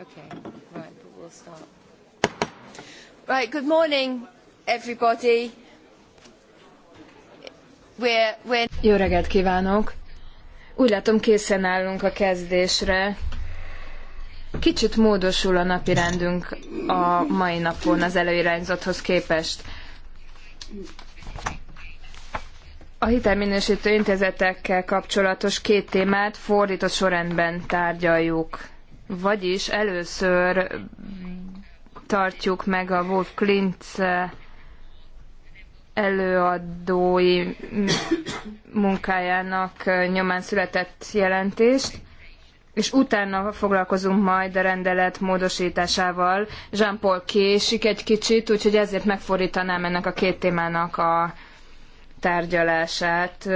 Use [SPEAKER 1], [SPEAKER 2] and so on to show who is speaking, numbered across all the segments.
[SPEAKER 1] Okay, right, but we'll start. Right, good morning, everybody. We're, we're... Jó reggelt kívánok! Úgy látom, készen állunk a kezdésre. Kicsit módosul a napi rendünk a mai napon az előirányzathoz képest. A hitelminősítő intézetekkel kapcsolatos két témát fordított sorrendben tárgyaljuk. Vagyis először tartjuk meg a Wolf Klintz előadói munkájának nyomán született jelentést, és utána foglalkozunk majd a rendelet módosításával. Jean-Paul késik egy kicsit, úgyhogy ezért megfordítanám ennek a két témának a tárgyalását.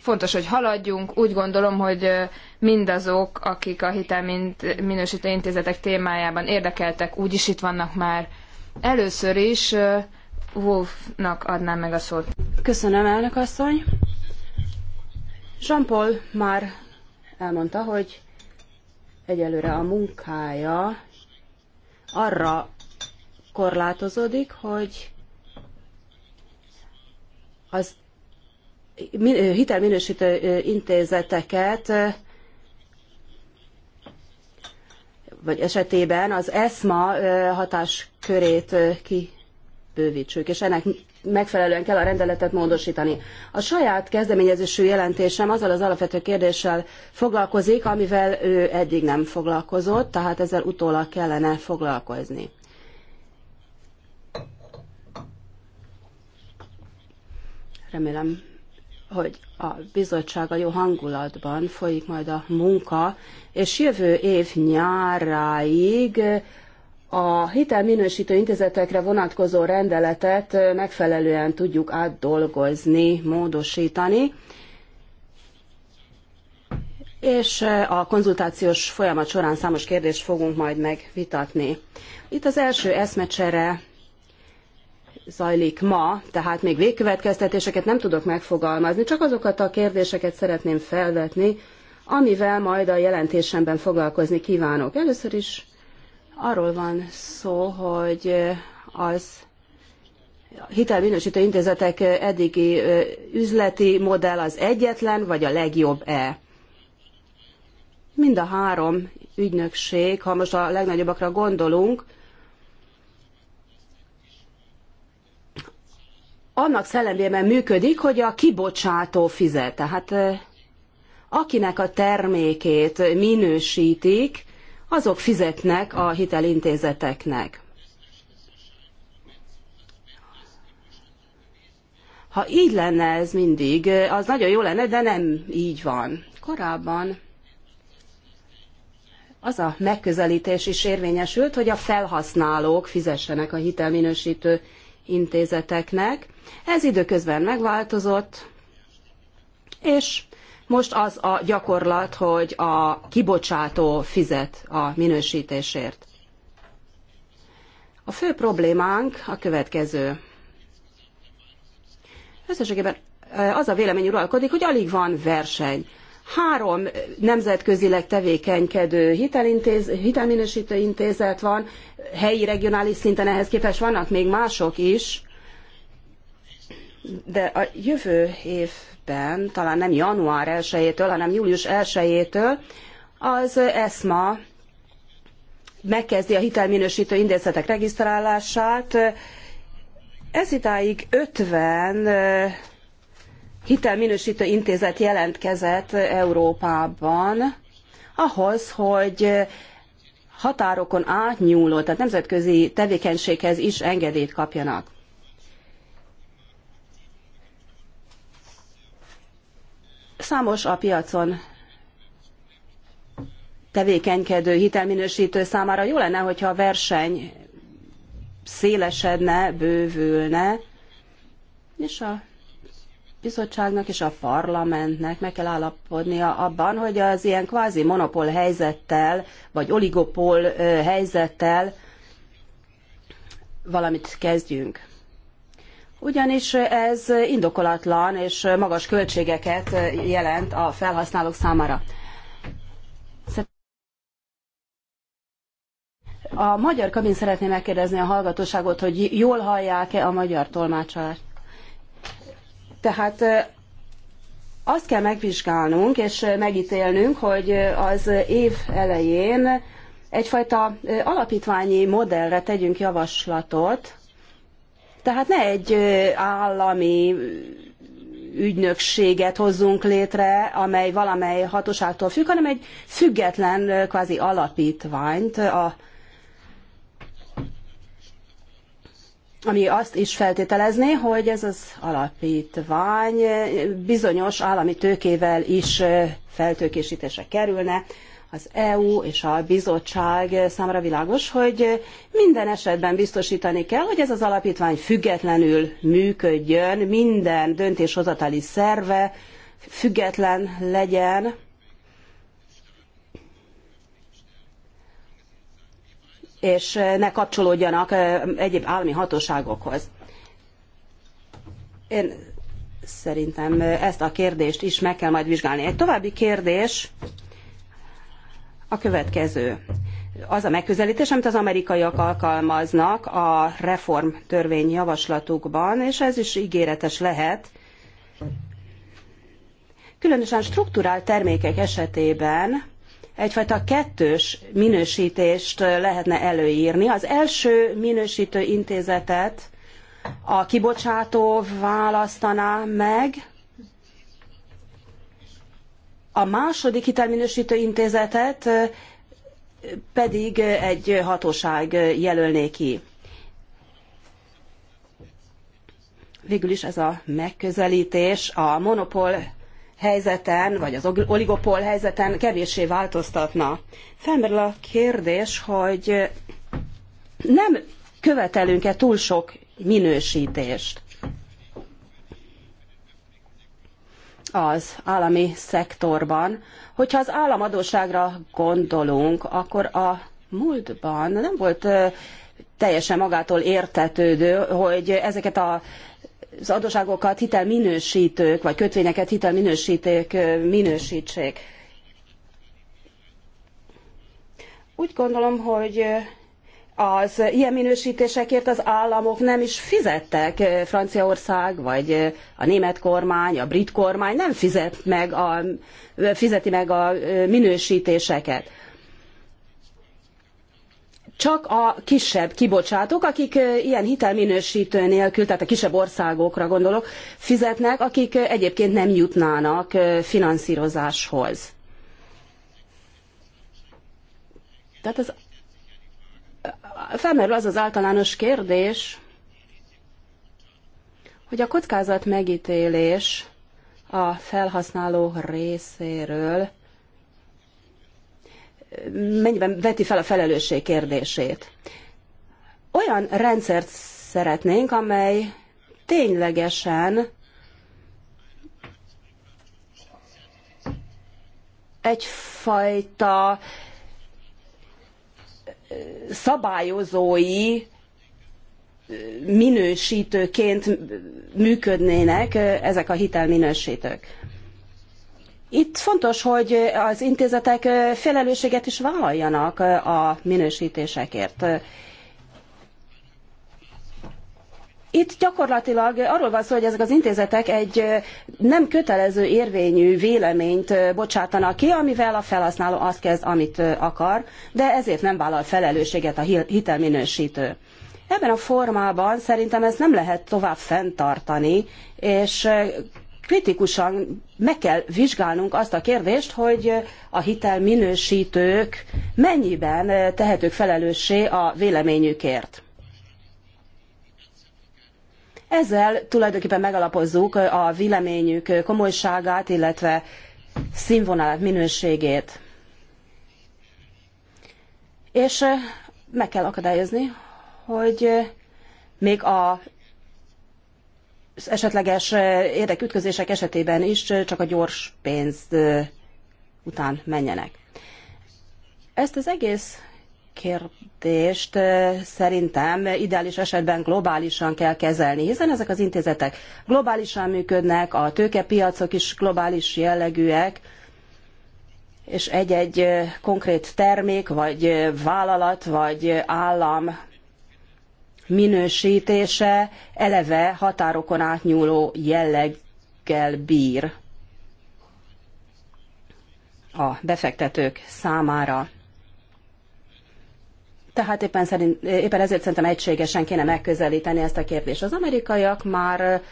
[SPEAKER 1] Fontos, hogy haladjunk. Úgy gondolom, hogy mindazok, akik a minősítő intézetek témájában érdekeltek, úgyis itt vannak már. Először is Wolfnak adnám meg a szót. Köszönöm, elnök asszony.
[SPEAKER 2] Jean-Paul már elmondta, hogy egyelőre a munkája arra korlátozódik, hogy az hitelminősítő intézeteket vagy esetében az ESMA hatáskörét kibővítsük, és ennek megfelelően kell a rendeletet módosítani. A saját kezdeményezésű jelentésem azzal az alapvető kérdéssel foglalkozik, amivel ő eddig nem foglalkozott, tehát ezzel utólag kellene foglalkozni. Remélem hogy a bizottsága jó hangulatban folyik majd a munka, és jövő év nyáráig a hitelminősítő intézetekre vonatkozó rendeletet megfelelően tudjuk átdolgozni, módosítani, és a konzultációs folyamat során számos kérdést fogunk majd megvitatni. Itt az első eszmecsere zajlik ma, tehát még végkövetkeztetéseket nem tudok megfogalmazni, csak azokat a kérdéseket szeretném felvetni, amivel majd a jelentésemben foglalkozni kívánok. Először is arról van szó, hogy az hitelminősítő intézetek eddigi üzleti modell az egyetlen, vagy a legjobb-e? Mind a három ügynökség, ha most a legnagyobbakra gondolunk, annak szellemében működik, hogy a kibocsátó fizet. Tehát akinek a termékét minősítik, azok fizetnek a hitelintézeteknek. Ha így lenne ez mindig, az nagyon jó lenne, de nem így van. Korábban az a megközelítés is érvényesült, hogy a felhasználók fizessenek a hitelminősítő intézeteknek, ez időközben megváltozott, és most az a gyakorlat, hogy a kibocsátó fizet a minősítésért. A fő problémánk a következő. Összességében az a vélemény uralkodik, hogy alig van verseny. Három nemzetközileg tevékenykedő hitelintéz, hitelminősítő intézet van, helyi, regionális szinten ehhez képest vannak még mások is, de a jövő évben, talán nem január 1-től, hanem július 1-től az ESMA megkezdi a hitelminősítő intézetek regisztrálását. Ez idáig 50 hitelminősítő intézet jelentkezett Európában ahhoz, hogy határokon átnyúló, tehát nemzetközi tevékenységhez is engedélyt kapjanak. Számos a piacon tevékenykedő hitelminősítő számára jó lenne, hogyha a verseny szélesedne, bővülne, és a bizottságnak és a parlamentnek meg kell állapodnia abban, hogy az ilyen kvázi monopól helyzettel, vagy oligopól helyzettel valamit kezdjünk ugyanis ez indokolatlan és magas költségeket jelent a felhasználók számára. A magyar kabin szeretné megkérdezni a hallgatóságot, hogy jól hallják-e a magyar tolmácsolást. Tehát azt kell megvizsgálnunk és megítélnünk, hogy az év elején egyfajta alapítványi modellre tegyünk javaslatot, tehát ne egy állami ügynökséget hozzunk létre, amely valamely hatóságtól függ, hanem egy független kvázi alapítványt a ami azt is feltételezné, hogy ez az alapítvány bizonyos állami tőkével is feltőkésítése kerülne. Az EU és a bizottság számára világos, hogy minden esetben biztosítani kell, hogy ez az alapítvány függetlenül működjön, minden döntéshozatali szerve független legyen, és ne kapcsolódjanak egyéb állami hatóságokhoz. Én szerintem ezt a kérdést is meg kell majd vizsgálni. Egy további kérdés a következő. Az a megközelítés, amit az amerikaiak alkalmaznak a reform törvény javaslatukban, és ez is ígéretes lehet, különösen struktúrált termékek esetében egyfajta kettős minősítést lehetne előírni. Az első minősítő intézetet a kibocsátó választaná meg, a második hitelminősítő intézetet pedig egy hatóság jelölné ki. Végül is ez a megközelítés a monopól helyzeten, vagy az oligopol helyzeten kevéssé változtatna. Felmerül a kérdés, hogy nem követelünk-e túl sok minősítést az állami szektorban. Hogyha az államadóságra gondolunk, akkor a múltban nem volt teljesen magától értetődő, hogy ezeket a az adóságokat hitelminősítők, vagy kötvényeket hitelminősítők minősítsék. Úgy gondolom, hogy az ilyen minősítésekért az államok nem is fizettek. Franciaország, vagy a német kormány, a brit kormány nem fizet meg a, fizeti meg a minősítéseket csak a kisebb kibocsátók, akik ilyen hitelminősítő nélkül, tehát a kisebb országokra gondolok, fizetnek, akik egyébként nem jutnának finanszírozáshoz. Tehát ez felmerül az az általános kérdés, hogy a kockázat megítélés a felhasználó részéről mennyiben veti fel a felelősség kérdését. Olyan rendszert szeretnénk, amely ténylegesen egyfajta szabályozói minősítőként működnének ezek a hitelminősítők. Itt fontos, hogy az intézetek felelősséget is vállaljanak a minősítésekért. Itt gyakorlatilag arról van szó, hogy ezek az intézetek egy nem kötelező érvényű véleményt bocsátanak ki, amivel a felhasználó azt kezd, amit akar, de ezért nem vállal felelősséget a hitelminősítő. Ebben a formában szerintem ezt nem lehet tovább fenntartani, és kritikusan meg kell vizsgálnunk azt a kérdést, hogy a minősítők mennyiben tehetők felelőssé a véleményükért. Ezzel tulajdonképpen megalapozzuk a véleményük komolyságát, illetve színvonalát, minőségét. És meg kell akadályozni, hogy még a esetleges eh, érdekütközések esetében is eh, csak a gyors pénzt eh, után menjenek. Ezt az egész kérdést szerintem ideális esetben globálisan kell kezelni, hiszen ezek az intézetek globálisan működnek, a tőkepiacok is globális jellegűek, és egy-egy konkrét termék, vagy vállalat, vagy állam minősítése eleve határokon átnyúló jelleggel bír a befektetők számára. Tehát éppen, szerint, éppen ezért szerintem egységesen kéne megközelíteni ezt a kérdést. Az amerikaiak már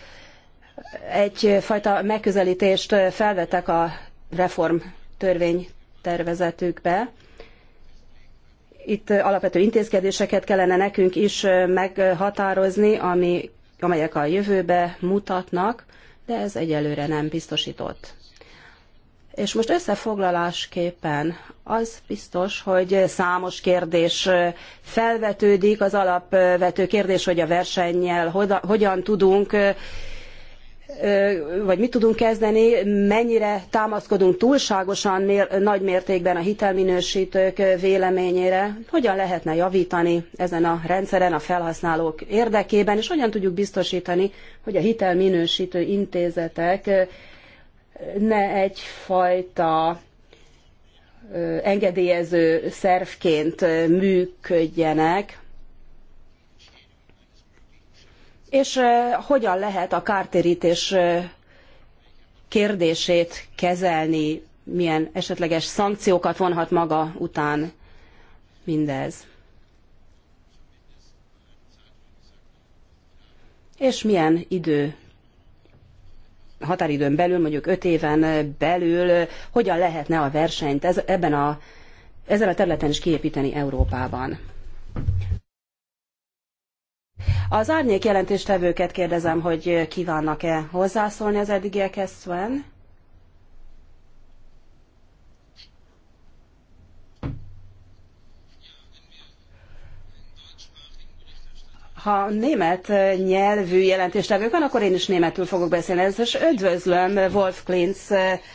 [SPEAKER 2] egyfajta megközelítést felvettek a reform törvény tervezetükbe, itt alapvető intézkedéseket kellene nekünk is meghatározni, ami, amelyek a jövőbe mutatnak, de ez egyelőre nem biztosított. És most összefoglalásképpen az biztos, hogy számos kérdés felvetődik, az alapvető kérdés, hogy a versennyel hogyan tudunk vagy mit tudunk kezdeni, mennyire támaszkodunk túlságosan mér, nagy mértékben a hitelminősítők véleményére, hogyan lehetne javítani ezen a rendszeren a felhasználók érdekében, és hogyan tudjuk biztosítani, hogy a hitelminősítő intézetek ne egyfajta engedélyező szervként működjenek, és hogyan lehet a kártérítés kérdését kezelni, milyen esetleges szankciókat vonhat maga után mindez. És milyen idő határidőn belül, mondjuk öt éven belül, hogyan lehetne a versenyt ez, ebben a, ezen a területen is kiépíteni Európában. Az árnyék jelentéstevőket kérdezem, hogy kívánnak-e hozzászólni az eddigiekhez, Sven? ha német nyelvű jelentéstevők van, akkor én is németül fogok beszélni. És üdvözlöm Wolf Klintz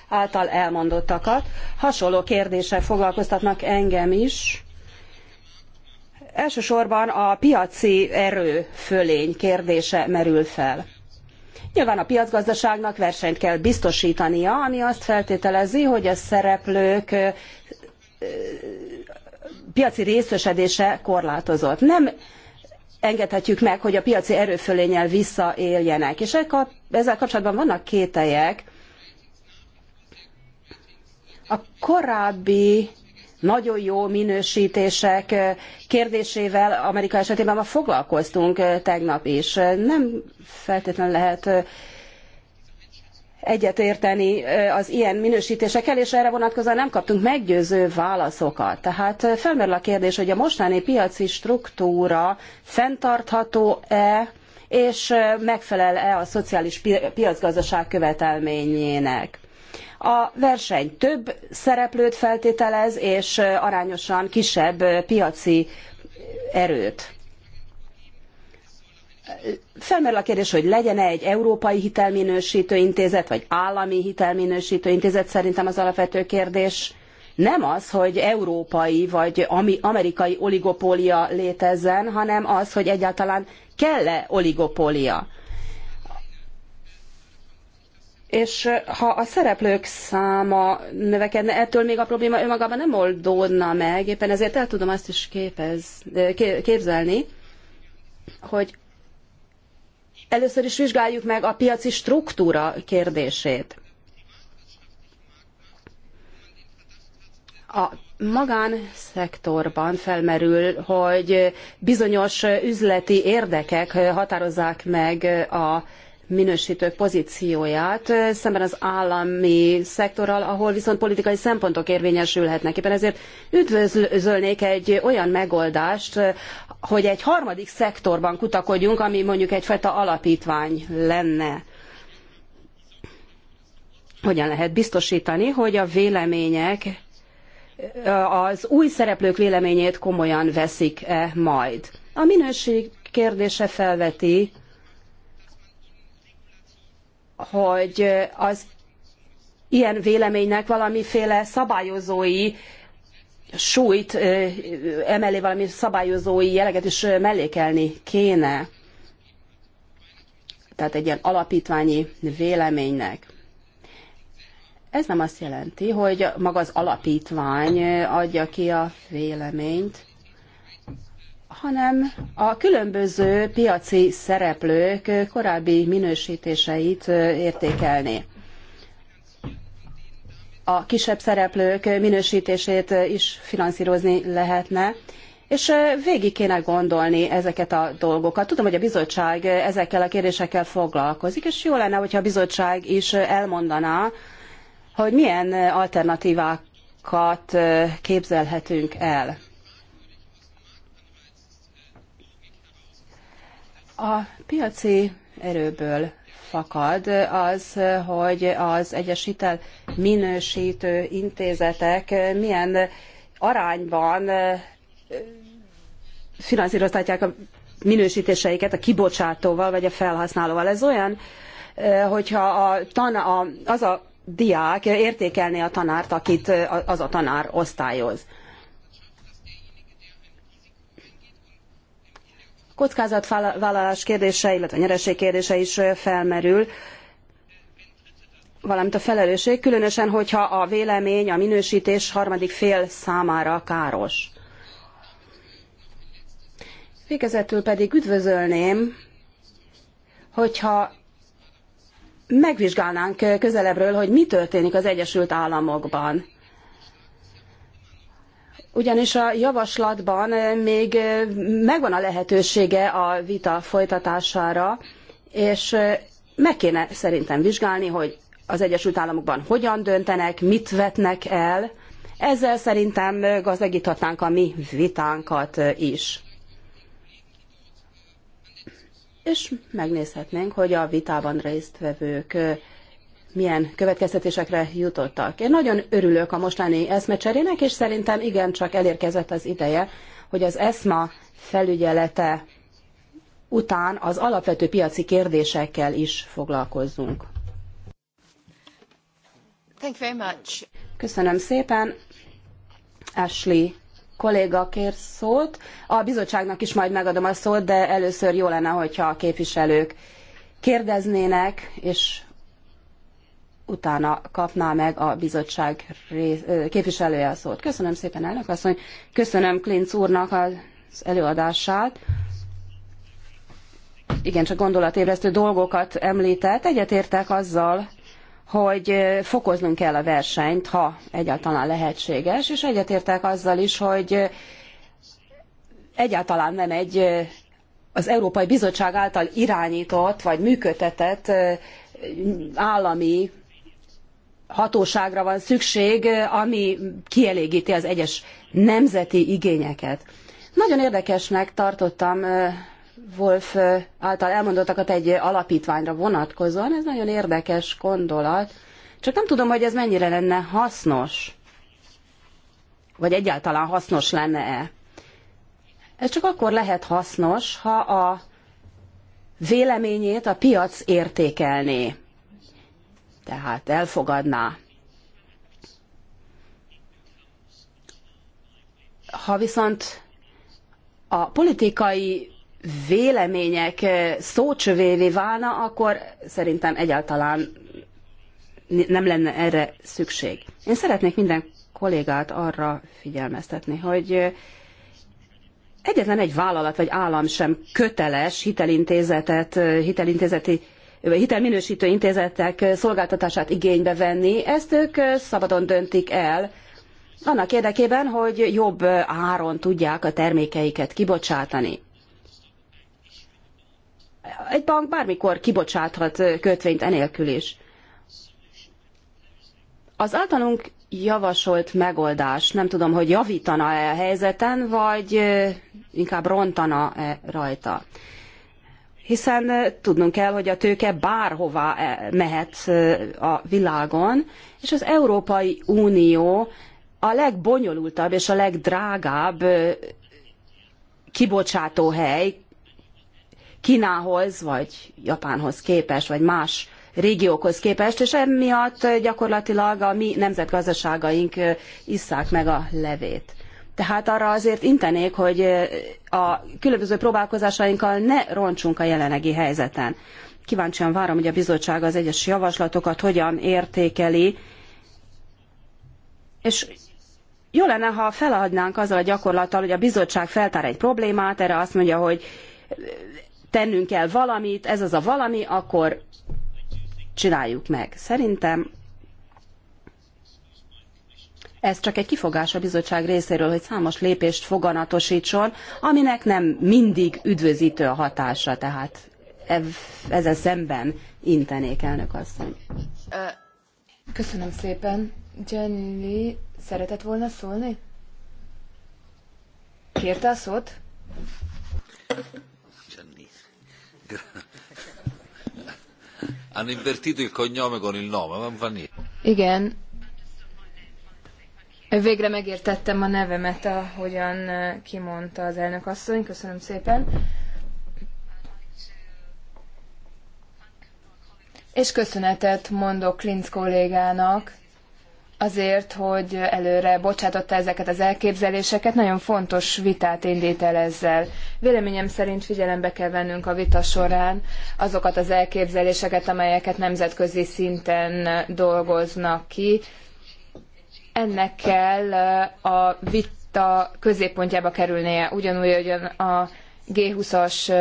[SPEAKER 2] által elmondottakat. Hasonló kérdések foglalkoztatnak engem is. Elsősorban a piaci erő fölény kérdése merül fel. Nyilván a piacgazdaságnak versenyt kell biztosítania, ami azt feltételezi, hogy a szereplők piaci részesedése korlátozott. Nem engedhetjük meg, hogy a piaci erőfölényel visszaéljenek. És e ezzel kapcsolatban vannak kételyek. A korábbi nagyon jó minősítések kérdésével Amerika esetében már foglalkoztunk eh, tegnap is. Nem feltétlenül lehet eh, egyetérteni eh, az ilyen minősítésekkel, és erre vonatkozóan nem kaptunk meggyőző válaszokat. Tehát felmerül a kérdés, hogy a mostani piaci struktúra fenntartható-e, és megfelel-e a szociális piacgazdaság követelményének. A verseny több szereplőt feltételez, és arányosan kisebb piaci erőt. Felmerül a kérdés, hogy legyen -e egy európai hitelminősítő intézet, vagy állami hitelminősítő intézet. Szerintem az alapvető kérdés nem az, hogy európai vagy amerikai oligopólia létezzen, hanem az, hogy egyáltalán kell-e oligopólia és ha a szereplők száma növekedne, ettől még a probléma önmagában nem oldódna meg, éppen ezért el tudom azt is képez, képzelni, hogy először is vizsgáljuk meg a piaci struktúra kérdését. A magánszektorban felmerül, hogy bizonyos üzleti érdekek határozzák meg a minősítők pozícióját szemben az állami szektorral, ahol viszont politikai szempontok érvényesülhetnek. Éppen ezért üdvözölnék egy olyan megoldást, hogy egy harmadik szektorban kutakodjunk, ami mondjuk egyfajta alapítvány lenne. Hogyan lehet biztosítani, hogy a vélemények az új szereplők véleményét komolyan veszik-e majd? A minőség kérdése felveti, hogy az ilyen véleménynek valamiféle szabályozói súlyt emellé valami szabályozói jeleget is mellékelni kéne. Tehát egy ilyen alapítványi véleménynek. Ez nem azt jelenti, hogy maga az alapítvány adja ki a véleményt, hanem a különböző piaci szereplők korábbi minősítéseit értékelni. A kisebb szereplők minősítését is finanszírozni lehetne, és végig kéne gondolni ezeket a dolgokat. Tudom, hogy a bizottság ezekkel a kérdésekkel foglalkozik, és jó lenne, hogyha a bizottság is elmondaná, hogy milyen alternatívákat képzelhetünk el. A piaci erőből fakad az, hogy az egyes hitel minősítő intézetek milyen arányban finanszíroztatják a minősítéseiket a kibocsátóval vagy a felhasználóval. Ez olyan, hogyha a tan a, az a diák értékelné a tanárt, akit az a tanár osztályoz. kockázatvállalás kérdése, illetve nyereség kérdése is felmerül, valamint a felelősség, különösen, hogyha a vélemény, a minősítés harmadik fél számára káros. Végezetül pedig üdvözölném, hogyha megvizsgálnánk közelebbről, hogy mi történik az Egyesült Államokban ugyanis a javaslatban eh, még eh, megvan a lehetősége a vita folytatására, és eh, meg kéne szerintem vizsgálni, hogy az Egyesült Államokban hogyan döntenek, mit vetnek el. Ezzel szerintem gazdagíthatnánk a mi vitánkat is. És megnézhetnénk, hogy a vitában résztvevők milyen következtetésekre jutottak. Én nagyon örülök a mostani eszmecserének, és szerintem igencsak elérkezett az ideje, hogy az ESMA felügyelete után az alapvető piaci kérdésekkel is foglalkozzunk.
[SPEAKER 3] Thank you very much.
[SPEAKER 2] Köszönöm szépen. Ashley kolléga kér szót. A bizottságnak is majd megadom a szót, de először jó lenne, hogyha a képviselők kérdeznének, és utána kapná meg a bizottság rész, képviselője a szót. Köszönöm szépen, elnök asszony. Köszönöm Klinc úrnak az előadását. Igen, csak gondolatébresztő dolgokat említett. Egyetértek azzal, hogy fokoznunk kell a versenyt, ha egyáltalán lehetséges, és egyetértek azzal is, hogy egyáltalán nem egy az Európai Bizottság által irányított vagy működtetett állami hatóságra van szükség, ami kielégíti az egyes nemzeti igényeket. Nagyon érdekesnek tartottam Wolf által elmondottakat egy alapítványra vonatkozóan, ez nagyon érdekes gondolat, csak nem tudom, hogy ez mennyire lenne hasznos, vagy egyáltalán hasznos lenne-e. Ez csak akkor lehet hasznos, ha a véleményét a piac értékelné tehát elfogadná. Ha viszont a politikai vélemények szócsövévé válna, akkor szerintem egyáltalán nem lenne erre szükség. Én szeretnék minden kollégát arra figyelmeztetni, hogy egyetlen egy vállalat vagy állam sem köteles hitelintézetet, hitelintézeti hitelminősítő intézetek szolgáltatását igénybe venni, ezt ők szabadon döntik el, annak érdekében, hogy jobb áron tudják a termékeiket kibocsátani. Egy bank bármikor kibocsáthat kötvényt enélkül is. Az általunk javasolt megoldás, nem tudom, hogy javítana-e a helyzeten, vagy inkább rontana-e rajta hiszen tudnunk kell, hogy a tőke bárhová e, mehet a világon, és az Európai Unió a legbonyolultabb és a legdrágább kibocsátóhely Kínához, vagy Japánhoz képest, vagy más régiókhoz képest, és emiatt gyakorlatilag a mi nemzetgazdaságaink isszák meg a levét. Tehát arra azért intenék, hogy a különböző próbálkozásainkkal ne roncsunk a jelenlegi helyzeten. Kíváncsian várom, hogy a bizottság az egyes javaslatokat hogyan értékeli, és jó lenne, ha feladnánk azzal a gyakorlattal, hogy a bizottság feltár egy problémát, erre azt mondja, hogy tennünk kell valamit, ez az a valami, akkor csináljuk meg. Szerintem ez csak egy kifogás a bizottság részéről, hogy számos lépést foganatosítson, aminek nem mindig üdvözítő a hatása, tehát ezzel szemben intenék, elnök asszony.
[SPEAKER 1] Köszönöm szépen. Jenny szeretett volna szólni? Kérte a szót?
[SPEAKER 4] Jenny. Hanno invertito il cognome con il nome, ma non fa niente.
[SPEAKER 1] Igen, Végre megértettem a nevemet, ahogyan kimondta az elnök asszony. Köszönöm szépen. És köszönetet mondok Klinc kollégának azért, hogy előre bocsátotta ezeket az elképzeléseket, nagyon fontos vitát indít el ezzel. Véleményem szerint figyelembe kell vennünk a vita során azokat az elképzeléseket, amelyeket nemzetközi szinten dolgoznak ki, ennek kell a vita középpontjába kerülnie, ugyanúgy, ahogyan a G20-as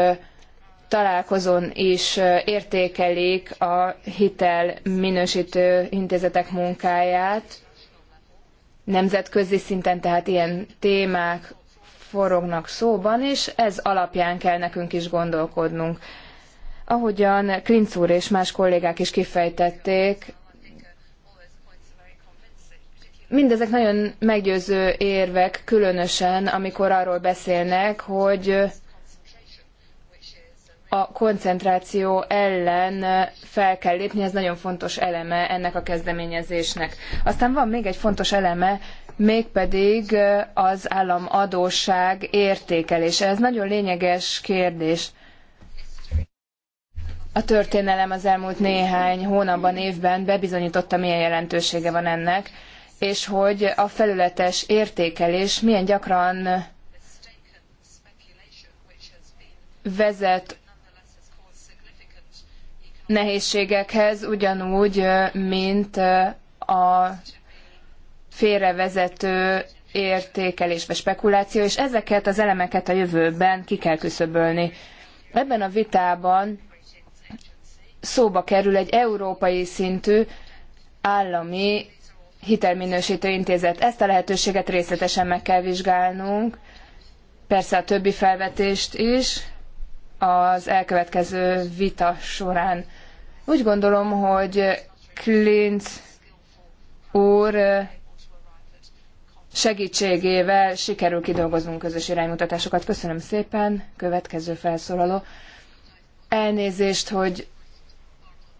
[SPEAKER 1] találkozón is értékelik a hitel minősítő intézetek munkáját. Nemzetközi szinten tehát ilyen témák forognak szóban, és ez alapján kell nekünk is gondolkodnunk. Ahogyan Klinc úr és más kollégák is kifejtették, Mindezek nagyon meggyőző érvek, különösen, amikor arról beszélnek, hogy a koncentráció ellen fel kell lépni, ez nagyon fontos eleme ennek a kezdeményezésnek. Aztán van még egy fontos eleme, mégpedig az államadósság értékelése. Ez nagyon lényeges kérdés. A történelem az elmúlt néhány hónapban, évben bebizonyította, milyen jelentősége van ennek és hogy a felületes értékelés milyen gyakran vezet nehézségekhez, ugyanúgy, mint a félrevezető vagy spekuláció, és ezeket az elemeket a jövőben ki kell küszöbölni. Ebben a vitában szóba kerül egy európai szintű állami hitelminősítő intézet. Ezt a lehetőséget részletesen meg kell vizsgálnunk, persze a többi felvetést is az elkövetkező vita során. Úgy gondolom, hogy Clint úr segítségével sikerül kidolgoznunk közös iránymutatásokat. Köszönöm szépen, következő felszólaló. Elnézést, hogy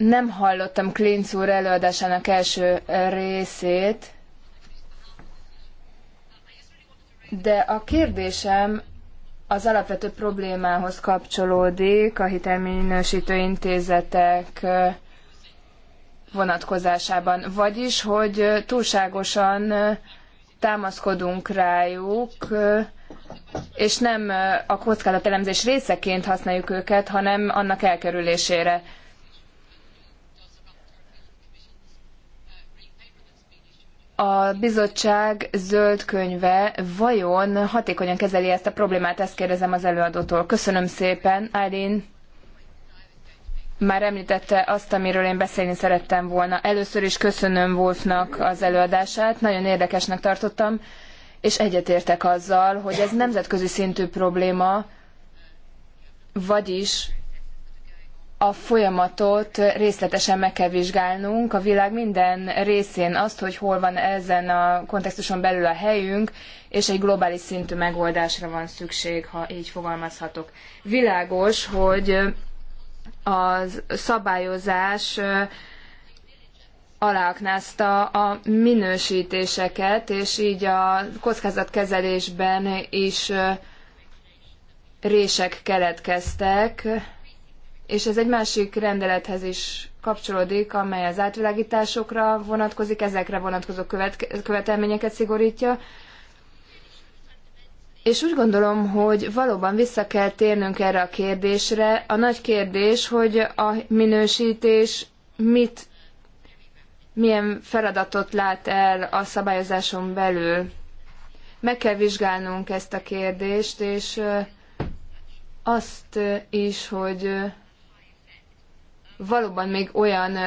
[SPEAKER 1] nem hallottam Klinc úr előadásának első részét, de a kérdésem az alapvető problémához kapcsolódik a hitelminősítő intézetek vonatkozásában. Vagyis, hogy túlságosan támaszkodunk rájuk, és nem a kockázatelemzés részeként használjuk őket, hanem annak elkerülésére. a bizottság zöld könyve vajon hatékonyan kezeli ezt a problémát, ezt kérdezem az előadótól. Köszönöm szépen, Eileen már említette azt, amiről én beszélni szerettem volna. Először is köszönöm Wolfnak az előadását, nagyon érdekesnek tartottam, és egyetértek azzal, hogy ez nemzetközi szintű probléma, vagyis a folyamatot részletesen meg kell vizsgálnunk a világ minden részén azt, hogy hol van ezen a kontextuson belül a helyünk, és egy globális szintű megoldásra van szükség, ha így fogalmazhatok. Világos, hogy a szabályozás aláaknázta a minősítéseket, és így a kockázatkezelésben is rések keletkeztek, és ez egy másik rendelethez is kapcsolódik, amely az átvilágításokra vonatkozik, ezekre vonatkozó követ- követelményeket szigorítja. És úgy gondolom, hogy valóban vissza kell térnünk erre a kérdésre. A nagy kérdés, hogy a minősítés mit, milyen feladatot lát el a szabályozáson belül. Meg kell vizsgálnunk ezt a kérdést, és azt is, hogy valóban még olyan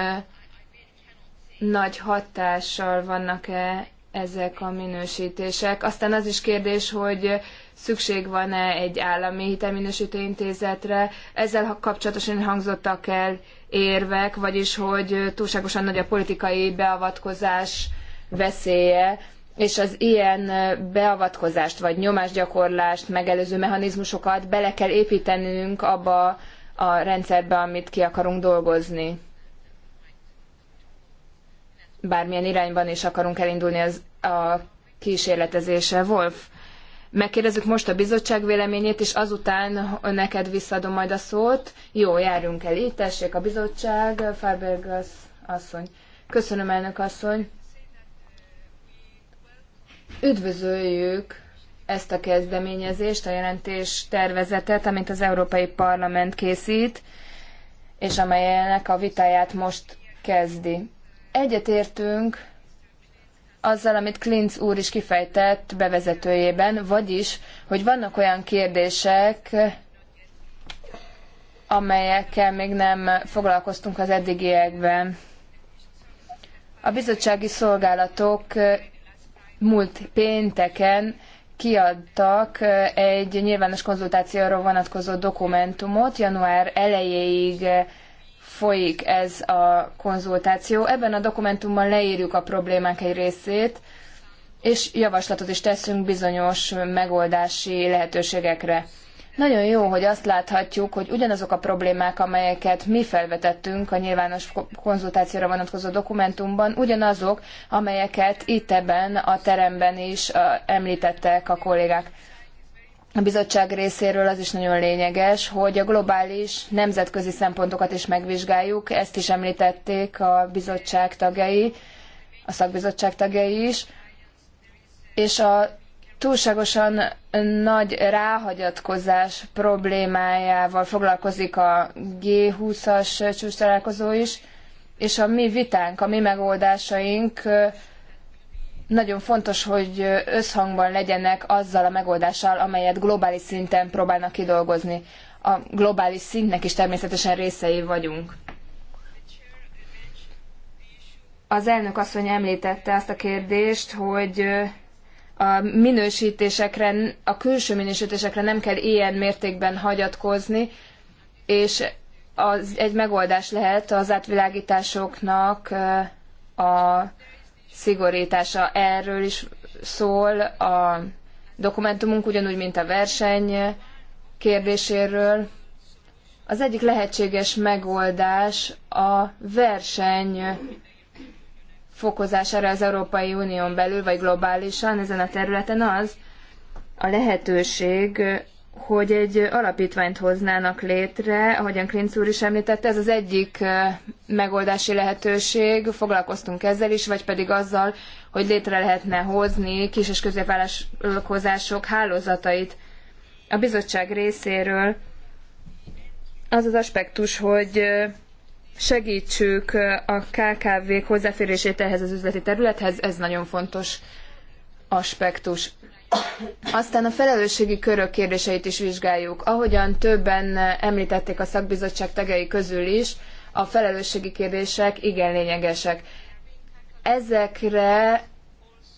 [SPEAKER 1] nagy hatással vannak-e ezek a minősítések. Aztán az is kérdés, hogy szükség van-e egy állami hitelminősítő intézetre. Ezzel kapcsolatosan hangzottak el érvek, vagyis hogy túlságosan nagy a politikai beavatkozás veszélye, és az ilyen beavatkozást vagy nyomásgyakorlást megelőző mechanizmusokat bele kell építenünk abba a rendszerbe, amit ki akarunk dolgozni. Bármilyen irányban is akarunk elindulni az, a kísérletezése. Wolf, megkérdezzük most a bizottság véleményét, és azután neked visszadom majd a szót. Jó, járjunk el így, tessék a bizottság, Farbergas asszony. Köszönöm, elnök asszony. Üdvözöljük ezt a kezdeményezést, a jelentés tervezetet, amit az Európai Parlament készít, és amelynek a vitáját most kezdi. Egyetértünk azzal, amit Klinz úr is kifejtett bevezetőjében, vagyis, hogy vannak olyan kérdések, amelyekkel még nem foglalkoztunk az eddigiekben. A bizottsági szolgálatok múlt pénteken kiadtak eh, egy nyilvános konzultációra vonatkozó dokumentumot. Január elejéig eh, folyik ez a konzultáció. Ebben a dokumentumban leírjuk a problémák egy részét, és javaslatot is teszünk bizonyos megoldási lehetőségekre. Nagyon jó, hogy azt láthatjuk, hogy ugyanazok a problémák, amelyeket mi felvetettünk a nyilvános konzultációra vonatkozó dokumentumban, ugyanazok, amelyeket itt ebben a teremben is említettek a kollégák. A bizottság részéről az is nagyon lényeges, hogy a globális nemzetközi szempontokat is megvizsgáljuk, ezt is említették a bizottság tagjai, a szakbizottság tagjai is, és a túlságosan nagy ráhagyatkozás problémájával foglalkozik a G20-as csúcstalálkozó is, és a mi vitánk, a mi megoldásaink nagyon fontos, hogy összhangban legyenek azzal a megoldással, amelyet globális szinten próbálnak kidolgozni. A globális szintnek is természetesen részei vagyunk. Az elnök asszony említette azt a kérdést, hogy a minősítésekre, a külső minősítésekre nem kell ilyen mértékben hagyatkozni, és az egy megoldás lehet az átvilágításoknak a szigorítása. Erről is szól a dokumentumunk, ugyanúgy, mint a verseny kérdéséről. Az egyik lehetséges megoldás a verseny fokozására az Európai Unión belül, vagy globálisan ezen a területen az a lehetőség, hogy egy alapítványt hoznának létre, ahogyan Klinc úr is említette, ez az egyik megoldási lehetőség, foglalkoztunk ezzel is, vagy pedig azzal, hogy létre lehetne hozni kis- és középvállalkozások hálózatait a bizottság részéről. Az az aspektus, hogy segítsük a KKV-k hozzáférését ehhez az üzleti területhez, ez nagyon fontos aspektus. Aztán a felelősségi körök kérdéseit is vizsgáljuk. Ahogyan többen említették a szakbizottság tagjai közül is, a felelősségi kérdések igen lényegesek. Ezekre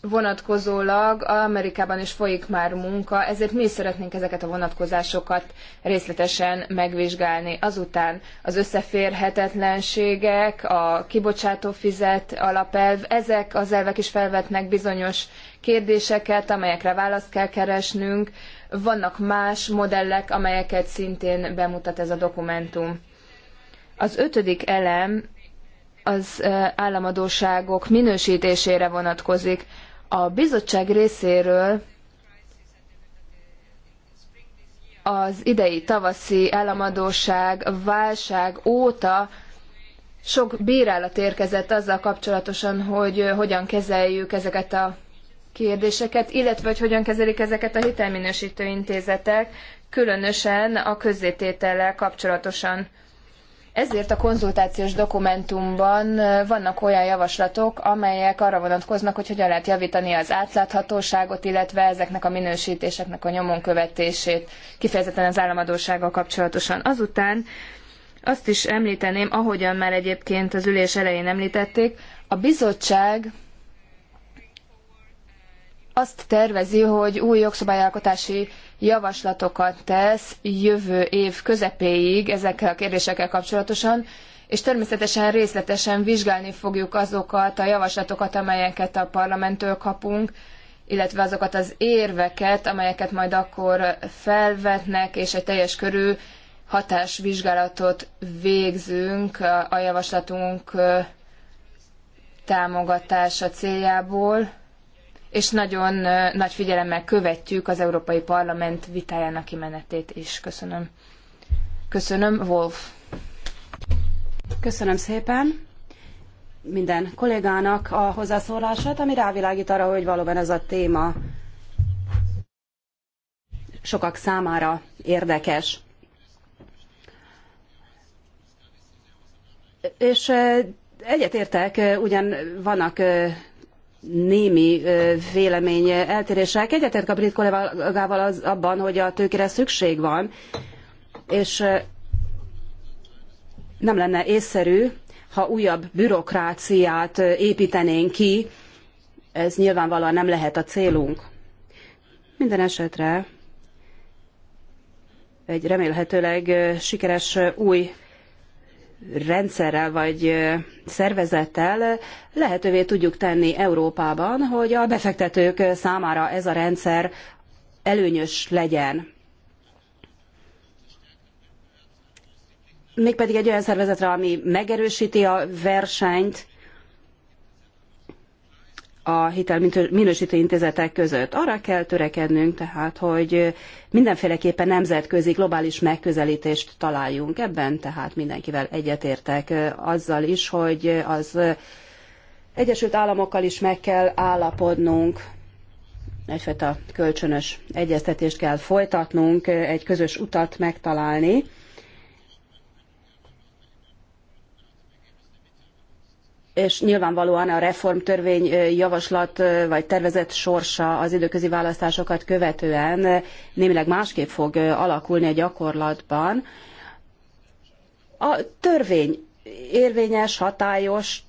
[SPEAKER 1] vonatkozólag Amerikában is folyik már munka, ezért mi is szeretnénk ezeket a vonatkozásokat részletesen megvizsgálni. Azután az összeférhetetlenségek, a kibocsátó fizet alapelv, ezek az elvek is felvetnek bizonyos kérdéseket, amelyekre választ kell keresnünk. Vannak más modellek, amelyeket szintén bemutat ez a dokumentum. Az ötödik elem az államadóságok minősítésére vonatkozik a bizottság részéről az idei tavaszi államadóság válság óta sok bírálat érkezett azzal kapcsolatosan, hogy hogyan kezeljük ezeket a kérdéseket, illetve hogy hogyan kezelik ezeket a hitelminősítő intézetek, különösen a közzététellel kapcsolatosan. Ezért a konzultációs dokumentumban vannak olyan javaslatok, amelyek arra vonatkoznak, hogy hogyan lehet javítani az átláthatóságot, illetve ezeknek a minősítéseknek a nyomon követését, kifejezetten az államadósággal kapcsolatosan. Azután azt is említeném, ahogyan már egyébként az ülés elején említették, a bizottság azt tervezi, hogy új jogszabályalkotási javaslatokat tesz jövő év közepéig ezekkel a kérdésekkel kapcsolatosan, és természetesen részletesen vizsgálni fogjuk azokat a javaslatokat, amelyeket a parlamenttől kapunk, illetve azokat az érveket, amelyeket majd akkor felvetnek, és egy teljes körű hatásvizsgálatot végzünk a javaslatunk támogatása céljából és nagyon nagy figyelemmel követjük az Európai
[SPEAKER 2] Parlament vitájának kimenetét is. Köszönöm. Köszönöm, Wolf. Köszönöm szépen minden kollégának a hozzászólását, ami rávilágít arra, hogy valóban ez a téma sokak számára érdekes. És egyetértek, ugyan vannak némi vélemény eltérések. Egyetért a brit kollégával az abban, hogy a tőkére szükség van, és nem lenne észszerű, ha újabb bürokráciát építenénk ki, ez nyilvánvalóan nem lehet a célunk. Minden esetre egy remélhetőleg sikeres új rendszerrel vagy szervezettel lehetővé tudjuk tenni Európában, hogy a befektetők számára ez a rendszer előnyös legyen. Mégpedig egy olyan szervezetre, ami megerősíti a versenyt, a hitelminősítő intézetek között. Arra kell törekednünk tehát, hogy mindenféleképpen nemzetközi, globális megközelítést találjunk ebben, tehát mindenkivel egyetértek azzal is, hogy az Egyesült Államokkal is meg kell állapodnunk, egyfajta kölcsönös egyeztetést kell folytatnunk, egy közös utat megtalálni, és nyilvánvalóan a reformtörvény javaslat vagy tervezett sorsa az időközi választásokat követően némileg másképp fog alakulni a gyakorlatban. A törvény érvényes, hatályos,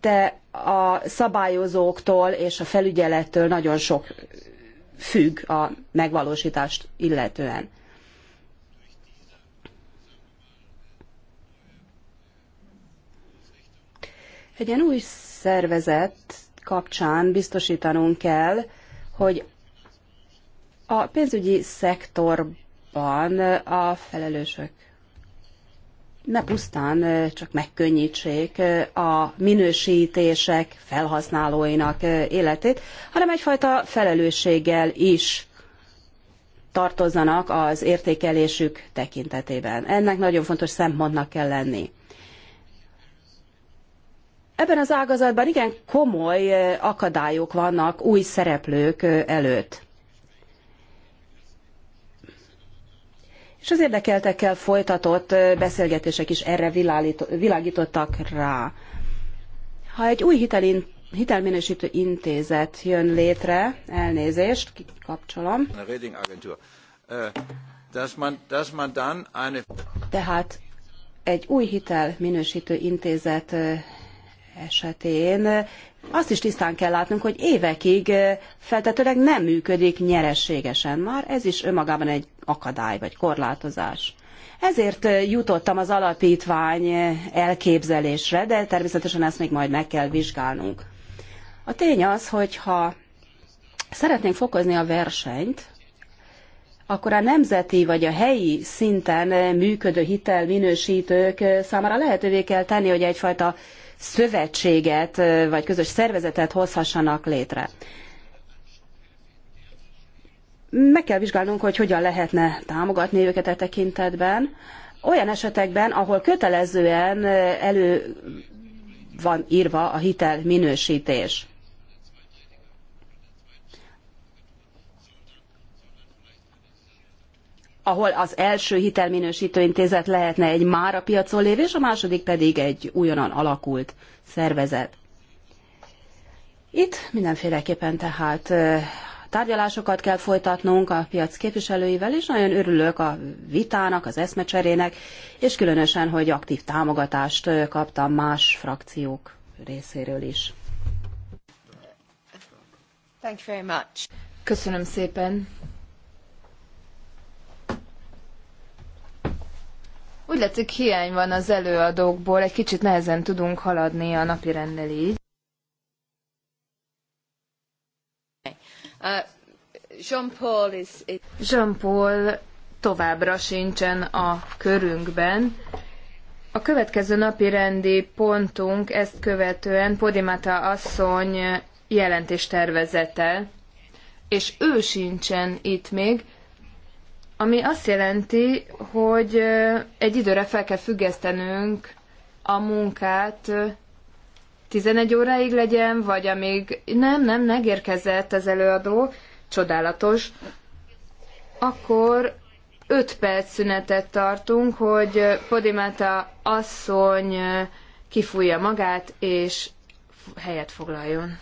[SPEAKER 2] de a szabályozóktól és a felügyelettől nagyon sok függ a megvalósítást illetően. Egy ilyen új szervezet kapcsán biztosítanunk kell, hogy a pénzügyi szektorban a felelősök ne pusztán csak megkönnyítsék a minősítések felhasználóinak életét, hanem egyfajta felelősséggel is tartozzanak az értékelésük tekintetében. Ennek nagyon fontos szempontnak kell lenni. Ebben az ágazatban igen komoly akadályok vannak új szereplők előtt. És az érdekeltekkel folytatott beszélgetések is erre világítottak rá. Ha egy új hitelin, hitelminősítő intézet jön létre, elnézést, kikapcsolom. Tehát egy új hitelminősítő intézet esetén azt is tisztán kell látnunk, hogy évekig eh, feltetőleg nem működik nyerességesen. Már ez is önmagában egy akadály vagy korlátozás. Ezért eh, jutottam az alapítvány eh, elképzelésre, de természetesen ezt még majd meg kell vizsgálnunk. A tény az, hogy ha szeretnénk fokozni a versenyt, akkor a nemzeti vagy a helyi szinten működő hitelminősítők számára lehetővé kell tenni, hogy egyfajta szövetséget vagy közös szervezetet hozhassanak létre. Meg kell vizsgálnunk, hogy hogyan lehetne támogatni őket e tekintetben. Olyan esetekben, ahol kötelezően elő van írva a hitel minősítés. ahol az első hitelminősítő intézet lehetne egy már a piacon lévő, és a második pedig egy újonnan alakult szervezet. Itt mindenféleképpen tehát tárgyalásokat kell folytatnunk a piac képviselőivel, és nagyon örülök a vitának, az eszmecserének, és különösen, hogy aktív támogatást kaptam más frakciók részéről is.
[SPEAKER 1] Köszönöm szépen. Úgy látszik, hiány van az előadókból, egy kicsit nehezen tudunk haladni a napi rendel így. Uh, Jean-Paul is... Jean-Paul továbbra sincsen a körünkben. A következő napi rendi pontunk ezt követően Podimata asszony jelentéstervezete, és ő sincsen itt még, ami azt jelenti, hogy egy időre fel kell függesztenünk a munkát, 11 óráig legyen, vagy amíg nem, nem, megérkezett az előadó, csodálatos, akkor 5 perc szünetet tartunk, hogy Podimata asszony kifújja
[SPEAKER 5] magát, és helyet foglaljon.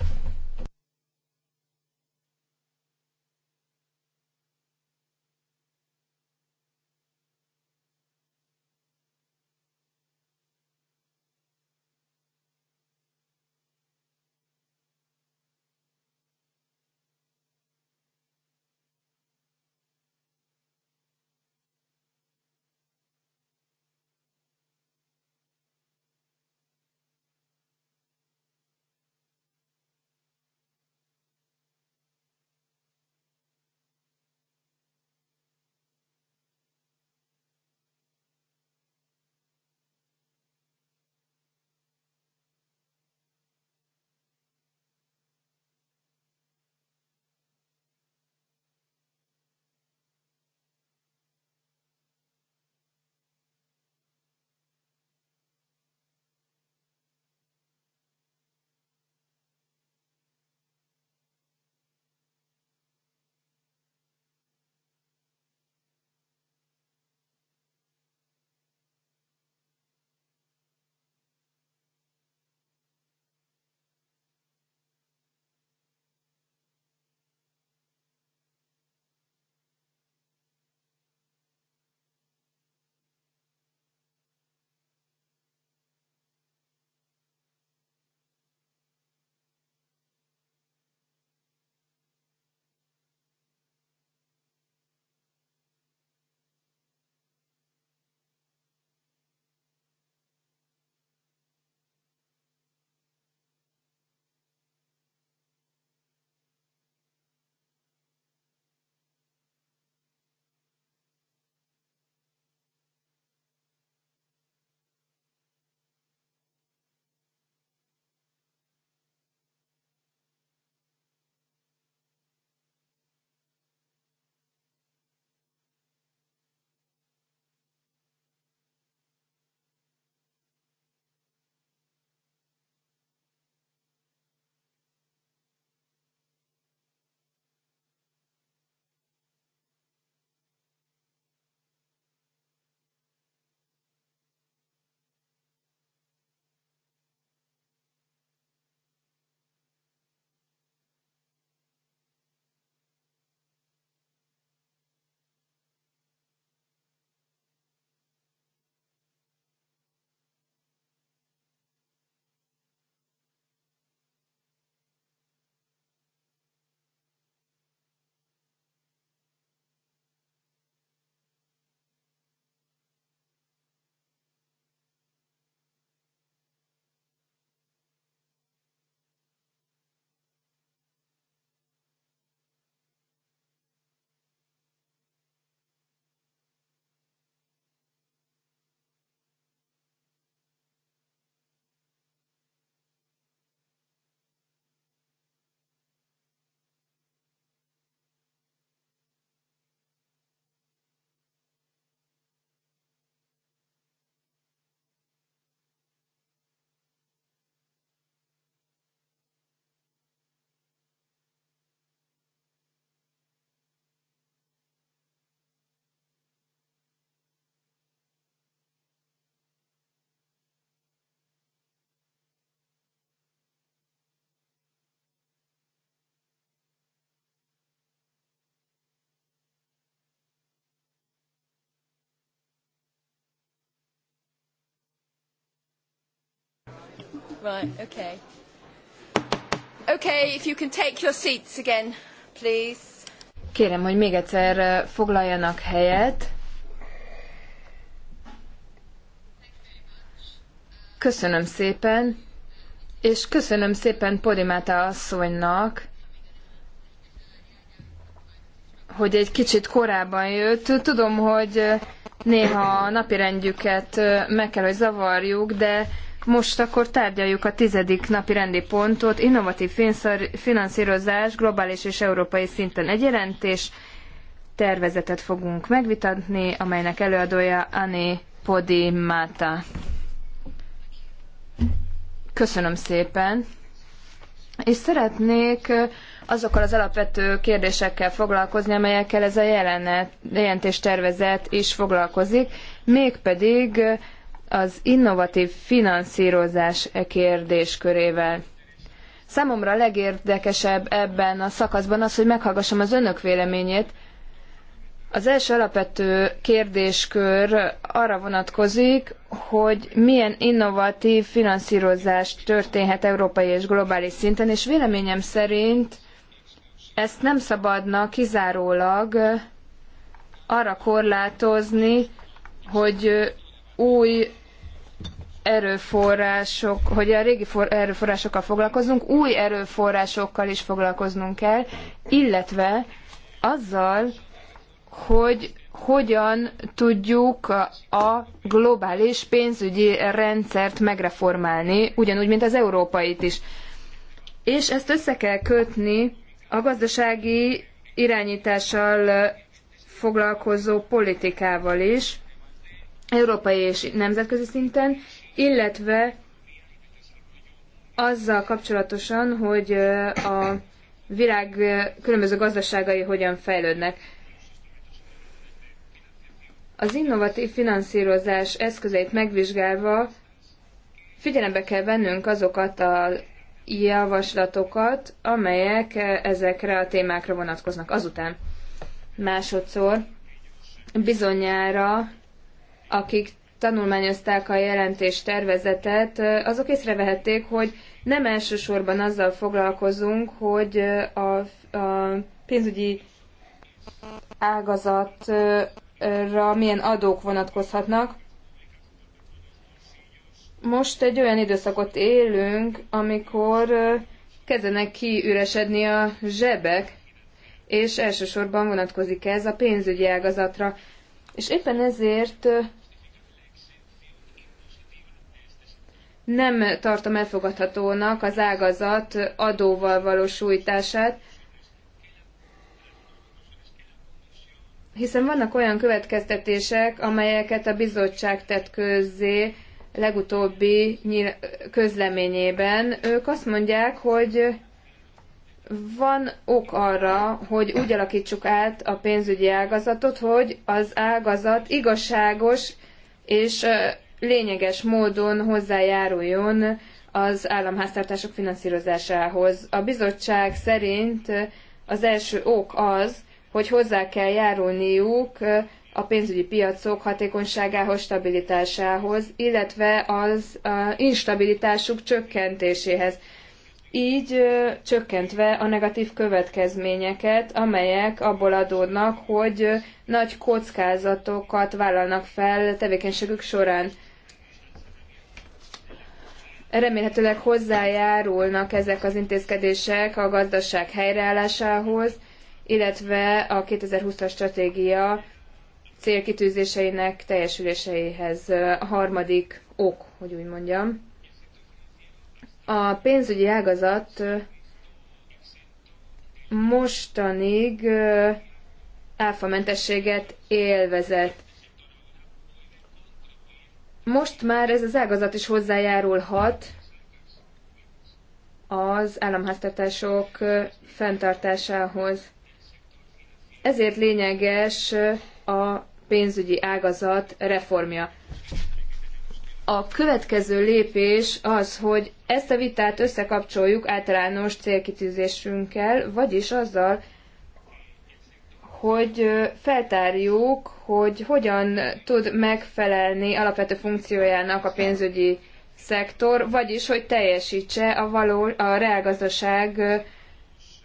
[SPEAKER 3] Right, okay. Okay, if you can take your seats again, please.
[SPEAKER 1] Kérem, hogy még egyszer eh, foglaljanak helyet. Köszönöm szépen, és köszönöm szépen Podimata asszonynak, hogy egy kicsit korábban jött. Tudom, hogy eh, néha a napirendjüket eh, meg kell, hogy zavarjuk, de most akkor tárgyaljuk a tizedik napi rendi pontot, innovatív finanszírozás globális és európai szinten egy jelentés, tervezetet fogunk megvitatni, amelynek előadója Ani Podimata. Köszönöm szépen! És szeretnék azokkal az alapvető kérdésekkel foglalkozni, amelyekkel ez a jelentéstervezet jelentés tervezet is foglalkozik, mégpedig az innovatív finanszírozás kérdéskörével. Számomra a legérdekesebb ebben a szakaszban az, hogy meghallgassam az önök véleményét. Az első alapvető kérdéskör arra vonatkozik, hogy milyen innovatív finanszírozás történhet európai és globális szinten, és véleményem szerint ezt nem szabadna kizárólag arra korlátozni, hogy új erőforrások, hogy a régi for, erőforrásokkal foglalkozunk, új erőforrásokkal is foglalkoznunk kell, illetve azzal, hogy hogyan tudjuk a globális pénzügyi rendszert megreformálni, ugyanúgy, mint az európait is. És ezt össze kell kötni a gazdasági irányítással foglalkozó politikával is, európai és nemzetközi szinten, illetve azzal kapcsolatosan, hogy a világ különböző gazdaságai hogyan fejlődnek. Az innovatív finanszírozás eszközeit megvizsgálva figyelembe kell vennünk azokat a javaslatokat, amelyek ezekre a témákra vonatkoznak. Azután másodszor bizonyára, akik tanulmányozták a jelentés tervezetet, azok észrevehették, hogy nem elsősorban azzal foglalkozunk, hogy a, a pénzügyi ágazatra milyen adók vonatkozhatnak. Most egy olyan időszakot élünk, amikor kezdenek kiüresedni a zsebek, és elsősorban vonatkozik ez a pénzügyi ágazatra. És éppen ezért nem tartom elfogadhatónak az ágazat adóval való sújtását, hiszen vannak olyan következtetések, amelyeket a bizottság tett közzé legutóbbi közleményében. Ők azt mondják, hogy van ok arra, hogy úgy alakítsuk át a pénzügyi ágazatot, hogy az ágazat igazságos és lényeges módon hozzájáruljon az államháztartások finanszírozásához. A bizottság szerint az első ok az, hogy hozzá kell járulniuk a pénzügyi piacok hatékonyságához, stabilitásához, illetve az instabilitásuk csökkentéséhez. Így csökkentve a negatív következményeket, amelyek abból adódnak, hogy nagy kockázatokat vállalnak fel tevékenységük során. Remélhetőleg hozzájárulnak ezek az intézkedések a gazdaság helyreállásához, illetve a 2020-as stratégia célkitűzéseinek teljesüléséhez a harmadik ok, hogy úgy mondjam. A pénzügyi ágazat mostanig áfamentességet élvezett. Most már ez az ágazat is hozzájárulhat az államháztartások fenntartásához. Ezért lényeges a pénzügyi ágazat reformja. A következő lépés az, hogy ezt a vitát összekapcsoljuk általános célkitűzésünkkel, vagyis azzal, hogy feltárjuk, hogy hogyan tud megfelelni alapvető funkciójának a pénzügyi szektor, vagyis hogy teljesítse a, való, a reálgazdaság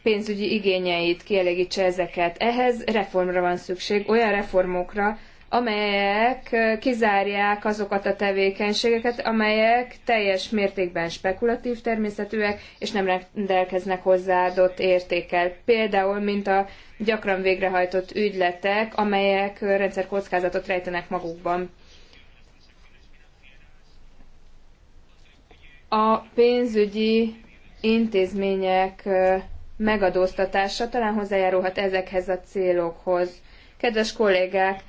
[SPEAKER 1] pénzügyi igényeit, kielégítse ezeket. Ehhez reformra van szükség, olyan reformokra, amelyek kizárják azokat a tevékenységeket, amelyek teljes mértékben spekulatív természetűek, és nem rendelkeznek hozzáadott értékkel. Például, mint a gyakran végrehajtott ügyletek, amelyek rendszerkockázatot rejtenek magukban. A pénzügyi intézmények megadóztatása talán hozzájárulhat ezekhez a célokhoz. Kedves kollégák,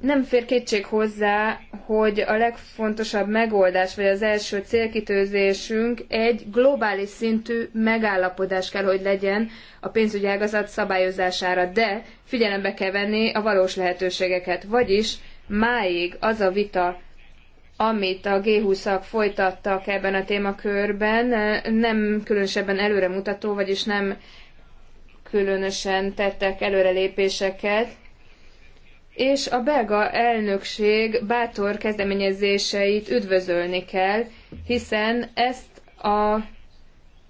[SPEAKER 1] nem fér kétség hozzá, hogy a legfontosabb megoldás, vagy az első célkitőzésünk egy globális szintű megállapodás kell, hogy legyen a pénzügyi ágazat szabályozására, de figyelembe kell venni a valós lehetőségeket. Vagyis máig az a vita, amit a G20-ak folytattak ebben a témakörben, nem különösebben előremutató, vagyis nem különösen tettek előrelépéseket, és a belga elnökség bátor kezdeményezéseit üdvözölni kell, hiszen ezt a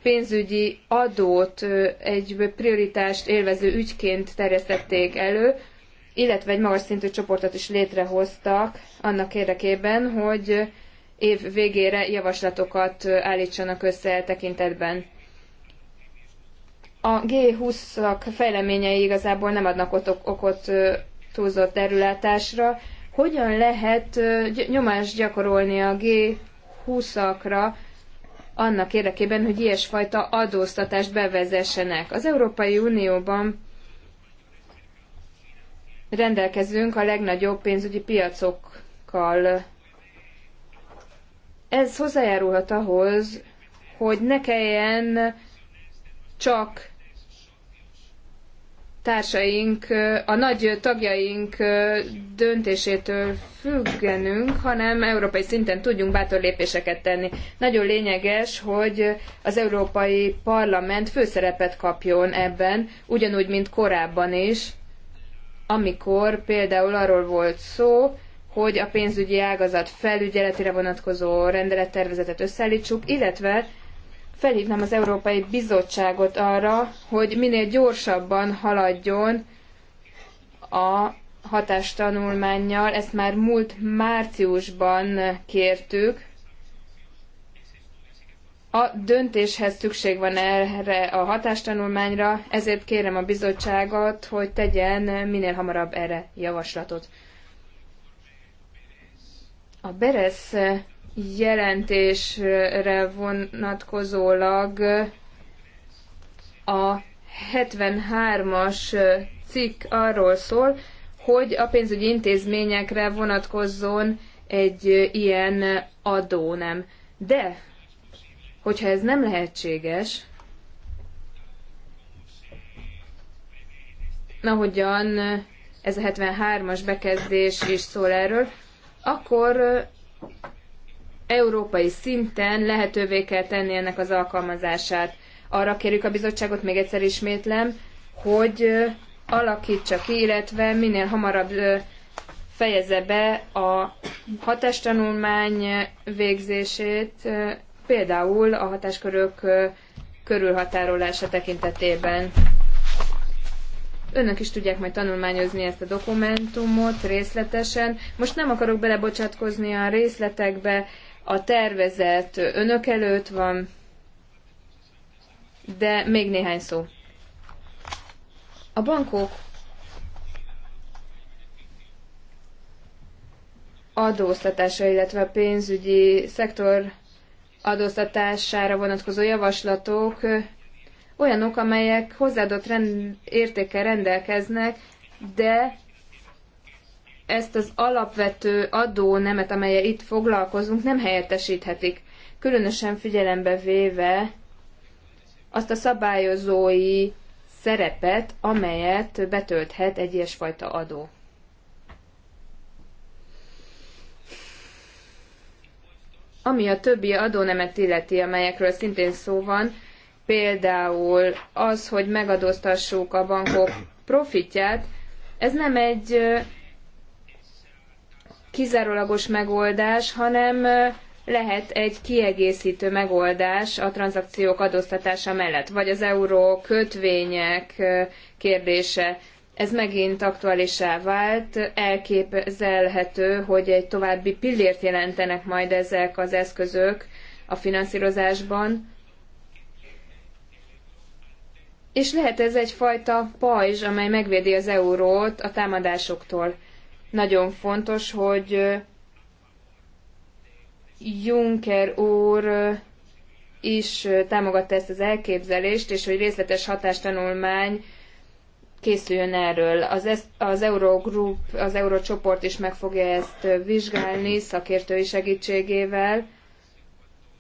[SPEAKER 1] pénzügyi adót egy prioritást élvező ügyként terjesztették elő, illetve egy magas szintű csoportot is létrehoztak annak érdekében, hogy év végére javaslatokat állítsanak össze e tekintetben. A G20-ak fejleményei igazából nem adnak okot túlzott erőlátásra, hogyan lehet nyomást gyakorolni a G20-akra annak érdekében, hogy ilyesfajta adóztatást bevezessenek. Az Európai Unióban rendelkezünk a legnagyobb pénzügyi piacokkal. Ez hozzájárulhat ahhoz, hogy ne kelljen csak társaink, a nagy tagjaink döntésétől függenünk, hanem európai szinten tudjunk bátor lépéseket tenni. Nagyon lényeges, hogy az Európai Parlament főszerepet kapjon ebben, ugyanúgy, mint korábban is, amikor például arról volt szó, hogy a pénzügyi ágazat felügyeletére vonatkozó rendelettervezetet összeállítsuk, illetve felhívnám az Európai Bizottságot arra, hogy minél gyorsabban haladjon a hatástanulmánnyal. Ezt már múlt márciusban kértük. A döntéshez szükség van erre a hatástanulmányra, ezért kérem a bizottságot, hogy tegyen minél hamarabb erre javaslatot. A Beresz jelentésre vonatkozólag a 73-as cikk arról szól, hogy a pénzügyi intézményekre vonatkozzon egy ilyen adó, nem. De, hogyha ez nem lehetséges, ahogyan ez a 73-as bekezdés is szól erről, akkor európai szinten lehetővé kell tenni ennek az alkalmazását. Arra kérjük a bizottságot, még egyszer ismétlem, hogy alakítsa ki, illetve minél hamarabb fejezze be a hatástanulmány végzését, például a hatáskörök körülhatárolása tekintetében. Önök is tudják majd tanulmányozni ezt a dokumentumot részletesen. Most nem akarok belebocsátkozni a részletekbe, a tervezet önök előtt van, de még néhány szó. A bankok adóztatása, illetve a pénzügyi szektor adóztatására vonatkozó javaslatok olyanok, amelyek hozzáadott rend, értékkel rendelkeznek, de ezt az alapvető adó nemet, amelyel itt foglalkozunk, nem helyettesíthetik. Különösen figyelembe véve azt a szabályozói szerepet, amelyet betölthet egy ilyesfajta adó. Ami a többi adónemet illeti, amelyekről szintén szó van, például az, hogy megadóztassuk a bankok profitját, ez nem egy kizárólagos megoldás, hanem lehet egy kiegészítő megoldás a tranzakciók adóztatása mellett, vagy az euró kötvények kérdése. Ez megint aktuálisá vált, elképzelhető, hogy egy további pillért jelentenek majd ezek az eszközök a finanszírozásban, és lehet ez egyfajta pajzs, amely megvédi az eurót a támadásoktól. Nagyon fontos, hogy Juncker úr is támogatta ezt az elképzelést, és hogy részletes hatástanulmány készüljön erről. Az, az Eurogroup, az Eurocsoport is meg fogja ezt vizsgálni szakértői segítségével.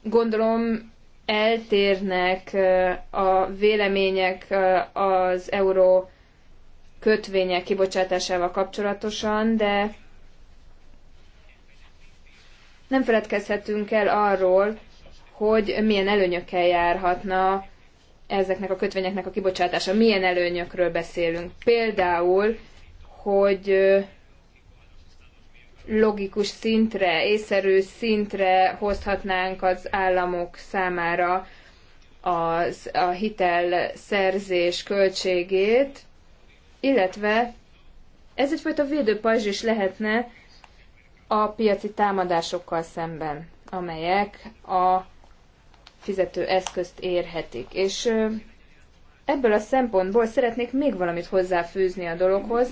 [SPEAKER 1] Gondolom eltérnek a vélemények az euró kötvények kibocsátásával kapcsolatosan, de nem feledkezhetünk el arról, hogy milyen előnyökkel járhatna ezeknek a kötvényeknek a kibocsátása. Milyen előnyökről beszélünk? Például, hogy logikus szintre, észszerű szintre hozhatnánk az államok számára az, a hitelszerzés költségét, illetve ez egyfajta védőpajzs is lehetne a piaci támadásokkal szemben, amelyek a fizető eszközt érhetik. És ebből a szempontból szeretnék még valamit hozzáfűzni a dologhoz,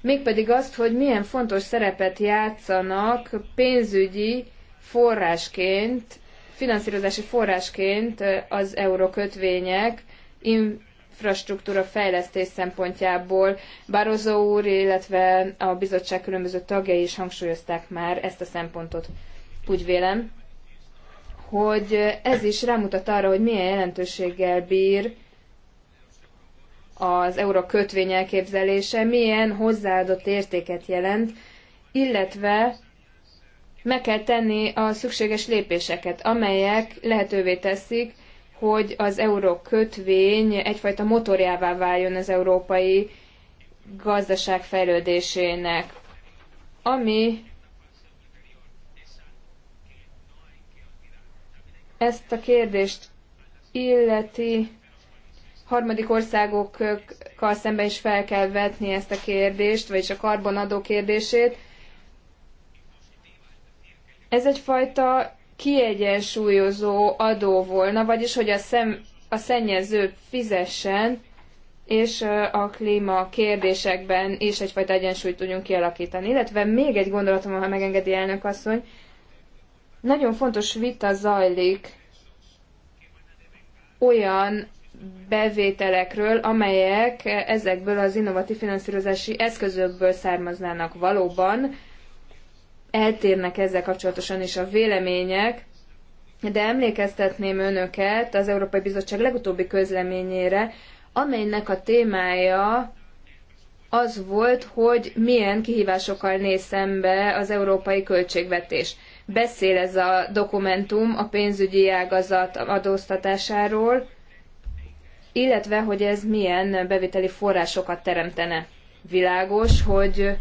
[SPEAKER 1] mégpedig azt, hogy milyen fontos szerepet játszanak pénzügyi forrásként, finanszírozási forrásként az eurókötvények, infrastruktúra fejlesztés szempontjából. Barozó úr, illetve a bizottság különböző tagjai is hangsúlyozták már ezt a szempontot. Úgy vélem, hogy ez is rámutat arra, hogy milyen jelentőséggel bír az euró kötvény elképzelése, milyen hozzáadott értéket jelent, illetve meg kell tenni a szükséges lépéseket, amelyek lehetővé teszik, hogy az euró kötvény egyfajta motorjává váljon az európai gazdaság fejlődésének, ami ezt a kérdést illeti, harmadik országokkal szemben is fel kell vetni ezt a kérdést, vagyis a karbonadó kérdését. Ez egyfajta kiegyensúlyozó adó volna, vagyis hogy a, szem, a szennyező fizessen, és a klíma kérdésekben is egyfajta egyensúlyt tudjunk kialakítani. Illetve még egy gondolatom, ha megengedi elnök asszony, nagyon fontos vita zajlik olyan bevételekről, amelyek ezekből az innovatív finanszírozási eszközökből származnának valóban eltérnek ezzel kapcsolatosan is a vélemények, de emlékeztetném önöket az Európai Bizottság legutóbbi közleményére, amelynek a témája az volt, hogy milyen kihívásokkal néz szembe az európai költségvetés. Beszél ez a dokumentum a pénzügyi ágazat adóztatásáról, illetve hogy ez milyen bevételi forrásokat teremtene. Világos, hogy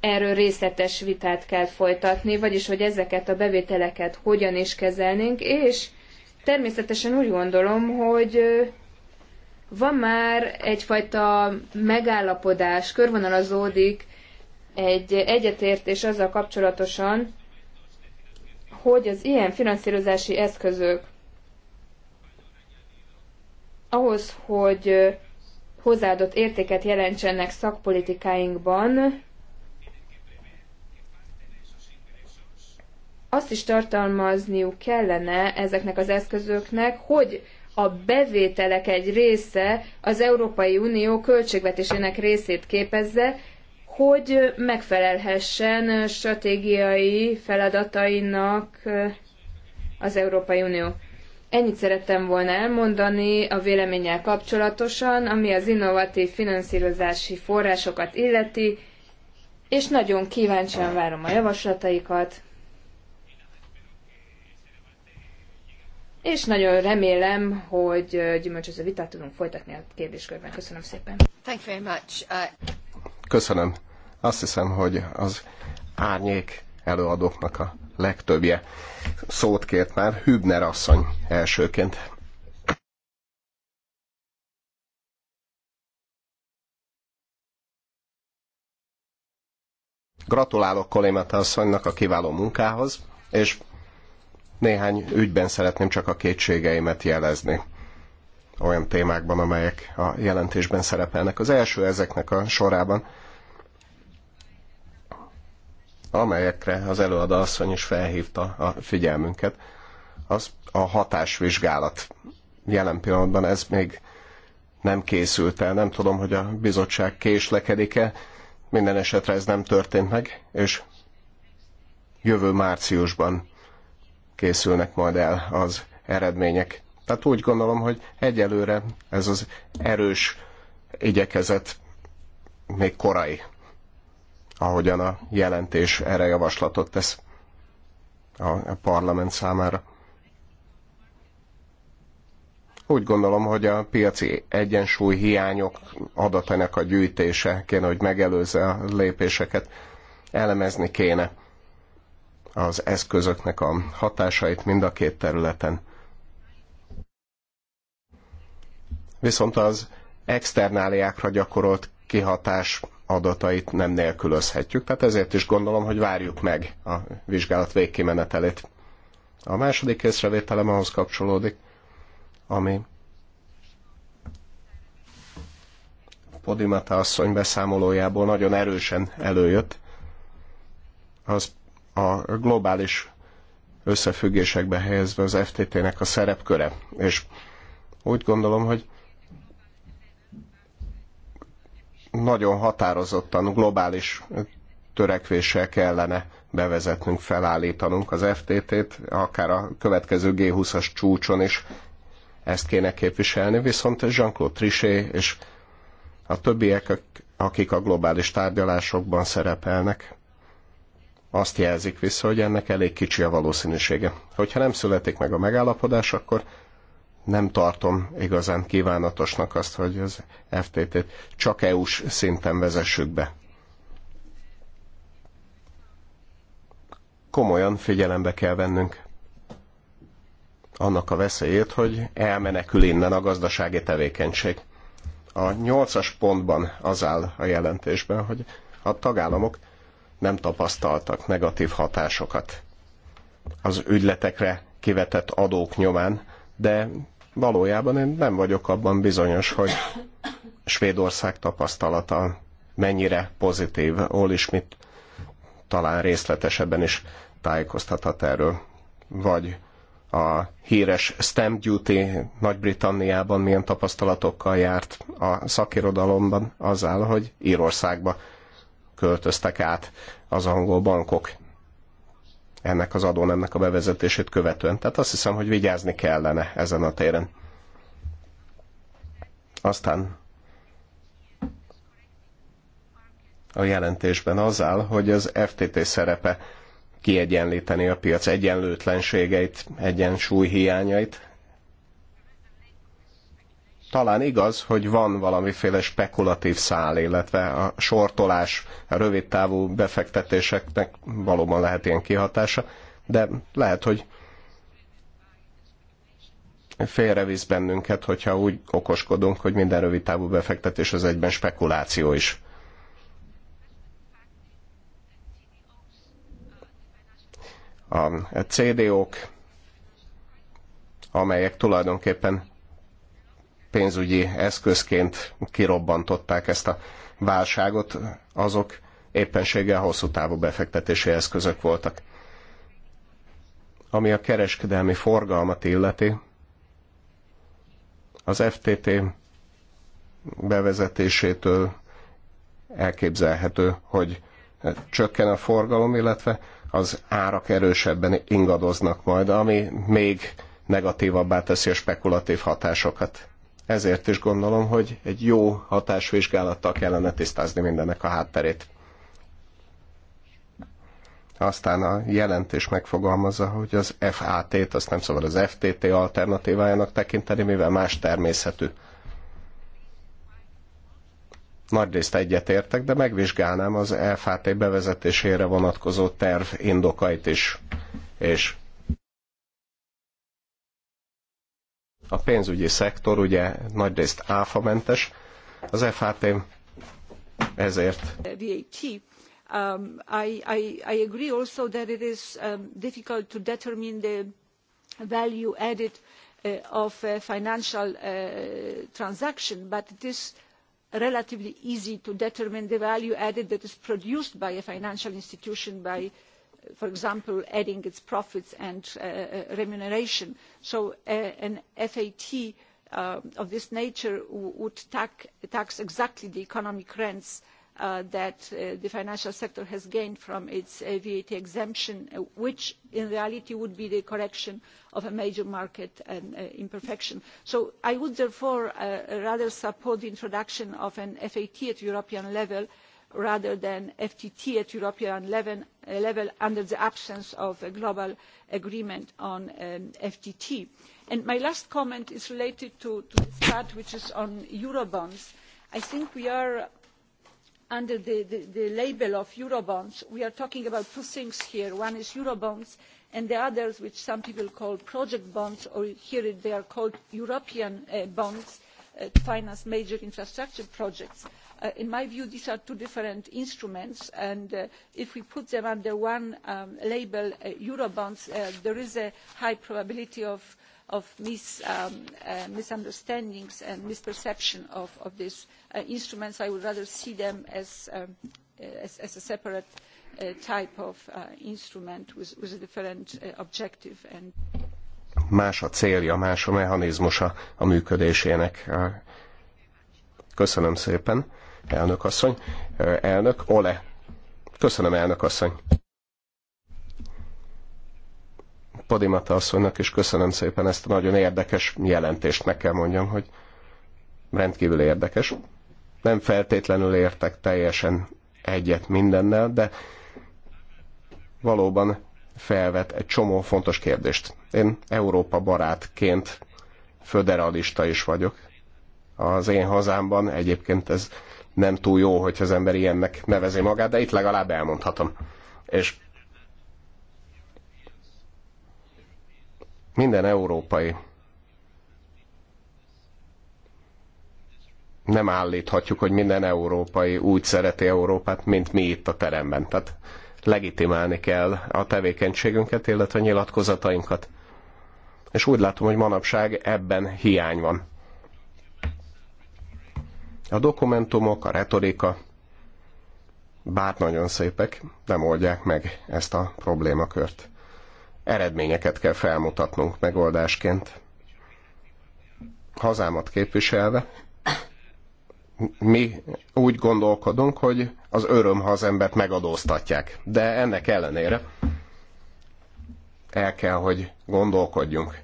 [SPEAKER 1] erről részletes vitát kell folytatni, vagyis hogy ezeket a bevételeket hogyan is kezelnénk, és természetesen úgy gondolom, hogy van már egyfajta megállapodás, körvonalazódik egy egyetértés azzal kapcsolatosan, hogy az ilyen finanszírozási eszközök ahhoz, hogy hozzáadott értéket jelentsenek szakpolitikáinkban, azt is tartalmazniuk kellene ezeknek az eszközöknek, hogy a bevételek egy része az Európai Unió költségvetésének részét képezze, hogy megfelelhessen stratégiai feladatainak az Európai Unió. Ennyit szerettem volna elmondani a véleménnyel kapcsolatosan, ami az innovatív finanszírozási forrásokat illeti, és nagyon kíváncsian várom a javaslataikat. és nagyon remélem, hogy gyümölcsöző vitát tudunk folytatni a kérdéskörben. Köszönöm szépen. Thank you very much. Uh...
[SPEAKER 6] Köszönöm. Azt hiszem, hogy az árnyék előadóknak a legtöbbje szót kért már Hübner asszony elsőként. Gratulálok Kolémata asszonynak a kiváló munkához, és néhány ügyben szeretném csak a kétségeimet jelezni olyan témákban, amelyek a jelentésben szerepelnek. Az első ezeknek a sorában, amelyekre az előadó asszony is felhívta a figyelmünket, az a hatásvizsgálat. Jelen pillanatban ez még nem készült el, nem tudom, hogy a bizottság késlekedik-e, minden esetre ez nem történt meg, és jövő márciusban készülnek majd el az eredmények. Tehát úgy gondolom, hogy egyelőre ez az erős igyekezet még korai, ahogyan a jelentés erre javaslatot tesz a parlament számára. Úgy gondolom, hogy a piaci egyensúly hiányok adatának a gyűjtése kéne, hogy megelőzze a lépéseket, elemezni kéne az eszközöknek a hatásait mind a két területen. Viszont az externáliákra gyakorolt kihatás adatait nem nélkülözhetjük, tehát ezért is gondolom, hogy várjuk meg a vizsgálat végkimenetelét. A második észrevételem ahhoz kapcsolódik, ami Podimata asszony beszámolójából nagyon erősen előjött, az a globális összefüggésekbe helyezve az FTT-nek a szerepköre. És úgy gondolom, hogy nagyon határozottan globális törekvéssel kellene bevezetnünk, felállítanunk az FTT-t, akár a következő G20-as csúcson is ezt kéne képviselni, viszont Jean-Claude Trichet és a többiek, akik a globális tárgyalásokban szerepelnek, azt jelzik vissza, hogy ennek elég kicsi a valószínűsége. Hogyha nem születik meg a megállapodás, akkor nem tartom igazán kívánatosnak azt, hogy az FTT-t csak EU-s szinten vezessük be. Komolyan figyelembe kell vennünk annak a veszélyét, hogy elmenekül innen a gazdasági tevékenység. A nyolcas pontban az áll a jelentésben, hogy a tagállamok nem tapasztaltak negatív hatásokat az ügyletekre kivetett adók nyomán, de valójában én nem vagyok abban bizonyos, hogy Svédország tapasztalata mennyire pozitív. is mit talán részletesebben is tájékoztathat erről. Vagy a híres stamp duty Nagy-Britanniában milyen tapasztalatokkal járt a szakirodalomban, azzal, hogy Írországba költöztek át az angol bankok ennek az adón, ennek a bevezetését követően. Tehát azt hiszem, hogy vigyázni kellene ezen a téren. Aztán a jelentésben az áll, hogy az FTT szerepe kiegyenlíteni a piac egyenlőtlenségeit, egyensúly hiányait, talán igaz, hogy van valamiféle spekulatív szál, illetve a sortolás, a rövid távú befektetéseknek valóban lehet ilyen kihatása, de lehet, hogy félrevisz bennünket, hogyha úgy okoskodunk, hogy minden rövid távú befektetés az egyben spekuláció is. A CDO-k, amelyek tulajdonképpen pénzügyi eszközként kirobbantották ezt a válságot, azok éppenséggel hosszú távú befektetési eszközök voltak. Ami a kereskedelmi forgalmat illeti, az FTT bevezetésétől elképzelhető, hogy csökken a forgalom, illetve az árak erősebben ingadoznak majd, ami még negatívabbá teszi a spekulatív hatásokat. Ezért is gondolom, hogy egy jó hatásvizsgálattal kellene tisztázni mindennek a hátterét. Aztán a jelentés megfogalmazza, hogy az FAT-t azt nem szabad az FTT alternatívájának tekinteni, mivel más természetű egyet egyetértek, de megvizsgálnám az FAT bevezetésére vonatkozó terv indokait is, és A pénzügyi szektor ugye nagyrészt áfamentes, az FHT ezért.
[SPEAKER 7] VAT. Um, I, I, I agree also that it is um, difficult to determine the value added uh, of a financial uh, transaction, but it is relatively easy to determine the value added that is produced by a financial institution by uh, for example adding its profits and uh, uh, remuneration. so uh, an fat of this nature would tax exactly the economic rents that the financial sector has gained from its VAT exemption, which in reality would be the correction of a major market imperfection. So I would therefore rather support the introduction of an FAT at European level rather than ftt at european level, uh, level under the absence of a global agreement on um, ftt. my last comment is related to, the part which is on eurobonds. i think we are under the, label of eurobonds we are talking about two things here one is eurobonds and the other which some people call project bonds or here they are called european uh, bonds uh, to finance major infrastructure projects Uh, in my view, these are two different instruments, and uh, if we put them under one um, label, uh, Eurobonds, uh, there is a high probability of, of mis, um, misunderstandings and misperception of, of these instruments. I would rather see them as, um, as, as a separate type of instrument with, with, a different objective. And
[SPEAKER 6] más a célja, más a mechanizmusa a működésének. Köszönöm szépen. Elnök asszony. Elnök, Ole. Köszönöm, elnök asszony. Podimata asszonynak is köszönöm szépen ezt a nagyon érdekes jelentést, meg kell mondjam, hogy rendkívül érdekes. Nem feltétlenül értek teljesen egyet mindennel, de valóban felvet egy csomó fontos kérdést. Én Európa barátként föderalista is vagyok. Az én hazámban egyébként ez nem túl jó, hogy az ember ilyennek nevezi magát, de itt legalább elmondhatom. És minden európai nem állíthatjuk, hogy minden európai úgy szereti Európát, mint mi itt a teremben. Tehát legitimálni kell a tevékenységünket, illetve a nyilatkozatainkat. És úgy látom, hogy manapság ebben hiány van. A dokumentumok, a retorika, bár nagyon szépek, nem oldják meg ezt a problémakört. Eredményeket kell felmutatnunk megoldásként. Hazámat képviselve, mi úgy gondolkodunk, hogy az öröm, ha az embert megadóztatják. De ennek ellenére el kell, hogy gondolkodjunk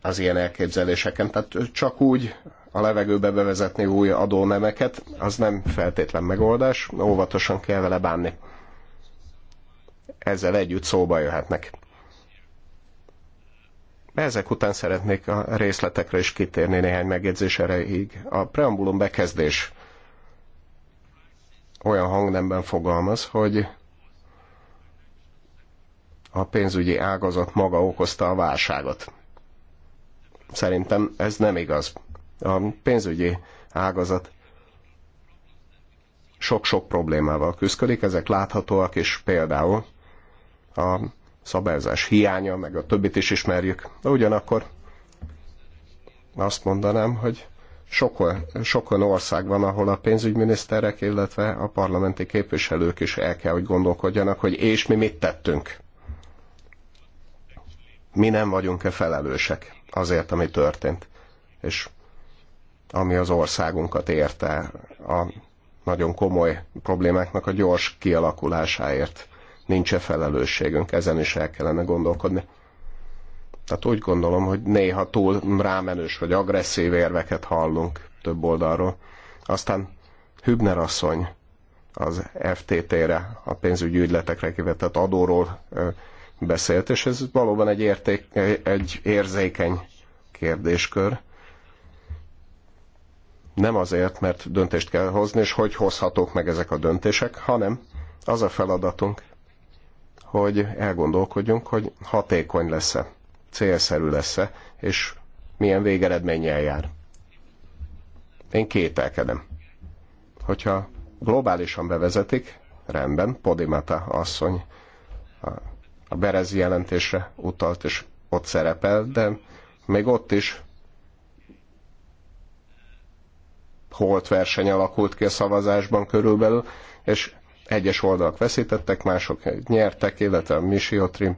[SPEAKER 6] az ilyen elképzeléseken. Tehát csak úgy a levegőbe bevezetni új adónemeket, az nem feltétlen megoldás, óvatosan kell vele bánni. Ezzel együtt szóba jöhetnek. Ezek után szeretnék a részletekre is kitérni néhány megjegyzés erejéig. A preambulum bekezdés olyan hangnemben fogalmaz, hogy a pénzügyi ágazat maga okozta a válságot. Szerintem ez nem igaz a pénzügyi ágazat sok-sok problémával küzdik, ezek láthatóak, és például a szabályozás hiánya, meg a többit is ismerjük. De ugyanakkor azt mondanám, hogy sok, sok olyan ország van, ahol a pénzügyminiszterek, illetve a parlamenti képviselők is el kell, hogy gondolkodjanak, hogy és mi mit tettünk. Mi nem vagyunk-e felelősek azért, ami történt. És ami az országunkat érte a nagyon komoly problémáknak a gyors kialakulásáért. Nincs-e felelősségünk, ezen is el kellene gondolkodni. Tehát úgy gondolom, hogy néha túl rámenős vagy agresszív érveket hallunk több oldalról. Aztán Hübner asszony az FTT-re, a pénzügyi ügyletekre kivetett adóról beszélt, és ez valóban egy, érték, egy érzékeny kérdéskör nem azért, mert döntést kell hozni, és hogy hozhatók meg ezek a döntések, hanem az a feladatunk, hogy elgondolkodjunk, hogy hatékony lesz-e, célszerű lesz-e, és milyen végeredménnyel jár. Én kételkedem. Hogyha globálisan bevezetik, rendben, Podimata asszony a Berezi jelentésre utalt, és ott szerepel, de még ott is holt verseny alakult ki a szavazásban körülbelül, és egyes oldalak veszítettek, mások nyertek, illetve a Misiotrim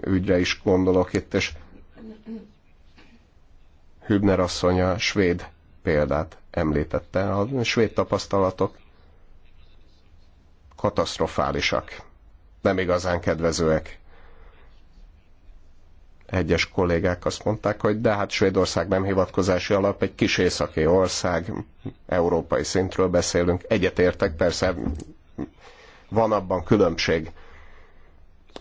[SPEAKER 6] ügyre is gondolok itt, és Hübner asszony a svéd példát említette. A svéd tapasztalatok katasztrofálisak, nem igazán kedvezőek egyes kollégák azt mondták, hogy de hát Svédország nem hivatkozási alap, egy kis északi ország, európai szintről beszélünk, egyetértek, persze van abban különbség,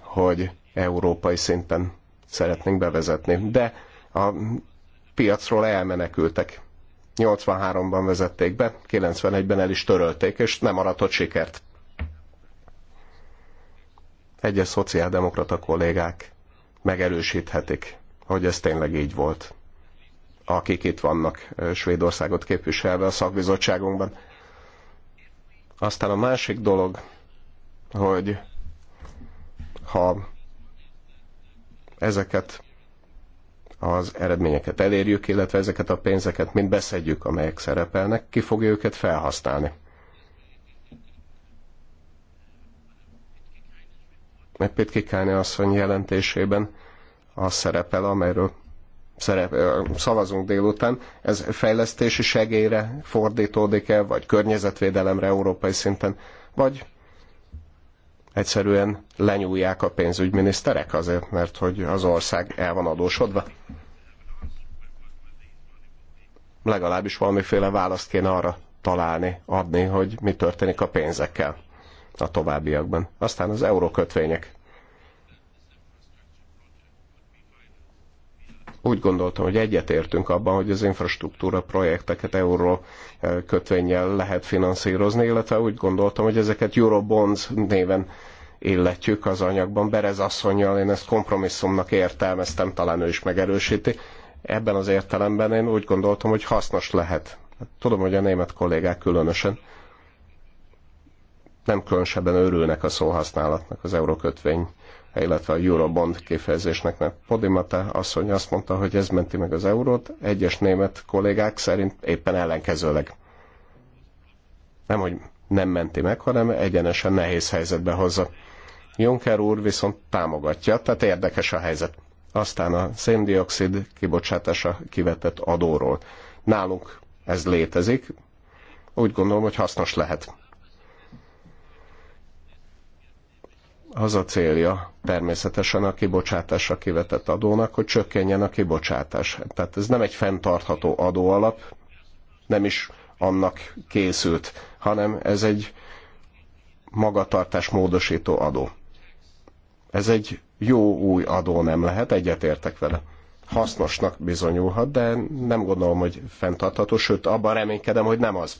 [SPEAKER 6] hogy európai szinten szeretnénk bevezetni, de a piacról elmenekültek. 83-ban vezették be, 91-ben el is törölték, és nem aratott sikert. Egyes szociáldemokrata kollégák megerősíthetik, hogy ez tényleg így volt, akik itt vannak Svédországot képviselve a szakbizottságunkban. Aztán a másik dolog, hogy ha ezeket az eredményeket elérjük, illetve ezeket a pénzeket mind beszedjük, amelyek szerepelnek, ki fogja őket felhasználni. Pitkikáni asszony jelentésében a szerepel, amelyről szerep, szavazunk délután, ez fejlesztési segélyre fordítódik-e, vagy környezetvédelemre európai szinten, vagy egyszerűen lenyúlják a pénzügyminiszterek azért, mert hogy az ország el van adósodva. Legalábbis valamiféle választ kéne arra találni, adni, hogy mi történik a pénzekkel a továbbiakban. Aztán az eurókötvények. Úgy gondoltam, hogy egyetértünk abban, hogy az infrastruktúra projekteket euró e, kötvényel lehet finanszírozni, illetve úgy gondoltam, hogy ezeket Eurobonds néven illetjük az anyagban. Berez asszonyjal én ezt kompromisszumnak értelmeztem, talán ő is megerősíti. Ebben az értelemben én úgy gondoltam, hogy hasznos lehet. Tudom, hogy a német kollégák különösen nem különösebben örülnek a szóhasználatnak az eurókötvény, illetve a Eurobond kifejezésnek, mert Podimata asszony azt mondta, hogy ez menti meg az eurót, egyes német kollégák szerint éppen ellenkezőleg. Nem, hogy nem menti meg, hanem egyenesen nehéz helyzetbe hozza. Juncker úr viszont támogatja, tehát érdekes a helyzet. Aztán a széndiokszid kibocsátása kivetett adóról. Nálunk ez létezik, úgy gondolom, hogy hasznos lehet az a célja természetesen a kibocsátásra kivetett adónak, hogy csökkenjen a kibocsátás. Tehát ez nem egy fenntartható adóalap, nem is annak készült, hanem ez egy magatartás módosító adó. Ez egy jó új adó nem lehet, egyetértek vele. Hasznosnak bizonyulhat, de nem gondolom, hogy fenntartható, sőt, abban reménykedem, hogy nem az.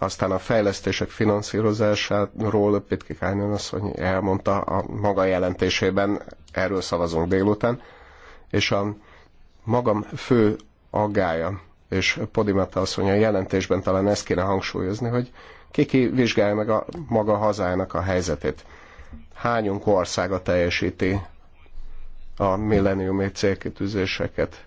[SPEAKER 6] Aztán a fejlesztések finanszírozásáról Pitki Kányon hogy elmondta a maga jelentésében, erről szavazunk délután, és a magam fő aggája, és Podimata mondja, a jelentésben talán ezt kéne hangsúlyozni, hogy Kiki vizsgálja meg a maga hazájának a helyzetét. Hányunk országa teljesíti a milleniumi célkitűzéseket?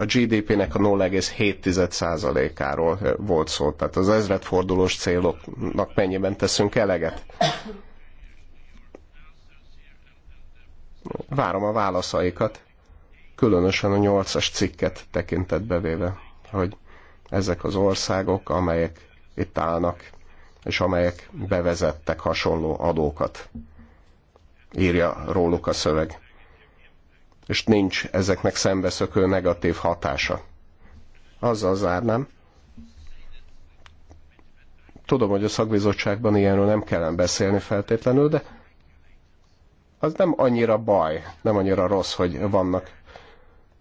[SPEAKER 6] a GDP-nek a 0,7%-áról volt szó, tehát az ezredfordulós céloknak mennyiben teszünk eleget. Várom a válaszaikat, különösen a 8-as cikket tekintetbe véve, hogy ezek az országok, amelyek itt állnak, és amelyek bevezettek hasonló adókat, írja róluk a szöveg és nincs ezeknek szembeszökő negatív hatása. Azzal zárnám. Tudom, hogy a szakbizottságban ilyenről nem kellene beszélni feltétlenül, de az nem annyira baj, nem annyira rossz, hogy vannak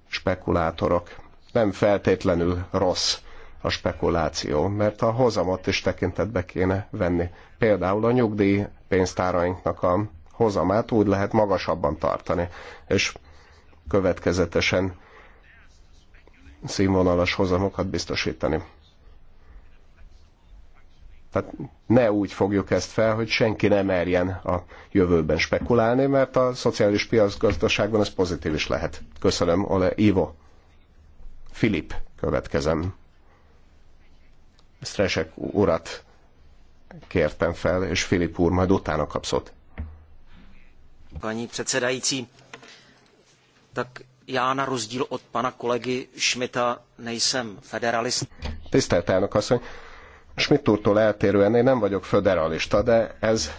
[SPEAKER 6] spekulátorok. Nem feltétlenül rossz a spekuláció, mert a hozamot is tekintetbe kéne venni. Például a nyugdíj pénztárainknak a hozamát úgy lehet magasabban tartani. És következetesen színvonalas hozamokat biztosítani. Tehát ne úgy fogjuk ezt fel, hogy senki nem merjen a jövőben spekulálni, mert a szociális piacgazdaságban ez pozitív is lehet. Köszönöm, Ole Ivo. Filip, következem. Stresek urat kértem fel, és Filip úr majd utána kapszott.
[SPEAKER 7] Pani předsedající,
[SPEAKER 6] tak já na rozdíl od pana kolegy Schmidta nejsem federalista. Tisztelt elnök asszony, Schmidt úrtól eltérően én nem vagyok föderalista, de ez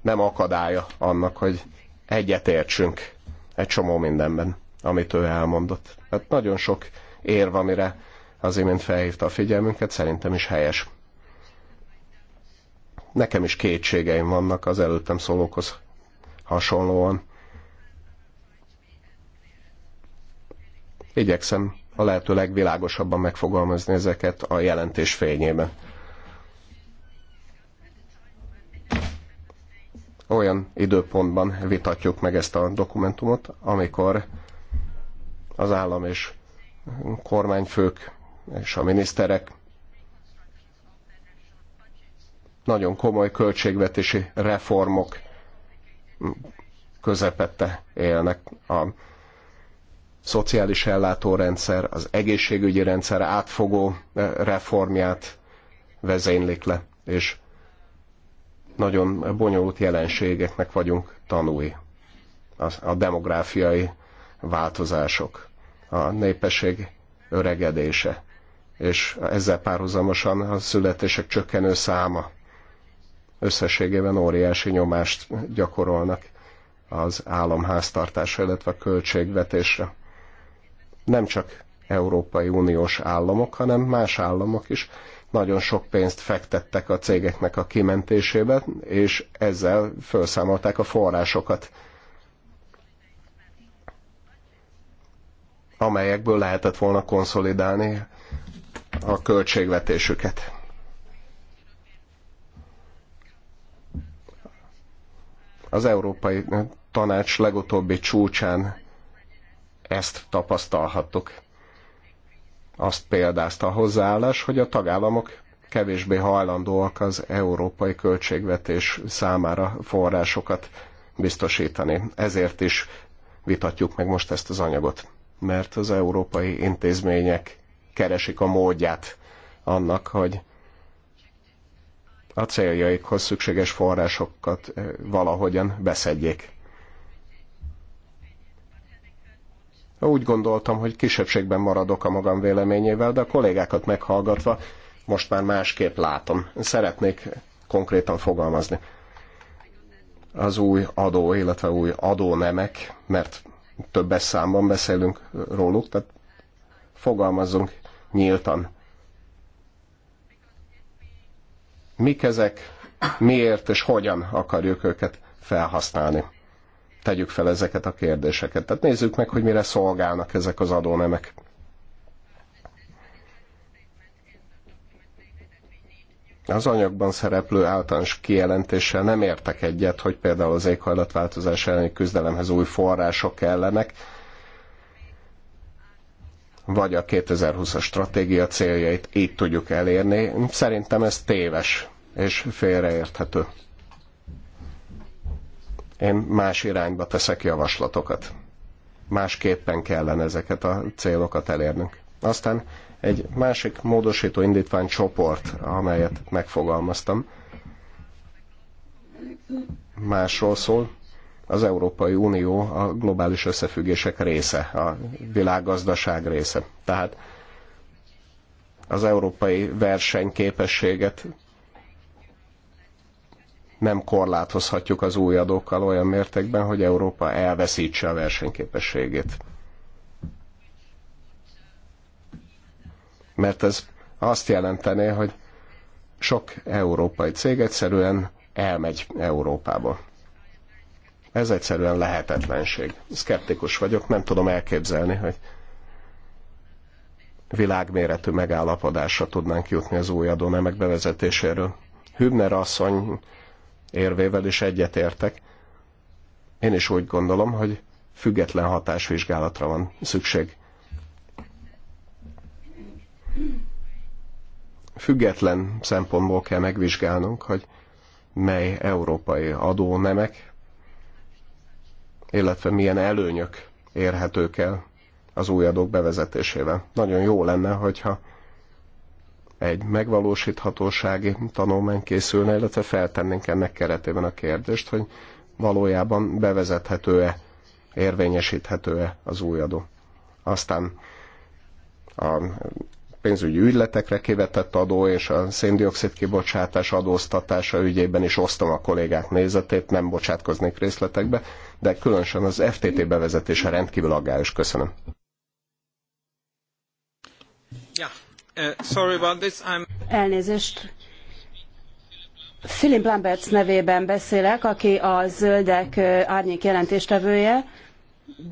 [SPEAKER 6] nem akadálya annak, hogy egyetértsünk egy csomó mindenben, amit ő elmondott. Hát nagyon sok érv, amire az imént felhívta a figyelmünket, szerintem is helyes. Nekem is kétségeim vannak az előttem szólókhoz hasonlóan. Igyekszem a lehető legvilágosabban megfogalmazni ezeket a jelentés fényében. Olyan időpontban vitatjuk meg ezt a dokumentumot, amikor az állam és kormányfők és a miniszterek nagyon komoly költségvetési reformok közepette élnek a szociális ellátórendszer, az egészségügyi rendszer átfogó eh, reformját vezénylik le, és nagyon bonyolult jelenségeknek vagyunk tanúi. A, demográfiai változások, a népesség öregedése, és ezzel párhuzamosan a születések csökkenő száma összességében óriási nyomást gyakorolnak az államháztartásra, illetve a költségvetésre nem csak Európai Uniós államok, hanem más államok is nagyon sok pénzt fektettek a cégeknek a kimentésébe, és ezzel felszámolták a forrásokat, amelyekből lehetett volna konszolidálni a költségvetésüket. Az Európai Tanács legutóbbi csúcsán ezt tapasztalhattuk. Azt példázta a hozzáállás, hogy a tagállamok kevésbé hajlandóak az európai költségvetés számára forrásokat biztosítani. Ezért is vitatjuk meg most ezt az anyagot, mert az európai intézmények keresik a módját annak, hogy a céljaikhoz szükséges forrásokat eh, valahogyan beszedjék. Úgy gondoltam, hogy kisebbségben maradok a magam véleményével, de a kollégákat meghallgatva most már másképp látom. Szeretnék konkrétan fogalmazni. Az új adó, illetve új adónemek, mert többes számban beszélünk róluk, tehát fogalmazzunk nyíltan. Mik ezek, miért és hogyan akarjuk őket felhasználni? tegyük fel ezeket a kérdéseket. Tehát nézzük meg, hogy mire szolgálnak ezek az adónemek. Az anyagban szereplő általános kijelentéssel nem értek egyet, hogy például az éghajlatváltozás elleni küzdelemhez új források kellenek, vagy a 2020-as stratégia céljait így tudjuk elérni. Szerintem ez téves és félreérthető. Én más irányba teszek javaslatokat. Másképpen kellene ezeket a célokat elérnünk. Aztán egy másik módosító indítvány csoport, amelyet megfogalmaztam, másról szól. Az Európai Unió a globális összefüggések része, a világgazdaság része. Tehát az európai versenyképességet nem korlátozhatjuk az új adókkal olyan mértékben, hogy Európa elveszítse a versenyképességét. Mert ez azt jelentené, hogy sok európai cég egyszerűen elmegy Európába. Ez egyszerűen lehetetlenség. Szkeptikus vagyok, nem tudom elképzelni, hogy világméretű megállapodásra tudnánk jutni az új adónemek bevezetéséről. Hübner asszony érvével is egyetértek. Én is úgy gondolom, hogy független hatásvizsgálatra van szükség. Független szempontból kell megvizsgálnunk, hogy mely európai adónemek, illetve milyen előnyök érhetők el az új adók bevezetésével. Nagyon jó lenne, hogyha egy megvalósíthatósági tanulmány készülne, illetve feltennénk ennek keretében a kérdést, hogy valójában bevezethető-e, érvényesíthető-e az új adó. Aztán a pénzügyi ügyletekre kivetett adó és a széndiokszid kibocsátás adóztatása ügyében is osztom a kollégák nézetét, nem bocsátkoznék részletekbe, de különösen az FTT bevezetése rendkívül aggályos. Köszönöm.
[SPEAKER 8] Ja, Uh,
[SPEAKER 2] Elnézést. Philip Lamberts nevében beszélek, aki a Zöldek uh, árnyék jelentéstevője,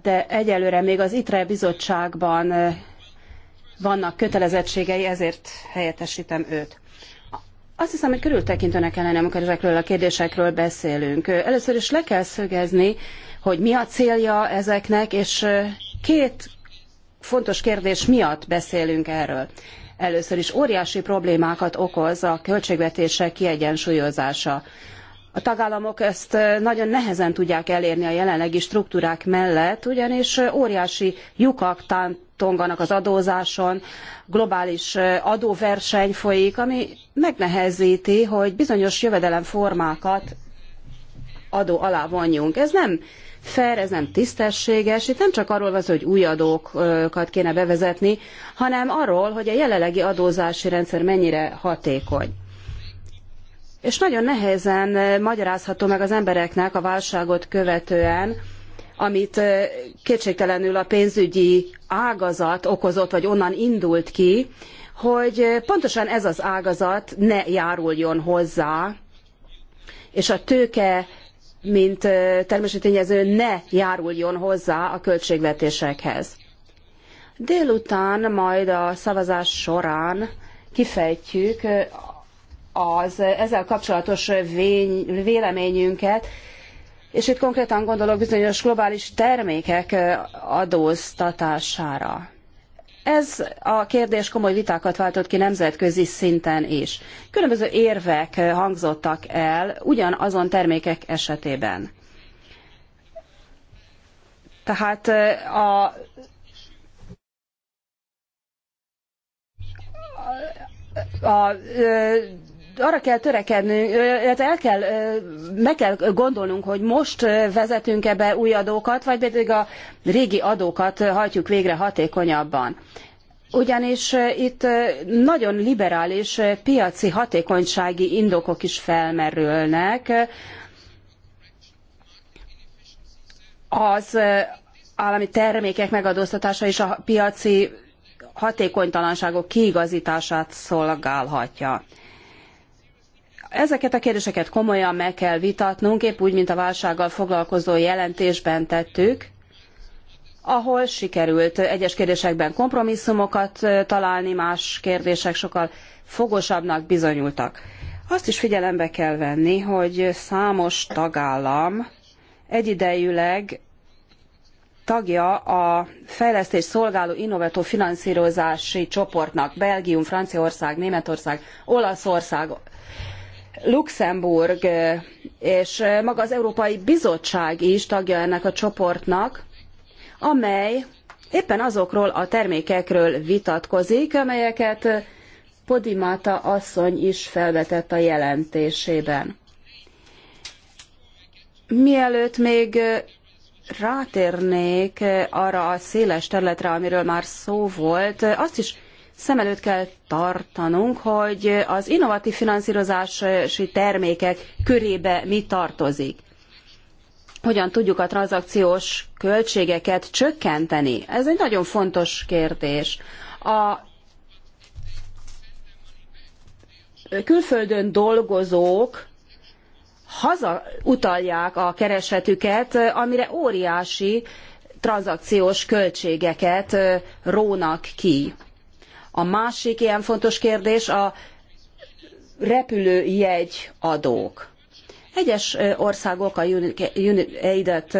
[SPEAKER 2] de egyelőre még az ITRE bizottságban uh, vannak kötelezettségei, ezért helyettesítem őt. Azt hiszem, hogy körültekintőnek kellene, amikor ezekről a kérdésekről beszélünk. Először is le kell szögezni, hogy mi a célja ezeknek, és két fontos kérdés miatt beszélünk erről először is óriási problémákat okoz a költségvetések kiegyensúlyozása. A tagállamok ezt nagyon nehezen tudják elérni a jelenlegi struktúrák mellett, ugyanis óriási lyukak tántonganak az adózáson, globális adóverseny folyik, ami megnehezíti, hogy bizonyos jövedelemformákat adó alá vonjunk. Ez nem fair, ez nem tisztességes. Itt nem csak arról van hogy új adókat kéne bevezetni, hanem arról, hogy a jelenlegi adózási rendszer mennyire hatékony. És nagyon nehezen magyarázható meg az embereknek a válságot követően, amit kétségtelenül a pénzügyi ágazat okozott, vagy onnan indult ki, hogy pontosan ez az ágazat ne járuljon hozzá, és a tőke mint termési tényező ne járuljon hozzá a költségvetésekhez. Délután majd a szavazás során kifejtjük az ezzel kapcsolatos vény, véleményünket, és itt konkrétan gondolok bizonyos globális termékek adóztatására. Ez a kérdés komoly vitákat váltott ki nemzetközi szinten is. Különböző érvek hangzottak el ugyanazon termékek esetében. Tehát a a, a, a arra kell törekednünk, illetve el kell, meg kell gondolnunk, hogy most vezetünk-e be új adókat, vagy pedig a régi adókat hajtjuk végre hatékonyabban. Ugyanis itt nagyon liberális piaci hatékonysági indokok is felmerülnek. Az állami termékek megadóztatása is a piaci hatékonytalanságok kiigazítását szolgálhatja. Ezeket a kérdéseket komolyan meg kell vitatnunk, épp úgy, mint a válsággal foglalkozó jelentésben tettük, ahol sikerült egyes kérdésekben kompromisszumokat találni, más kérdések sokkal fogosabbnak bizonyultak. Azt is figyelembe kell venni, hogy számos tagállam egyidejűleg tagja a fejlesztés szolgáló innovató finanszírozási csoportnak Belgium, Franciaország, Németország, Olaszország Luxemburg és maga az Európai Bizottság is tagja ennek a csoportnak, amely éppen azokról a termékekről vitatkozik, amelyeket Podimata asszony is felvetett a jelentésében. Mielőtt még rátérnék arra a széles területre, amiről már szó volt, azt is szem előtt kell tartanunk, hogy az innovatív finanszírozási termékek körébe mi tartozik. Hogyan tudjuk a tranzakciós költségeket csökkenteni? Ez egy nagyon fontos kérdés. A külföldön dolgozók hazautalják a keresetüket, amire óriási tranzakciós költségeket rónak ki. A másik ilyen fontos kérdés a repülőjegyadók. adók. Egyes országok a UNAID-et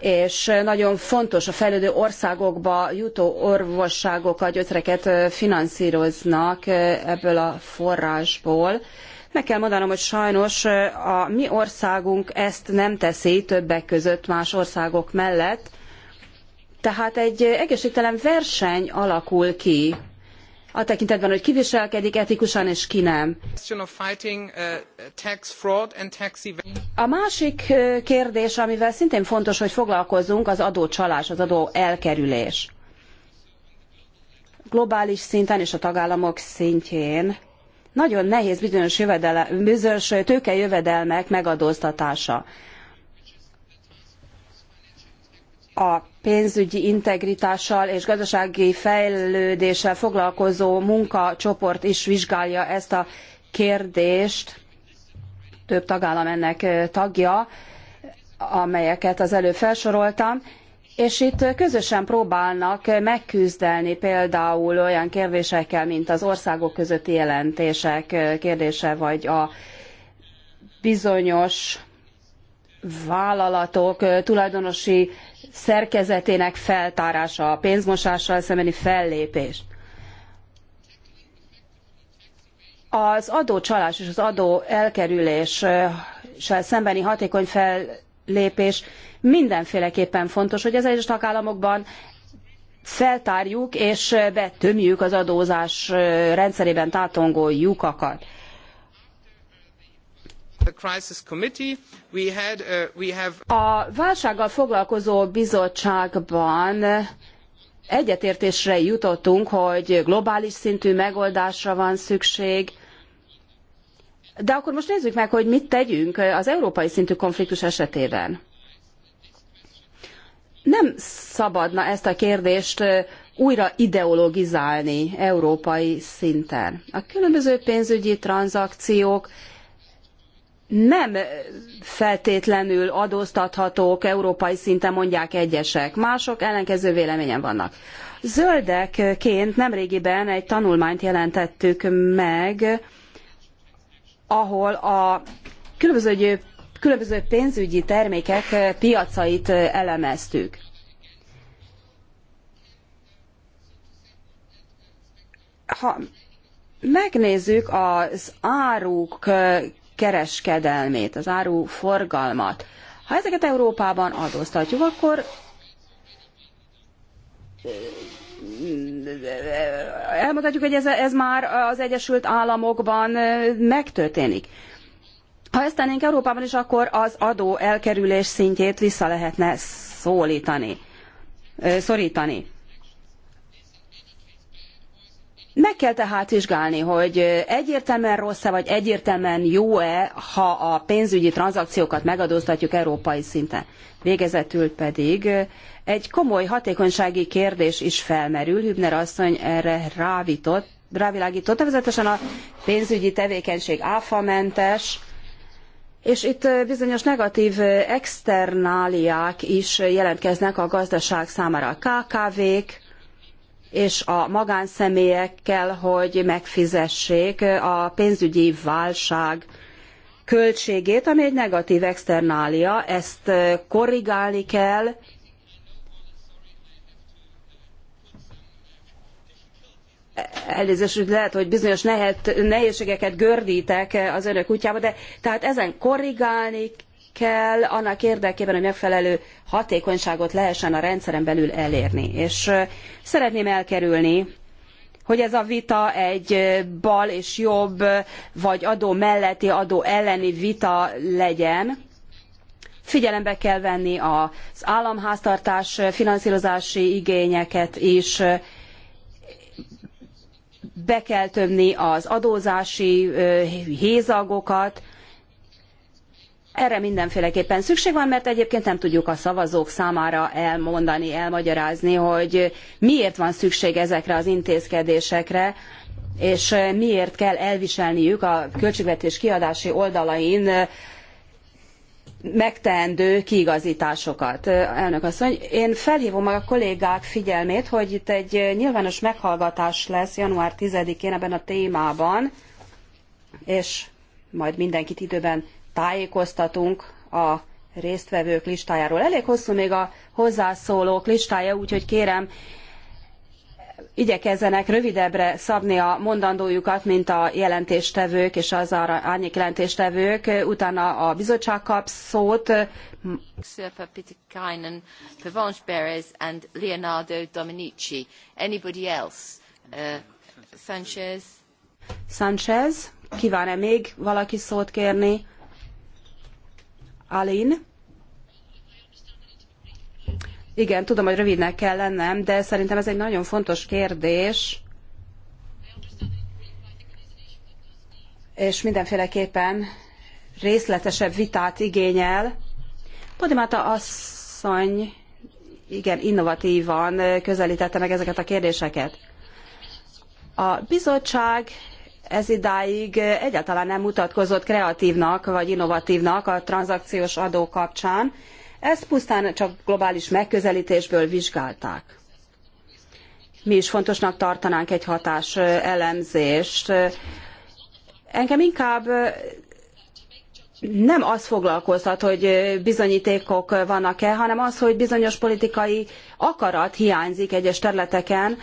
[SPEAKER 2] és nagyon fontos a fejlődő országokba jutó orvosságokat, gyötreket finanszíroznak ebből a forrásból. Meg kell mondanom, hogy sajnos a mi országunk ezt nem teszi többek között más országok mellett, tehát egy egészségtelen verseny alakul ki a tekintetben, hogy kiviselkedik etikusan és ki nem. Uh, a másik uh, kérdés, amivel szintén fontos, hogy foglalkozzunk, az adócsalás, az adó elkerülés. Globális szinten és a tagállamok szintjén nagyon nehéz bizonyos, bizonyos tőkejövedelmek megadóztatása a pénzügyi integritással és gazdasági fejlődéssel foglalkozó munkacsoport is vizsgálja ezt a kérdést. Több tagállam ennek tagja, amelyeket az előbb felsoroltam. És itt közösen próbálnak megküzdeni például olyan kérdésekkel, mint az országok közötti jelentések kérdése, vagy a bizonyos vállalatok tulajdonosi szerkezetének feltárása, a pénzmosással szembeni fellépés. Az adócsalás és az adó elkerüléssel szembeni hatékony fellépés mindenféleképpen fontos, hogy az egyes tagállamokban feltárjuk és betömjük az adózás rendszerében tátongó lyukakat.
[SPEAKER 8] Uh,
[SPEAKER 2] a válsággal foglalkozó bizottságban egyetértésre jutottunk, hogy globális szintű megoldásra van szükség, de akkor most nézzük meg, hogy mit tegyünk az európai szintű konfliktus esetében. Nem szabadna ezt a kérdést újra ideologizálni európai szinten. A különböző pénzügyi tranzakciók nem feltétlenül adóztathatók európai szinten, mondják egyesek. Mások ellenkező véleményen vannak. Zöldekként nemrégiben egy tanulmányt jelentettük meg, ahol a különböző, különböző pénzügyi termékek piacait elemeztük. Ha megnézzük az áruk kereskedelmét, az áru forgalmat. Ha ezeket Európában adóztatjuk, akkor elmondhatjuk, hogy ez, ez már az Egyesült Államokban megtörténik. Ha ezt tennénk Európában is, akkor az adó elkerülés szintjét vissza lehetne szólítani, szorítani. Meg kell tehát vizsgálni, hogy egyértelműen rossz-e vagy egyértelműen jó-e, ha a pénzügyi tranzakciókat megadóztatjuk európai szinten. Végezetül pedig egy komoly hatékonysági kérdés is felmerül. Hübner asszony erre rávitott, rávilágított, nevezetesen a pénzügyi tevékenység áfamentes, és itt bizonyos negatív externáliák is jelentkeznek a gazdaság számára. A KKV-k, és a magánszemélyekkel, hogy megfizessék a pénzügyi válság költségét, ami egy negatív externália, ezt korrigálni kell, elnézést, lehet, hogy bizonyos nehet, nehézségeket gördítek az önök útjába, de tehát ezen korrigálni kell annak érdekében, hogy megfelelő hatékonyságot lehessen a rendszeren belül elérni. És szeretném elkerülni, hogy ez a vita egy bal és jobb, vagy adó melletti, adó elleni vita legyen. Figyelembe kell venni az államháztartás finanszírozási igényeket is, be kell tömni az adózási hézagokat, erre mindenféleképpen szükség van, mert egyébként nem tudjuk a szavazók számára elmondani, elmagyarázni, hogy miért van szükség ezekre az intézkedésekre, és miért kell elviselniük a költségvetés kiadási oldalain megteendő kiigazításokat. Elnök asszony, én felhívom a kollégák figyelmét, hogy itt egy nyilvános meghallgatás lesz január 10-én ebben a témában, és majd mindenkit időben tájékoztatunk a résztvevők listájáról. Elég hosszú még a hozzászólók listája, úgyhogy kérem, igyekezzenek rövidebbre szabni a mondandójukat, mint a jelentéstevők és az árnyék jelentéstevők. Utána a bizottság kap szót.
[SPEAKER 1] and Leonardo Dominici. Anybody else? Uh,
[SPEAKER 2] Sanchez? Sanchez? Kíván-e még valaki szót kérni? Alin. Igen, tudom, hogy rövidnek kell lennem, de szerintem ez egy nagyon fontos kérdés. És mindenféleképpen részletesebb vitát igényel. Podimata asszony igen, innovatívan közelítette meg ezeket a kérdéseket. A bizottság ez idáig egyáltalán nem mutatkozott kreatívnak vagy innovatívnak a tranzakciós adó kapcsán. Ezt pusztán csak globális megközelítésből vizsgálták. Mi is fontosnak tartanánk egy hatás elemzést. Engem inkább nem az foglalkoztat, hogy bizonyítékok vannak-e, hanem az, hogy bizonyos politikai akarat hiányzik egyes területeken,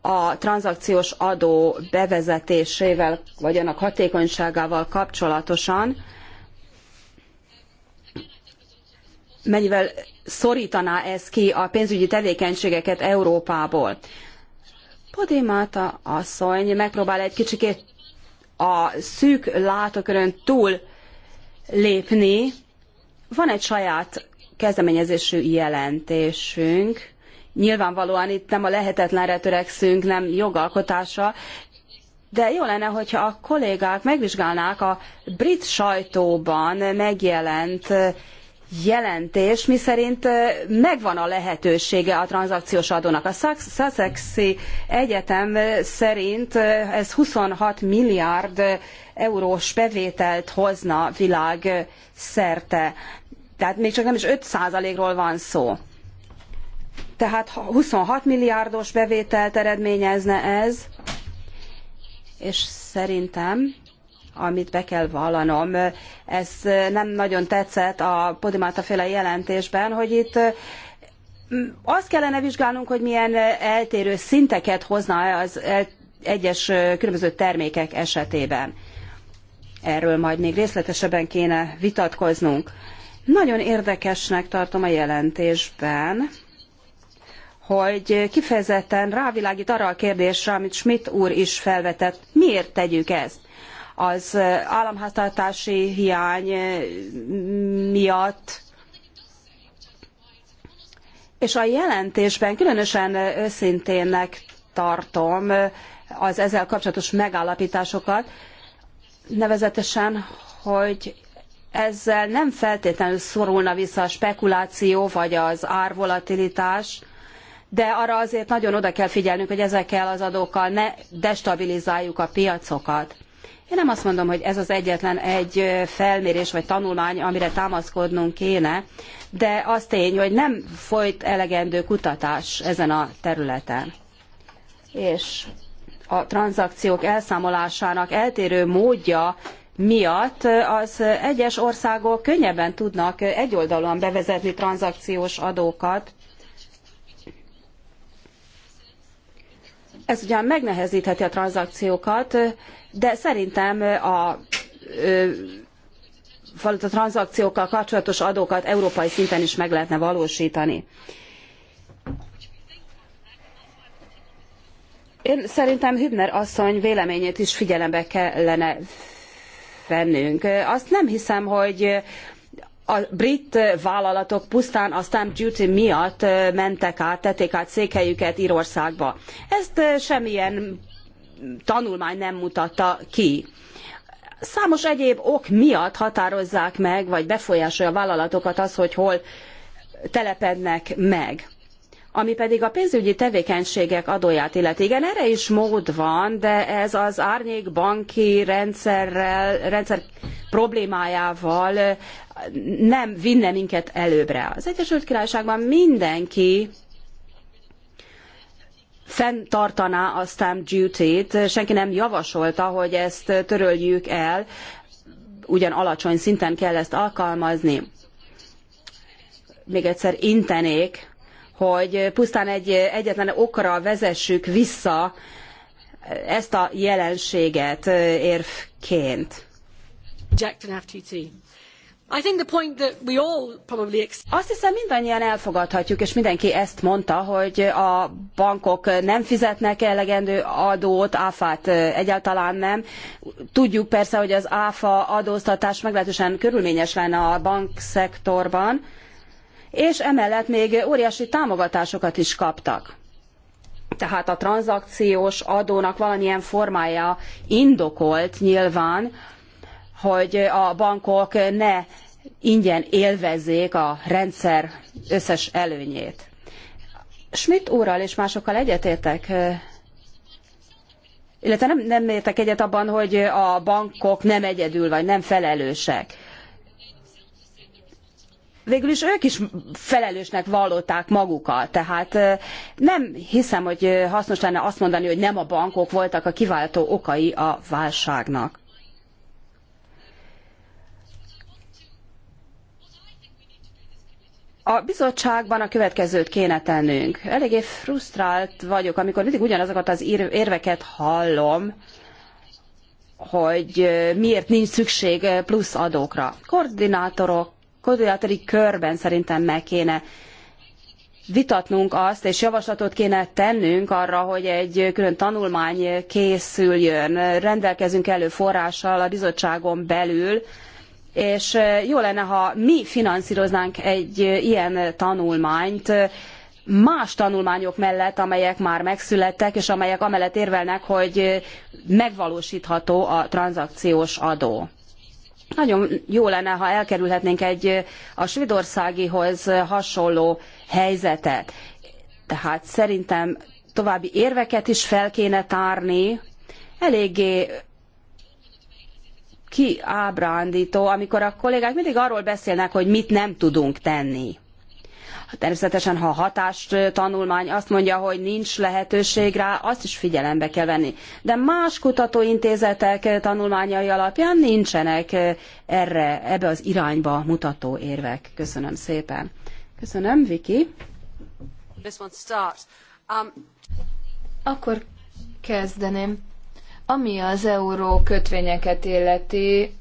[SPEAKER 2] a tranzakciós adó bevezetésével, vagy annak hatékonyságával kapcsolatosan mennyivel szorítaná ez ki a pénzügyi tevékenységeket Európából. Podimata asszony megpróbál egy kicsikét a szűk látókörön túl lépni. Van egy saját kezdeményezésű jelentésünk, Nyilvánvalóan itt nem a lehetetlenre törekszünk, nem jogalkotásra, de jó lenne, hogyha a kollégák megvizsgálnák a brit sajtóban megjelent jelentés, miszerint megvan a lehetősége a tranzakciós adónak. A Sussexi Egyetem szerint ez 26 milliárd eurós bevételt hozna világszerte. Tehát még csak nem is 5%-ról van szó tehát 26 milliárdos bevételt eredményezne ez, és szerintem amit be kell vallanom. Ez nem nagyon tetszett a Podimata féle jelentésben, hogy itt mm, azt kellene vizsgálnunk, hogy milyen eltérő szinteket hozna az egyes különböző termékek esetében. Erről majd még részletesebben kéne vitatkoznunk. Nagyon érdekesnek tartom a jelentésben hogy kifejezetten rávilágít arra a kérdésre, amit Schmidt úr is felvetett. Miért tegyük ezt? Az államháztartási hiány miatt és a jelentésben különösen őszinténnek tartom az ezzel kapcsolatos megállapításokat, nevezetesen, hogy ezzel nem feltétlenül szorulna vissza a spekuláció vagy az árvolatilitás, de arra azért nagyon oda kell figyelnünk, hogy ezekkel az adókkal ne destabilizáljuk a piacokat. Én nem azt mondom, hogy ez az egyetlen egy felmérés vagy tanulmány, amire támaszkodnunk kéne, de az tény, hogy nem folyt elegendő kutatás ezen a területen. És a tranzakciók elszámolásának eltérő módja miatt az egyes országok könnyebben tudnak egyoldalúan bevezetni tranzakciós adókat, Ez ugyan megnehezítheti a tranzakciókat, de szerintem a valóta tranzakciókkal kapcsolatos adókat európai szinten is meg lehetne valósítani. Én szerintem Hübner asszony véleményét is figyelembe kellene vennünk. Azt nem hiszem, hogy a brit vállalatok pusztán a stamp duty miatt mentek át, tették át székhelyüket Írországba. Ezt semmilyen tanulmány nem mutatta ki. Számos egyéb ok miatt határozzák meg, vagy befolyásolja a vállalatokat az, hogy hol telepednek meg. Ami pedig a pénzügyi tevékenységek adóját illeti. Igen, erre is mód van, de ez az árnyék banki rendszerrel, rendszer problémájával nem vinne minket előbbre. Az Egyesült Királyságban mindenki fenntartaná a stamp duty-t, senki nem javasolta, hogy ezt töröljük el, ugyan alacsony szinten kell ezt alkalmazni. Még egyszer intenék, hogy pusztán egy egyetlen okra vezessük vissza ezt a jelenséget érvként.
[SPEAKER 7] Jack FTT. Azt hiszem mindannyian
[SPEAKER 2] elfogadhatjuk, és mindenki ezt mondta, hogy a bankok nem fizetnek elegendő adót, áfát egyáltalán nem. Tudjuk persze, hogy az áfa adóztatás meglehetősen körülményes lenne a bankszektorban, és emellett még óriási támogatásokat is kaptak. Tehát a tranzakciós adónak valamilyen formája indokolt nyilván, hogy a bankok ne ingyen élvezzék a rendszer összes előnyét. Schmidt úrral és másokkal egyetértek, illetve nem, nem értek egyet abban, hogy a bankok nem egyedül vagy nem felelősek. Végül is ők is felelősnek vallották magukat, tehát nem hiszem, hogy hasznos lenne azt mondani, hogy nem a bankok voltak a kiváltó okai a válságnak. A bizottságban a következőt kéne tennünk. Eléggé frusztrált vagyok, amikor mindig ugyanazokat az érveket hallom, hogy miért nincs szükség plusz adókra. Koordinátorok, koordinátori körben szerintem meg kéne vitatnunk azt, és javaslatot kéne tennünk arra, hogy egy külön tanulmány készüljön, rendelkezünk elő forrással a bizottságon belül, és jó lenne, ha mi finanszíroznánk egy ilyen tanulmányt, más tanulmányok mellett, amelyek már megszülettek, és amelyek amellett érvelnek, hogy megvalósítható a tranzakciós adó. Nagyon jó lenne, ha elkerülhetnénk egy a svédországihoz hasonló helyzetet. Tehát szerintem további érveket is fel kéne tárni. Eléggé kiábrándító, amikor a kollégák mindig arról beszélnek, hogy mit nem tudunk tenni. Természetesen, ha a hatástanulmány azt mondja, hogy nincs lehetőség rá, azt is figyelembe kell venni. De más kutatóintézetek tanulmányai alapján nincsenek erre, ebbe az irányba mutató érvek. Köszönöm szépen. Köszönöm, Viki.
[SPEAKER 7] Um,
[SPEAKER 2] Akkor kezdeném.
[SPEAKER 1] Ami az euró kötvényeket illeti,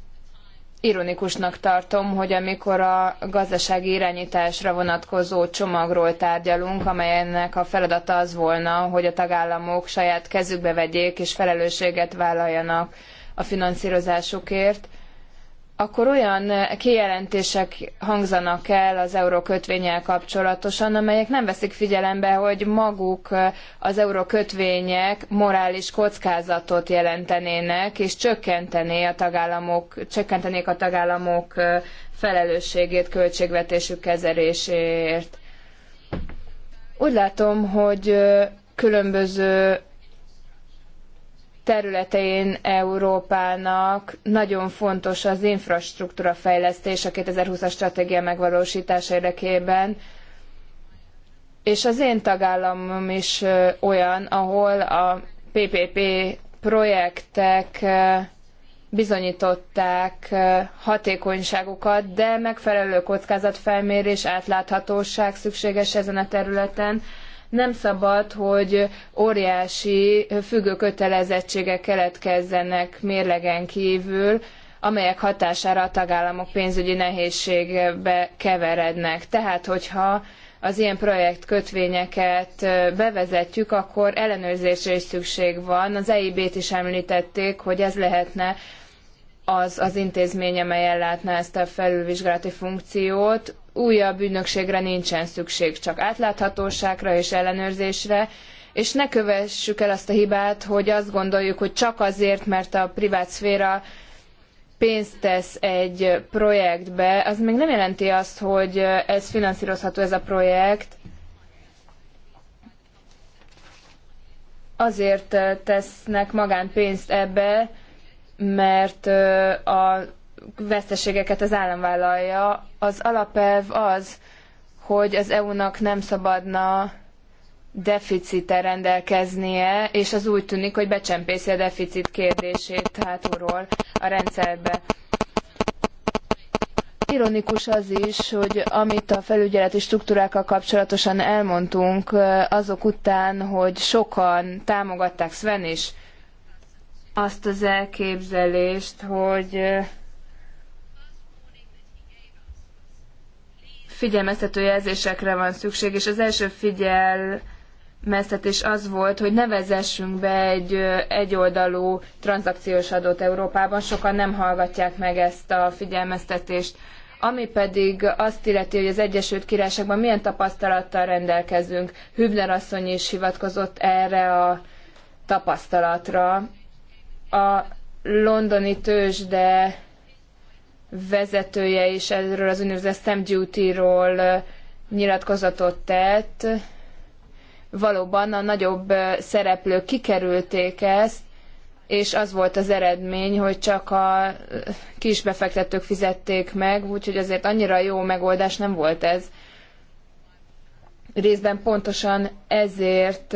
[SPEAKER 1] ironikusnak tartom, hogy amikor a gazdasági irányításra vonatkozó csomagról tárgyalunk, amelynek a feladata az volna, hogy a tagállamok saját kezükbe vegyék és felelősséget vállaljanak a finanszírozásukért, akkor olyan kijelentések hangzanak el az eurókötvényel kapcsolatosan, amelyek nem veszik figyelembe, hogy maguk az eurókötvények morális kockázatot jelentenének, és csökkentené a tagállamok, csökkentenék a tagállamok felelősségét költségvetésük kezeléséért. Úgy látom, hogy különböző területein Európának nagyon fontos az infrastruktúra fejlesztés a 2020-as stratégia megvalósítása érdekében, és az én tagállamom is olyan, ahol a PPP projektek bizonyították hatékonyságukat, de megfelelő kockázatfelmérés, átláthatóság szükséges ezen a területen, nem szabad, hogy óriási függő kötelezettségek keletkezzenek mérlegen kívül, amelyek hatására a tagállamok pénzügyi nehézségbe keverednek. Tehát, hogyha az ilyen projektkötvényeket bevezetjük, akkor ellenőrzésre is szükség van. Az EIB-t is említették, hogy ez lehetne az az intézmény, amely ellátná ezt a felülvizsgálati funkciót újabb ügynökségre nincsen szükség, csak átláthatóságra és ellenőrzésre, és ne kövessük el azt a hibát, hogy azt gondoljuk, hogy csak azért, mert a privát szféra pénzt tesz egy projektbe, az még nem jelenti azt, hogy ez finanszírozható ez a projekt. Azért eh, tesznek magánpénzt ebbe, mert eh, a veszteségeket az állam vállalja, az alapelv az, hogy az EU-nak nem szabadna deficite rendelkeznie, és az úgy tűnik, hogy becsempészi a deficit kérdését hátulról a rendszerbe. Ironikus az is, hogy amit a felügyeleti struktúrákkal kapcsolatosan elmondtunk, azok után, hogy sokan támogatták Sven is azt az elképzelést, hogy figyelmeztető jelzésekre van szükség, és az első figyel és az volt, hogy ne vezessünk be egy egyoldalú tranzakciós adót Európában, sokan nem hallgatják meg ezt a figyelmeztetést. Ami pedig azt illeti, hogy az Egyesült Királyságban milyen tapasztalattal rendelkezünk. Hübner asszony is hivatkozott erre a tapasztalatra. A londoni tőzsde vezetője is erről az úgynevezett stamp duty-ról nyilatkozatot tett. Valóban a nagyobb szereplők kikerülték ezt, és az volt az eredmény, hogy csak a kis befektetők fizették meg, úgyhogy azért annyira jó megoldás nem volt ez. Részben pontosan ezért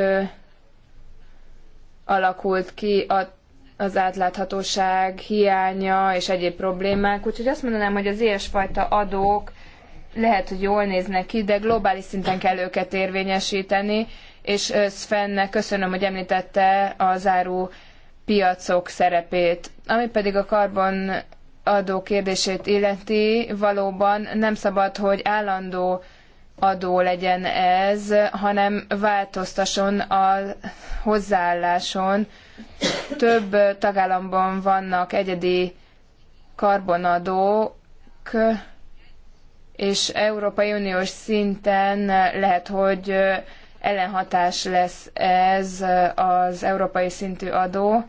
[SPEAKER 1] alakult ki a az átláthatóság hiánya és egyéb problémák, úgyhogy azt mondanám, hogy az ilyesfajta adók lehet, hogy jól néznek ki, de globális szinten kell őket érvényesíteni, és Svennek köszönöm, hogy említette az áru piacok szerepét. Ami pedig a karbon adó kérdését illeti, valóban nem szabad, hogy állandó adó legyen ez, hanem változtasson a hozzáálláson több tagállamban vannak egyedi karbonadók, és Európai Uniós szinten lehet, hogy ellenhatás lesz ez az európai szintű adó.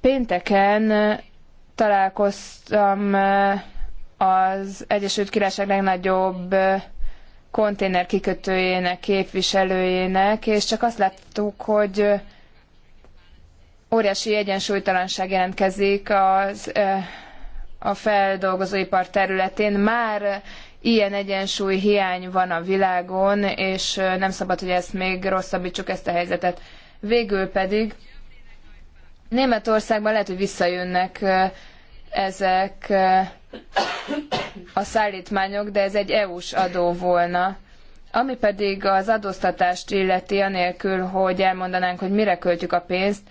[SPEAKER 1] Pénteken találkoztam az Egyesült Királyság legnagyobb konténer kikötőjének, képviselőjének, és csak azt láttuk, hogy óriási egyensúlytalanság jelentkezik az, a feldolgozóipar területén. Már ilyen egyensúly hiány van a világon, és nem szabad, hogy ezt még rosszabbítsuk ezt a helyzetet. Végül pedig Németországban lehet, hogy visszajönnek ezek a szállítmányok, de ez egy EU-s adó volna. Ami pedig az adóztatást illeti, anélkül, hogy elmondanánk, hogy mire költjük a pénzt,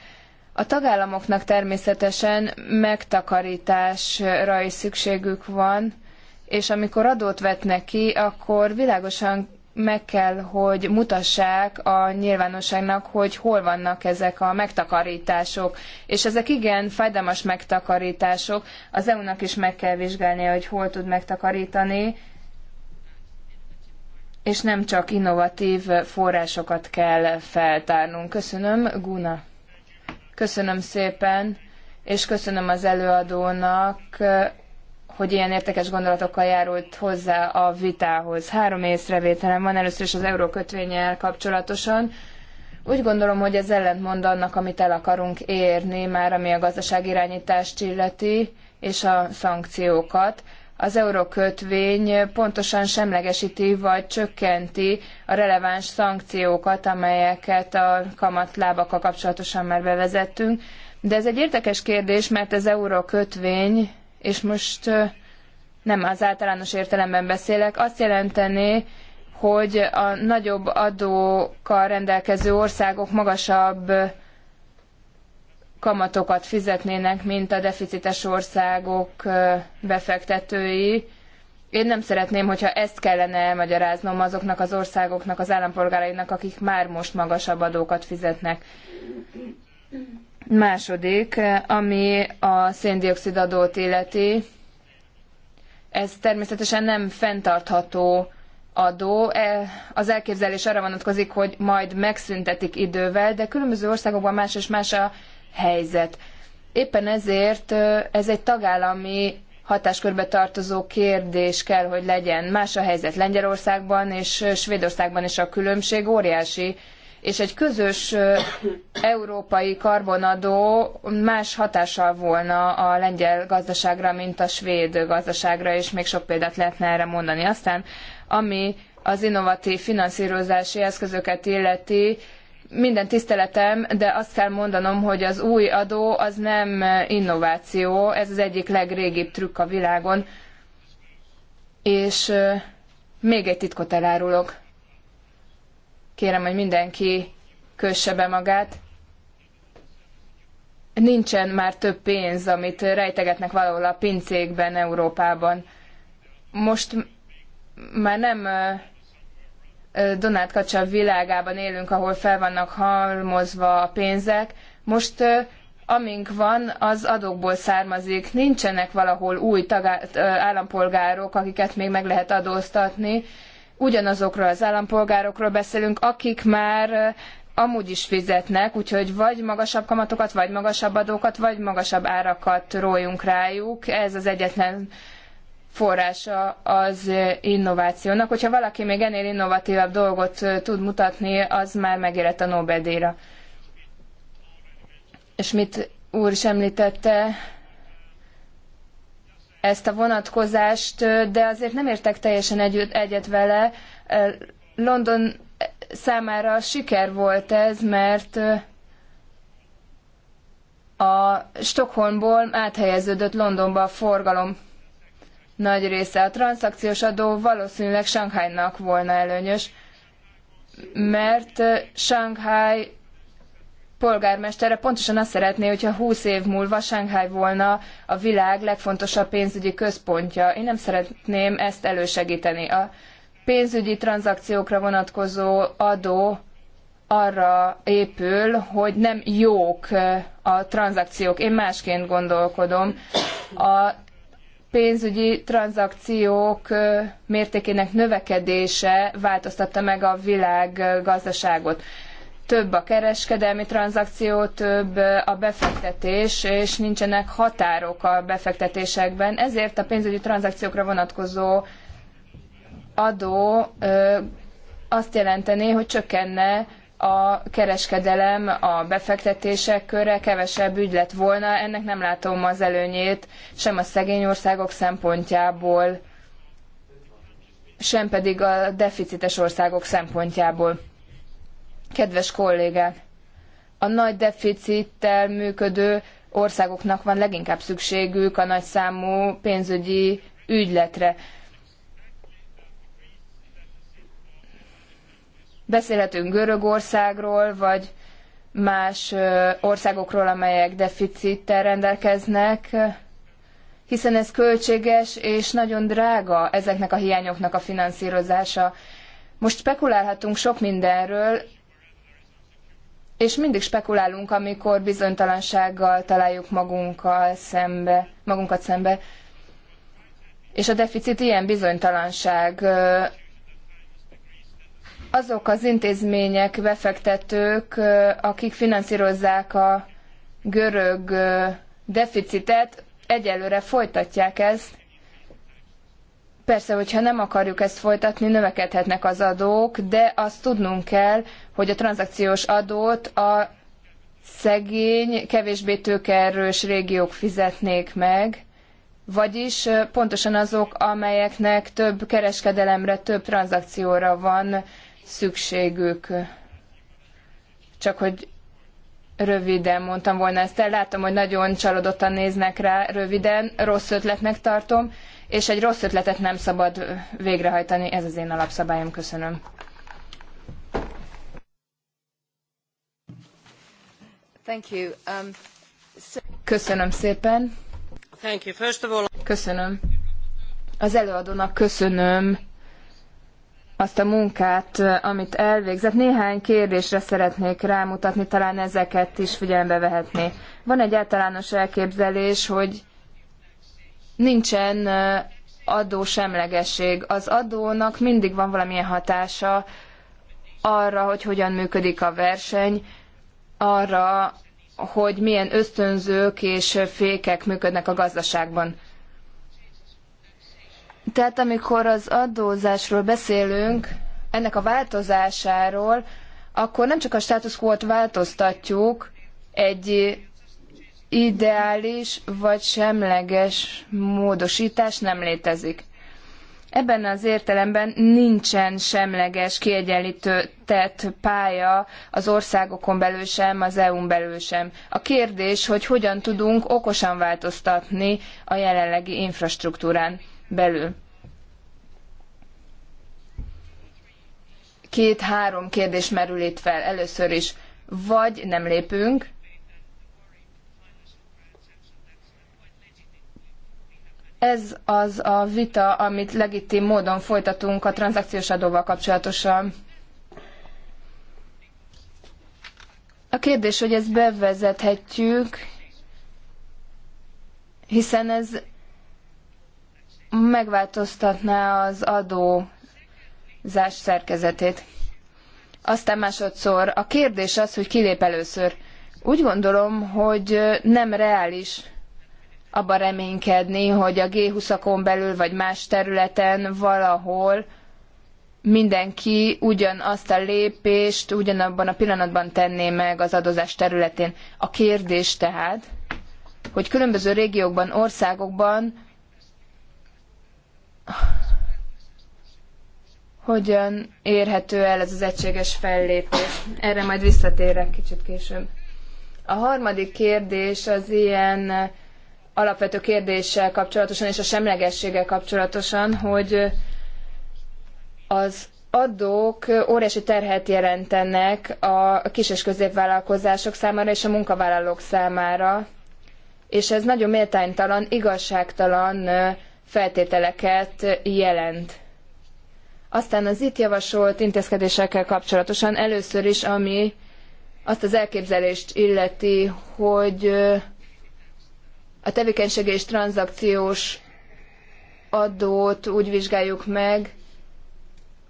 [SPEAKER 1] a tagállamoknak természetesen megtakarításra is szükségük van, és amikor adót vetnek ki, akkor világosan meg kell, hogy mutassák a nyilvánosságnak, hogy hol vannak ezek a megtakarítások. És ezek igen fájdalmas megtakarítások. Az EU-nak is meg kell vizsgálnia, hogy hol tud megtakarítani, és nem csak innovatív forrásokat kell feltárnunk. Köszönöm, Guna. Köszönöm szépen, és köszönöm az előadónak hogy ilyen értékes gondolatokkal járult hozzá a vitához. Három észrevételem van először is az eurókötvényel kapcsolatosan. Úgy gondolom, hogy ez ellentmond annak, amit el akarunk érni már, ami a gazdaságirányítást illeti, és a szankciókat. Az eurókötvény pontosan semlegesíti vagy csökkenti a releváns szankciókat, amelyeket a kamatlábakkal kapcsolatosan már bevezettünk. De ez egy érdekes kérdés, mert az eurókötvény és most nem az általános értelemben beszélek, azt jelenteni, hogy a nagyobb adókkal rendelkező országok magasabb kamatokat fizetnének, mint a deficites országok befektetői. Én nem szeretném, hogyha ezt kellene elmagyaráznom azoknak az országoknak, az állampolgárainak, akik már most magasabb adókat fizetnek. Második, ami a széndiokszid adót illeti, ez természetesen nem fenntartható adó. E, az elképzelés arra vonatkozik, hogy majd megszüntetik idővel, de különböző országokban más és más a helyzet. Éppen ezért ez egy tagállami hatáskörbe tartozó kérdés kell, hogy legyen. Más a helyzet Lengyelországban és Svédországban is a különbség óriási és egy közös európai karbonadó más hatással volna a lengyel gazdaságra, mint a svéd gazdaságra, és még sok példát lehetne erre mondani. Aztán, ami az innovatív finanszírozási eszközöket illeti, minden tiszteletem, de azt kell mondanom, hogy az új adó az nem innováció, ez az egyik legrégibb trükk a világon. És még egy titkot elárulok. Kérem, hogy mindenki kösse be magát. Nincsen már több pénz, amit rejtegetnek valahol a pincékben Európában. Most már nem Donát Kacsa világában élünk, ahol fel vannak halmozva a pénzek. Most amink van, az adókból származik. Nincsenek valahol új tagá- állampolgárok, akiket még meg lehet adóztatni, ugyanazokról az állampolgárokról beszélünk, akik már amúgy is fizetnek, úgyhogy vagy magasabb kamatokat, vagy magasabb adókat, vagy magasabb árakat rójunk rájuk. Ez az egyetlen forrása az innovációnak. Hogyha valaki még ennél innovatívabb dolgot tud mutatni, az már megérett a Nobel-díjra. És mit úr is említette, ezt a vonatkozást, de azért nem értek teljesen egyet vele. London számára siker volt ez, mert a Stockholmból áthelyeződött Londonba a forgalom nagy része. A tranzakciós adó valószínűleg Shanghainak volna előnyös, mert Shanghai polgármestere pontosan azt szeretné, hogyha 20 év múlva Sánkháj volna a világ legfontosabb pénzügyi központja. Én nem szeretném ezt elősegíteni. A pénzügyi tranzakciókra vonatkozó adó arra épül, hogy nem jók a tranzakciók. Én másként gondolkodom. A pénzügyi tranzakciók mértékének növekedése változtatta meg a világ gazdaságot több a kereskedelmi tranzakció, több a befektetés, és nincsenek határok a befektetésekben. Ezért a pénzügyi tranzakciókra vonatkozó adó azt jelenteni, hogy csökkenne a kereskedelem, a befektetések köre, kevesebb ügy lett volna, ennek nem látom az előnyét sem a szegény országok szempontjából, sem pedig a deficites országok szempontjából. Kedves kollégák, a nagy deficittel működő országoknak van leginkább szükségük a nagyszámú pénzügyi ügyletre. Beszélhetünk Görögországról, vagy más országokról, amelyek deficittel rendelkeznek, hiszen ez költséges és nagyon drága ezeknek a hiányoknak a finanszírozása. Most spekulálhatunk sok mindenről, és mindig spekulálunk, amikor bizonytalansággal találjuk magunkkal szembe, magunkat szembe. És a deficit ilyen bizonytalanság. Azok az intézmények, befektetők, akik finanszírozzák a görög deficitet, egyelőre folytatják ezt, Persze, hogyha nem akarjuk ezt folytatni, növekedhetnek az adók, de azt tudnunk kell, hogy a tranzakciós adót a szegény, kevésbé tőkeerős régiók fizetnék meg, vagyis pontosan azok, amelyeknek több kereskedelemre, több tranzakcióra van szükségük. Csak hogy röviden mondtam volna ezt el. Látom, hogy nagyon csalódottan néznek rá röviden, rossz ötletnek tartom és egy rossz ötletet nem szabad végrehajtani, ez az én alapszabályom, köszönöm. Um, köszönöm szépen. Köszönöm. Az előadónak köszönöm azt a munkát, amit elvégzett. Néhány kérdésre szeretnék rámutatni, talán ezeket is figyelembe vehetné. Van egy általános elképzelés, hogy nincsen adósemlegesség. Az adónak mindig van valamilyen hatása arra, hogy hogyan működik a verseny, arra, hogy milyen ösztönzők és fékek működnek a gazdaságban. Tehát amikor az adózásról beszélünk, ennek a változásáról, akkor nem csak a status quo-t változtatjuk egy ideális vagy semleges módosítás nem létezik. Ebben az értelemben nincsen semleges, kiegyenlített pálya az országokon belül sem, az EU-n belül sem. A kérdés, hogy hogyan tudunk okosan változtatni a jelenlegi infrastruktúrán belül. Két-három kérdés merül itt fel. Először is, vagy nem lépünk, Ez az a vita, amit legitim módon folytatunk a tranzakciós adóval kapcsolatosan. A kérdés, hogy ezt bevezethetjük, hiszen ez megváltoztatná az adózás szerkezetét. Aztán másodszor. A kérdés az, hogy ki lép először. Úgy gondolom, hogy nem reális abban reménykedni, hogy a G20-akon belül vagy más területen valahol mindenki ugyanazt a lépést ugyanabban a pillanatban tenné meg az adózás területén. A kérdés tehát, hogy különböző régiókban, országokban hogyan érhető el ez az egységes fellépés. Erre majd visszatérek kicsit később. A harmadik kérdés az ilyen alapvető kérdéssel kapcsolatosan és a semlegességgel kapcsolatosan, hogy az adók óriási terhet jelentenek a kis- és középvállalkozások számára és a munkavállalók számára, és ez nagyon méltánytalan, igazságtalan feltételeket jelent. Aztán az itt javasolt intézkedésekkel kapcsolatosan először is, ami azt az elképzelést illeti, hogy a tevékenységi és tranzakciós adót úgy vizsgáljuk meg,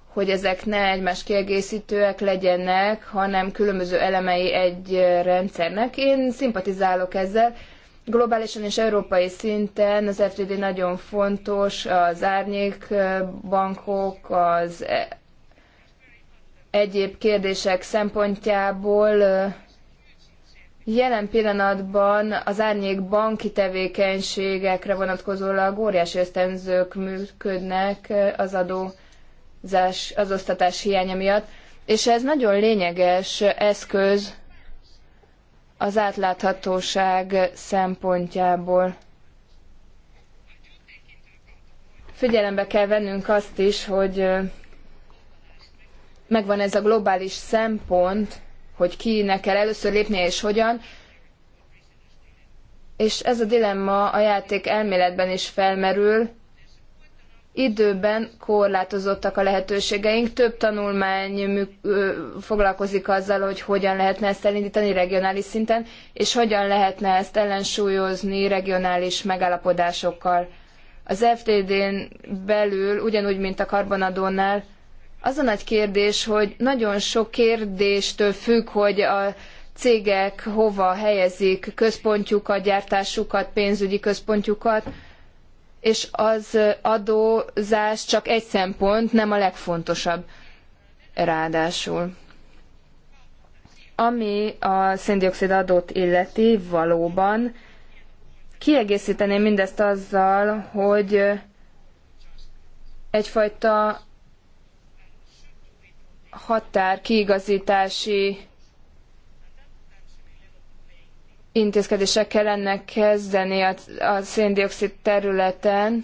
[SPEAKER 1] hogy ezek ne egymás kiegészítőek legyenek, hanem különböző elemei egy rendszernek. Én szimpatizálok ezzel. Globálisan és európai szinten az FTD nagyon fontos, az árnyék bankok, az e- egyéb kérdések szempontjából Jelen pillanatban az árnyék banki tevékenységekre vonatkozólag óriási ösztönzők működnek eh, az adózás, az osztatás hiánya miatt, és ez nagyon lényeges eszköz az átláthatóság szempontjából. Figyelembe kell vennünk azt is, hogy eh, megvan ez a globális szempont, hogy kinek kell először lépnie és hogyan. És ez a dilemma a játék elméletben is felmerül. Időben korlátozottak a lehetőségeink, több tanulmány foglalkozik azzal, hogy hogyan lehetne ezt elindítani regionális szinten, és hogyan lehetne ezt ellensúlyozni regionális megállapodásokkal. Az FTD-n belül, ugyanúgy, mint a karbonadónál, az a nagy kérdés, hogy nagyon sok kérdéstől függ, hogy a cégek hova helyezik központjukat, gyártásukat, pénzügyi központjukat, és az adózás csak egy szempont, nem a legfontosabb ráadásul. Ami a széndiokszid adót illeti, valóban kiegészíteném mindezt azzal, hogy egyfajta határ kiigazítási intézkedések kellene kezdeni a, a széndiokszid területen,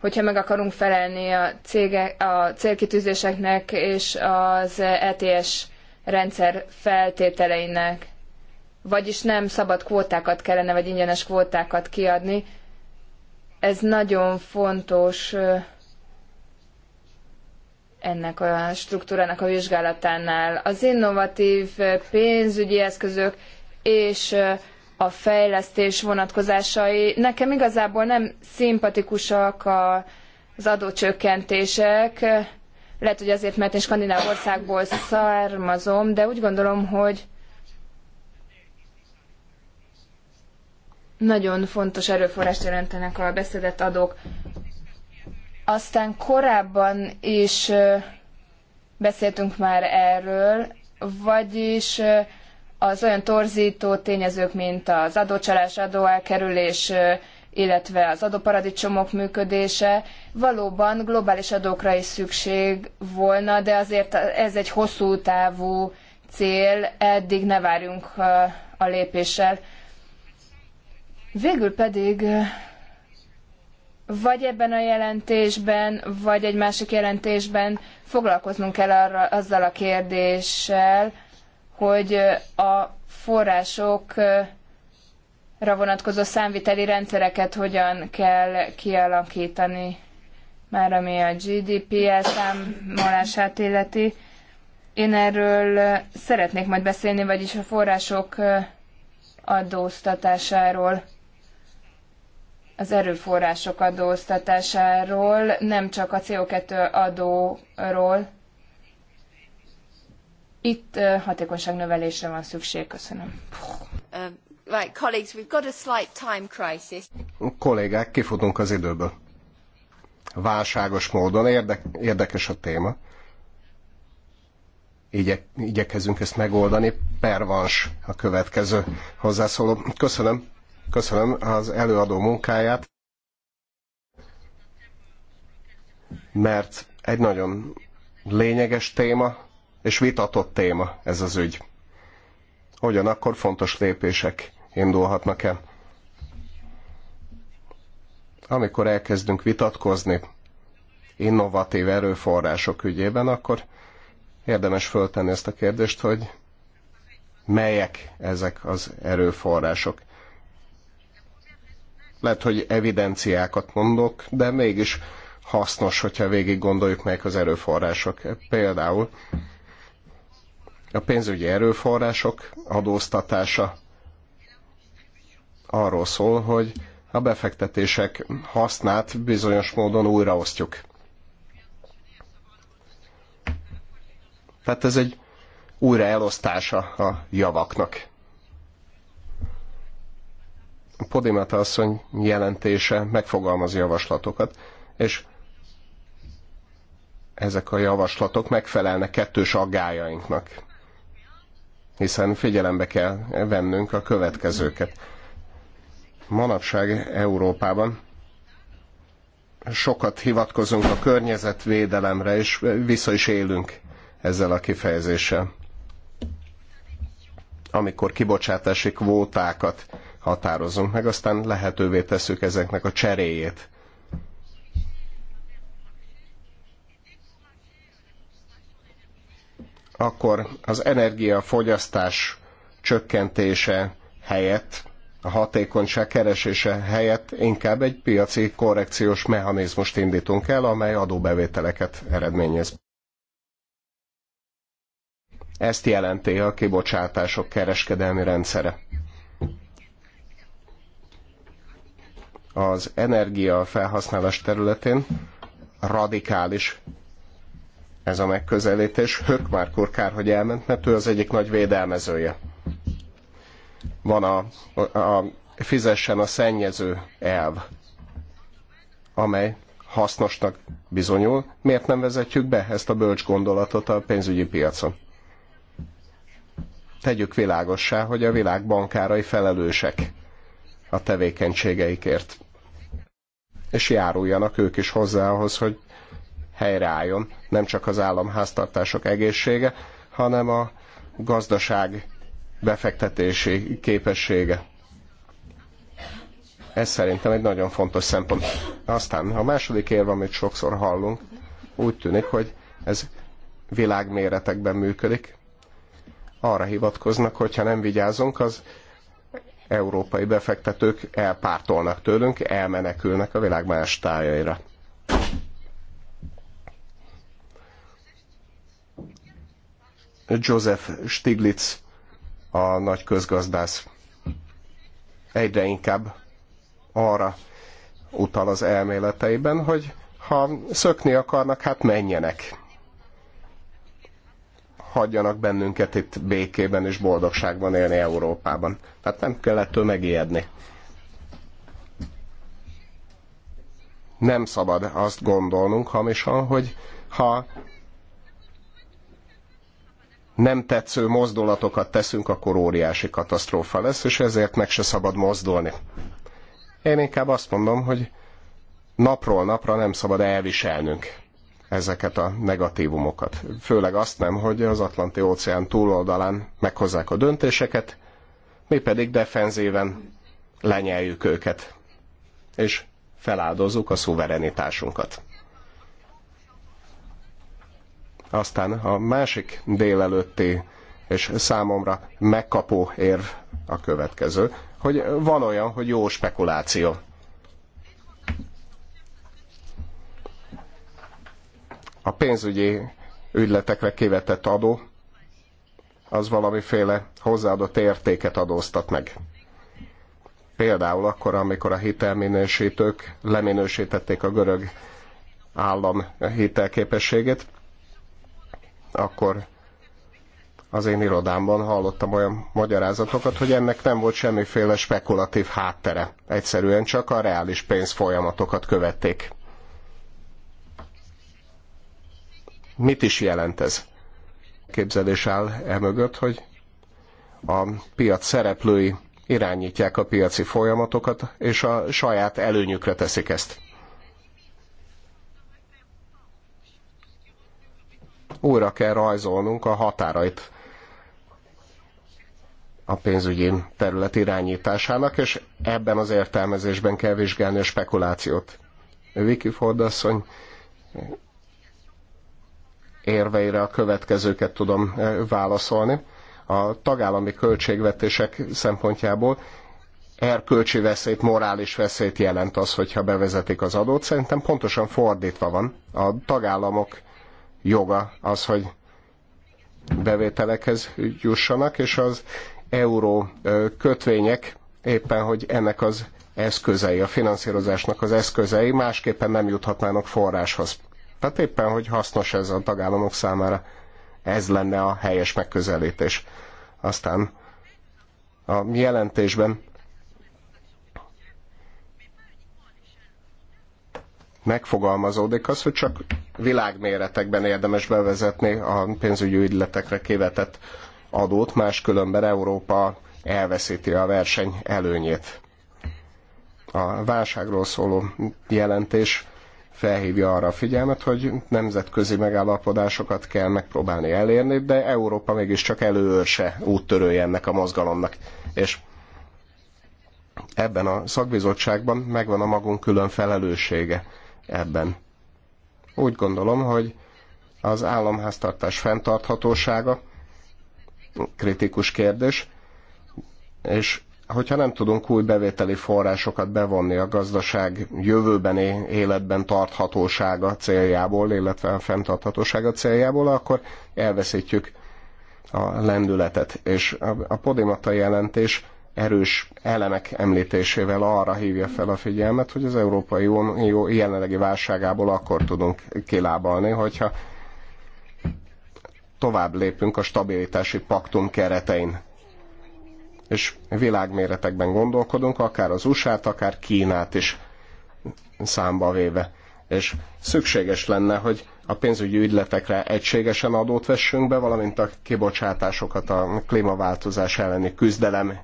[SPEAKER 1] hogyha meg akarunk felelni a, cége, a célkitűzéseknek és az ETS rendszer feltételeinek. Vagyis nem szabad kvótákat kellene, vagy ingyenes kvótákat kiadni. Ez nagyon fontos ennek a struktúrának a vizsgálatánál. Az innovatív eh, pénzügyi eszközök és eh, a fejlesztés vonatkozásai nekem igazából nem szimpatikusak a, az adócsökkentések. Lehet, hogy azért, mert én Skandináv országból származom, de úgy gondolom, hogy nagyon fontos erőforrást jelentenek a beszedett adók. Aztán korábban is beszéltünk már erről, vagyis az olyan torzító tényezők, mint az adócsalás, adóelkerülés, illetve az adóparadicsomok működése. Valóban globális adókra is szükség volna, de azért ez egy hosszú távú cél, eddig ne várjunk a lépéssel. Végül pedig vagy ebben a jelentésben, vagy egy másik jelentésben foglalkoznunk kell arra, azzal a kérdéssel, hogy a forrásokra vonatkozó számviteli rendszereket hogyan kell kialakítani, már ami a GDP elszámolását illeti. Én erről szeretnék majd beszélni, vagyis a források adóztatásáról az erőforrások adóztatásáról, nem csak a CO2 adóról. Itt hatékonyság növelésre van szükség. Köszönöm.
[SPEAKER 3] Um, right, colleagues, we've got a slight time crisis.
[SPEAKER 6] Kollégák, kifutunk az időből. Válságos módon érde érdekes a téma. Igye, igyekezünk ezt megoldani. Pervans a következő hozzászóló. Köszönöm. Köszönöm az előadó munkáját, mert egy nagyon lényeges téma és vitatott téma ez az ügy. Hogyan akkor fontos lépések indulhatnak el? Amikor elkezdünk vitatkozni innovatív erőforrások ügyében, akkor érdemes föltenni ezt a kérdést, hogy melyek ezek az erőforrások. Lehet, hogy evidenciákat mondok, de mégis hasznos, hogyha végig gondoljuk, melyek az erőforrások. Például a pénzügyi erőforrások adóztatása arról szól, hogy a befektetések hasznát bizonyos módon újraosztjuk. Tehát ez egy újraelosztása a javaknak. Podimata asszony jelentése megfogalmaz javaslatokat, és ezek a javaslatok megfelelnek kettős aggájainknak, hiszen figyelembe kell vennünk a következőket. Manapság Európában sokat hivatkozunk a környezetvédelemre, és vissza is élünk ezzel a kifejezéssel. Amikor kibocsátási kvótákat határozunk meg, aztán lehetővé tesszük ezeknek a cseréjét. Akkor az energiafogyasztás csökkentése helyett, a hatékonyság keresése helyett inkább egy piaci korrekciós mechanizmust indítunk el, amely adóbevételeket eredményez. Ezt jelenti a kibocsátások kereskedelmi rendszere. az energia felhasználás területén radikális ez a megközelítés. Hökmárkor kár, hogy elment, mert ő az egyik nagy védelmezője. Van a, a, a fizessen a szennyező elv, amely hasznosnak bizonyul. Miért nem vezetjük be ezt a bölcs gondolatot a pénzügyi piacon? Tegyük világossá, hogy a világ bankárai felelősek a tevékenységeikért és járuljanak ők is hozzá ahhoz, hogy helyreálljon nem csak az államháztartások egészsége, hanem a gazdaság befektetési képessége. Ez szerintem egy nagyon fontos szempont. Aztán a második érv, amit sokszor hallunk, úgy tűnik, hogy ez világméretekben működik. Arra hivatkoznak, hogyha nem vigyázunk, az európai befektetők elpártolnak tőlünk, elmenekülnek a világ más tájaira. Joseph Stiglitz, a nagy közgazdász egyre inkább arra utal az elméleteiben, hogy ha szökni akarnak, hát menjenek hagyjanak bennünket itt békében és boldogságban élni Európában. Tehát nem kell ettől megijedni. Nem szabad azt gondolnunk hamisan, hogy ha nem tetsző mozdulatokat teszünk, akkor óriási katasztrófa lesz, és ezért meg se szabad mozdulni. Én inkább azt mondom, hogy napról napra nem szabad elviselnünk ezeket a negatívumokat. Főleg azt nem, hogy az Atlanti óceán túloldalán meghozzák a döntéseket, mi pedig defenzíven lenyeljük őket, és feláldozzuk a szuverenitásunkat. Aztán a másik délelőtti és számomra megkapó érv a következő, hogy van olyan, hogy jó spekuláció. a pénzügyi ügyletekre kivetett adó az valamiféle hozzáadott értéket adóztat meg. Például akkor, amikor a hitelminősítők leminősítették a görög állam hitelképességét, akkor az én irodámban hallottam olyan magyarázatokat, hogy ennek nem volt semmiféle spekulatív háttere. Egyszerűen csak a reális pénzfolyamatokat követték. Mit is jelent ez? Képzelés áll e mögött, hogy a piac szereplői irányítják a piaci folyamatokat, és a saját előnyükre teszik ezt. Újra kell rajzolnunk a határait a pénzügyi terület irányításának, és ebben az értelmezésben kell vizsgálni a spekulációt. Viki Ford asszony érveire a következőket tudom válaszolni. A tagállami költségvetések szempontjából erkölcsi veszélyt, morális veszélyt jelent az, hogyha bevezetik az adót. Szerintem pontosan fordítva van. A tagállamok joga az, hogy bevételekhez jussanak, és az euró kötvények éppen, hogy ennek az eszközei, a finanszírozásnak az eszközei másképpen nem juthatnának forráshoz. Tehát éppen, hogy hasznos ez a tagállamok számára. Ez lenne a helyes megközelítés. Aztán a jelentésben megfogalmazódik az, hogy csak világméretekben érdemes bevezetni a pénzügyi ügyletekre kivetett adót, máskülönben Európa elveszíti a verseny előnyét. A válságról szóló jelentés felhívja arra a figyelmet, hogy nemzetközi megállapodásokat kell megpróbálni elérni, de Európa mégiscsak előőrse úttörője ennek a mozgalomnak. És ebben a szakbizottságban megvan a magunk külön felelőssége ebben. Úgy gondolom, hogy az államháztartás fenntarthatósága kritikus kérdés, és hogyha nem tudunk új bevételi forrásokat bevonni a gazdaság jövőbeni életben tarthatósága céljából, illetve a fenntarthatósága céljából, akkor elveszítjük a lendületet. És a Podimata jelentés erős elemek említésével arra hívja fel a figyelmet, hogy az Európai Unió jelenlegi válságából akkor tudunk kilábalni, hogyha tovább lépünk a stabilitási paktum keretein és világméretekben gondolkodunk, akár az USA-t, akár Kínát is számba véve. És szükséges lenne, hogy a pénzügyi ügyletekre egységesen adót vessünk be, valamint a kibocsátásokat a klímaváltozás elleni küzdelem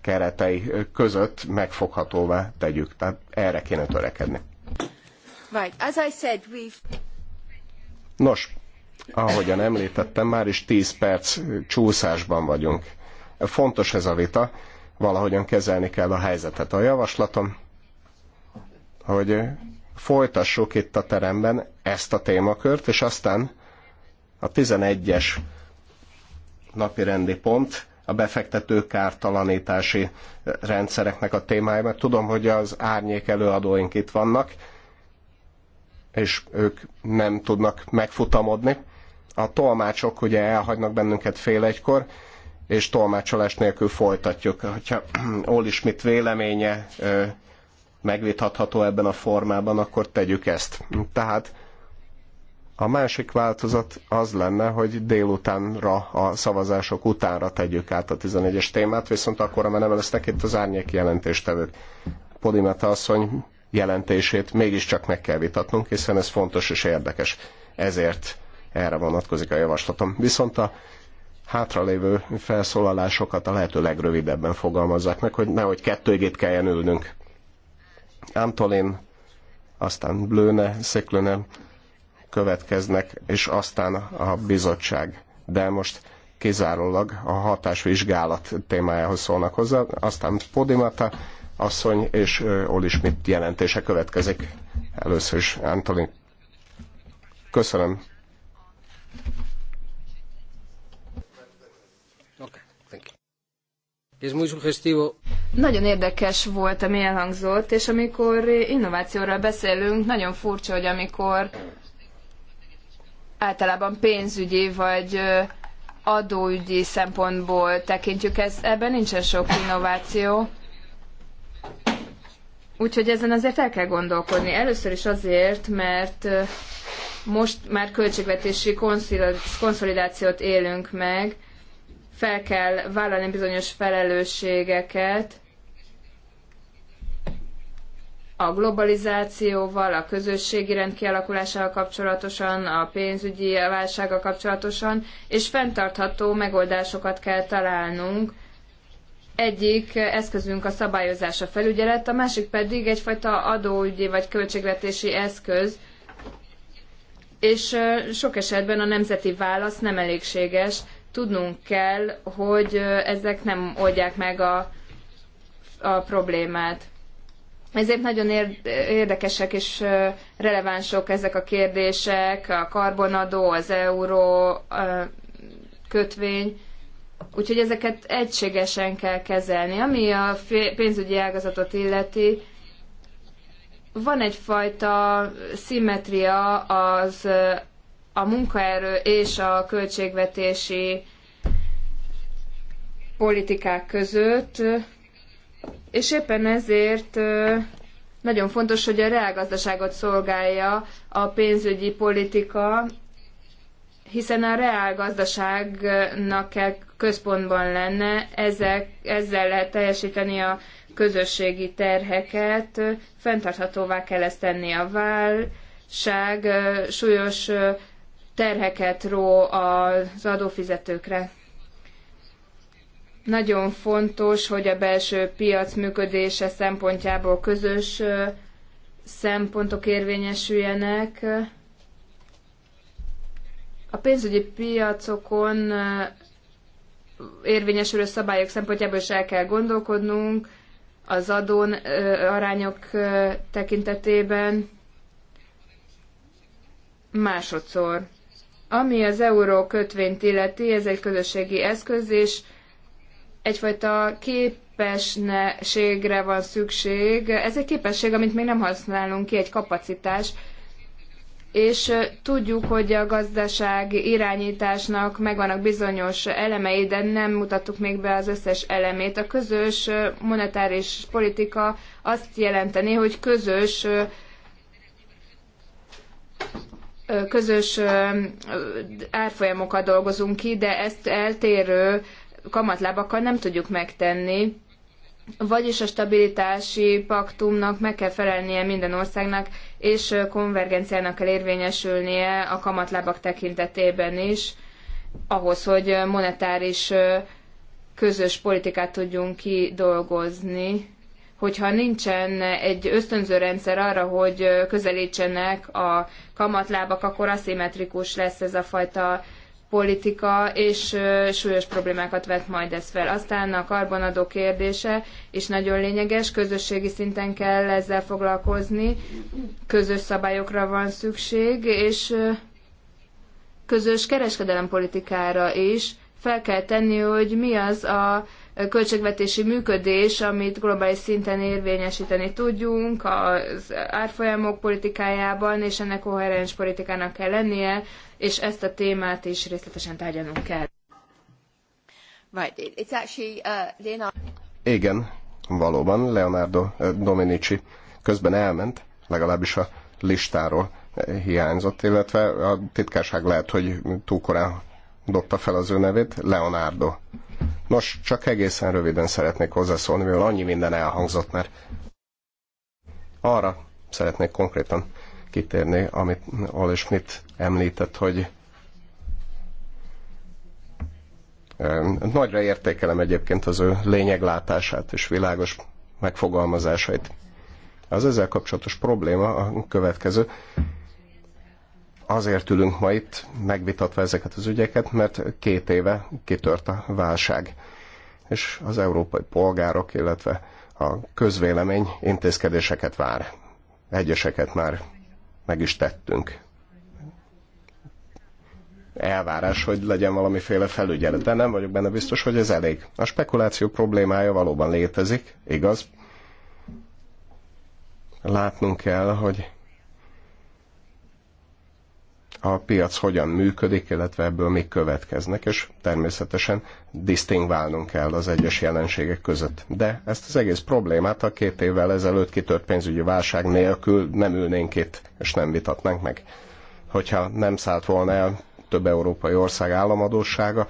[SPEAKER 6] keretei között megfoghatóvá tegyük. Tehát erre kéne törekedni.
[SPEAKER 7] Right. As I said, we've...
[SPEAKER 6] Nos, ahogyan említettem, már is 10 perc csúszásban vagyunk. Fontos ez a vita, valahogyan kezelni kell a helyzetet. A javaslatom, hogy folytassuk itt a teremben ezt a témakört, és aztán a 11-es napi rendi pont a befektető kártalanítási rendszereknek a témája, mert tudom, hogy az árnyék előadóink itt vannak, és ők nem tudnak megfutamodni. A tolmácsok ugye elhagynak bennünket fél egykor, és tolmácsolás nélkül folytatjuk. Hogyha Oli Schmidt véleménye megvitatható ebben a formában, akkor tegyük ezt. Tehát a másik változat az lenne, hogy délutánra, a szavazások utánra tegyük át a 11-es témát, viszont akkor már nem lesznek itt az árnyék jelentéstevők. Podimata asszony jelentését mégiscsak meg kell vitatnunk, hiszen ez fontos és érdekes. Ezért erre vonatkozik a javaslatom. Viszont a hátralévő felszólalásokat a lehető legrövidebben fogalmazzák meg, hogy nehogy kettőgét kelljen ülnünk. Antolin, aztán Blőne, Sziklőne következnek, és aztán a bizottság. De most kizárólag a hatásvizsgálat témájához szólnak hozzá, aztán Podimata, asszony és Oli Schmidt jelentése következik. Először is Antolin. Köszönöm,
[SPEAKER 1] Nagyon érdekes volt, ami elhangzott, és amikor innovációról beszélünk, nagyon furcsa, hogy amikor általában pénzügyi vagy adóügyi szempontból tekintjük, ez, ebben nincsen sok innováció. Úgyhogy ezen azért el kell gondolkodni. Először is azért, mert most már költségvetési konszolidációt élünk meg, fel kell vállalni bizonyos felelősségeket a globalizációval, a közösségi rend kialakulásával kapcsolatosan, a pénzügyi válsággal kapcsolatosan, és fenntartható megoldásokat kell találnunk. Egyik eszközünk a szabályozás, a felügyelet, a másik pedig egyfajta adóügyi vagy költségvetési eszköz, és sok esetben a nemzeti válasz nem elégséges, tudnunk kell, hogy ezek nem oldják meg a, a problémát. Ezért nagyon érdekesek és relevánsok ezek a kérdések, a karbonadó, az euró a kötvény, úgyhogy ezeket egységesen kell kezelni. Ami a pénzügyi ágazatot illeti, van egyfajta szimmetria az a munkaerő és a költségvetési politikák között, és éppen ezért nagyon fontos, hogy a reálgazdaságot szolgálja a pénzügyi politika, hiszen a reálgazdaságnak kell központban lenne, ezek, ezzel lehet teljesíteni a közösségi terheket, fenntarthatóvá kell ezt tenni a válság, súlyos terheket ró az adófizetőkre. Nagyon fontos, hogy a belső piac működése szempontjából közös szempontok érvényesüljenek. A pénzügyi piacokon érvényesülő szabályok szempontjából is el kell gondolkodnunk az adón arányok tekintetében másodszor. Ami az euró kötvényt illeti, ez egy közösségi eszköz, és egyfajta képességre van szükség. Ez egy képesség, amit még nem használunk ki, egy kapacitás. És tudjuk, hogy a gazdaság irányításnak megvannak bizonyos elemei, de nem mutattuk még be az összes elemét. A közös monetáris politika azt jelenteni, hogy közös közös árfolyamokat dolgozunk ki, de ezt eltérő kamatlábakkal nem tudjuk megtenni. Vagyis a stabilitási paktumnak meg kell felelnie minden országnak, és konvergenciának kell érvényesülnie a kamatlábak tekintetében is, ahhoz, hogy monetáris közös politikát tudjunk kidolgozni hogyha nincsen egy ösztönző rendszer arra, hogy közelítsenek a kamatlábak, akkor aszimmetrikus lesz ez a fajta politika, és súlyos problémákat vet majd ez fel. Aztán a karbonadó kérdése is nagyon lényeges, közösségi szinten kell ezzel foglalkozni, közös szabályokra van szükség, és közös kereskedelempolitikára is fel kell tenni, hogy mi az a költségvetési működés, amit globális szinten érvényesíteni tudjunk az árfolyamok politikájában, és ennek koherens politikának kell lennie, és ezt a témát is részletesen tárgyalnunk kell. Right. It's actually, uh, Leonardo...
[SPEAKER 6] Igen, valóban Leonardo uh, Dominici közben elment, legalábbis a listáról hiányzott, illetve a titkárság lehet, hogy túl korán dobta fel az ő nevét, Leonardo Nos, csak egészen röviden szeretnék hozzászólni, mivel annyi minden elhangzott mert Arra szeretnék konkrétan kitérni, amit és Schmidt említett, hogy eh, nagyra értékelem egyébként az ő lényeglátását és világos megfogalmazásait. Az ezzel kapcsolatos probléma a következő azért ülünk ma itt megvitatva ezeket az ügyeket, mert két éve kitört a válság. És az európai polgárok, illetve a közvélemény intézkedéseket vár. Egyeseket már meg is tettünk. Elvárás, hogy legyen valamiféle felügyelet, de nem vagyok benne biztos, hogy ez elég. A spekuláció problémája valóban létezik, igaz? Látnunk kell, hogy a piac hogyan működik, illetve ebből mik következnek, és természetesen disztingválnunk kell az egyes jelenségek között. De ezt az egész problémát a két évvel ezelőtt kitört pénzügyi válság nélkül nem ülnénk itt, és nem vitatnánk meg. Hogyha nem szállt volna el több európai ország államadósága,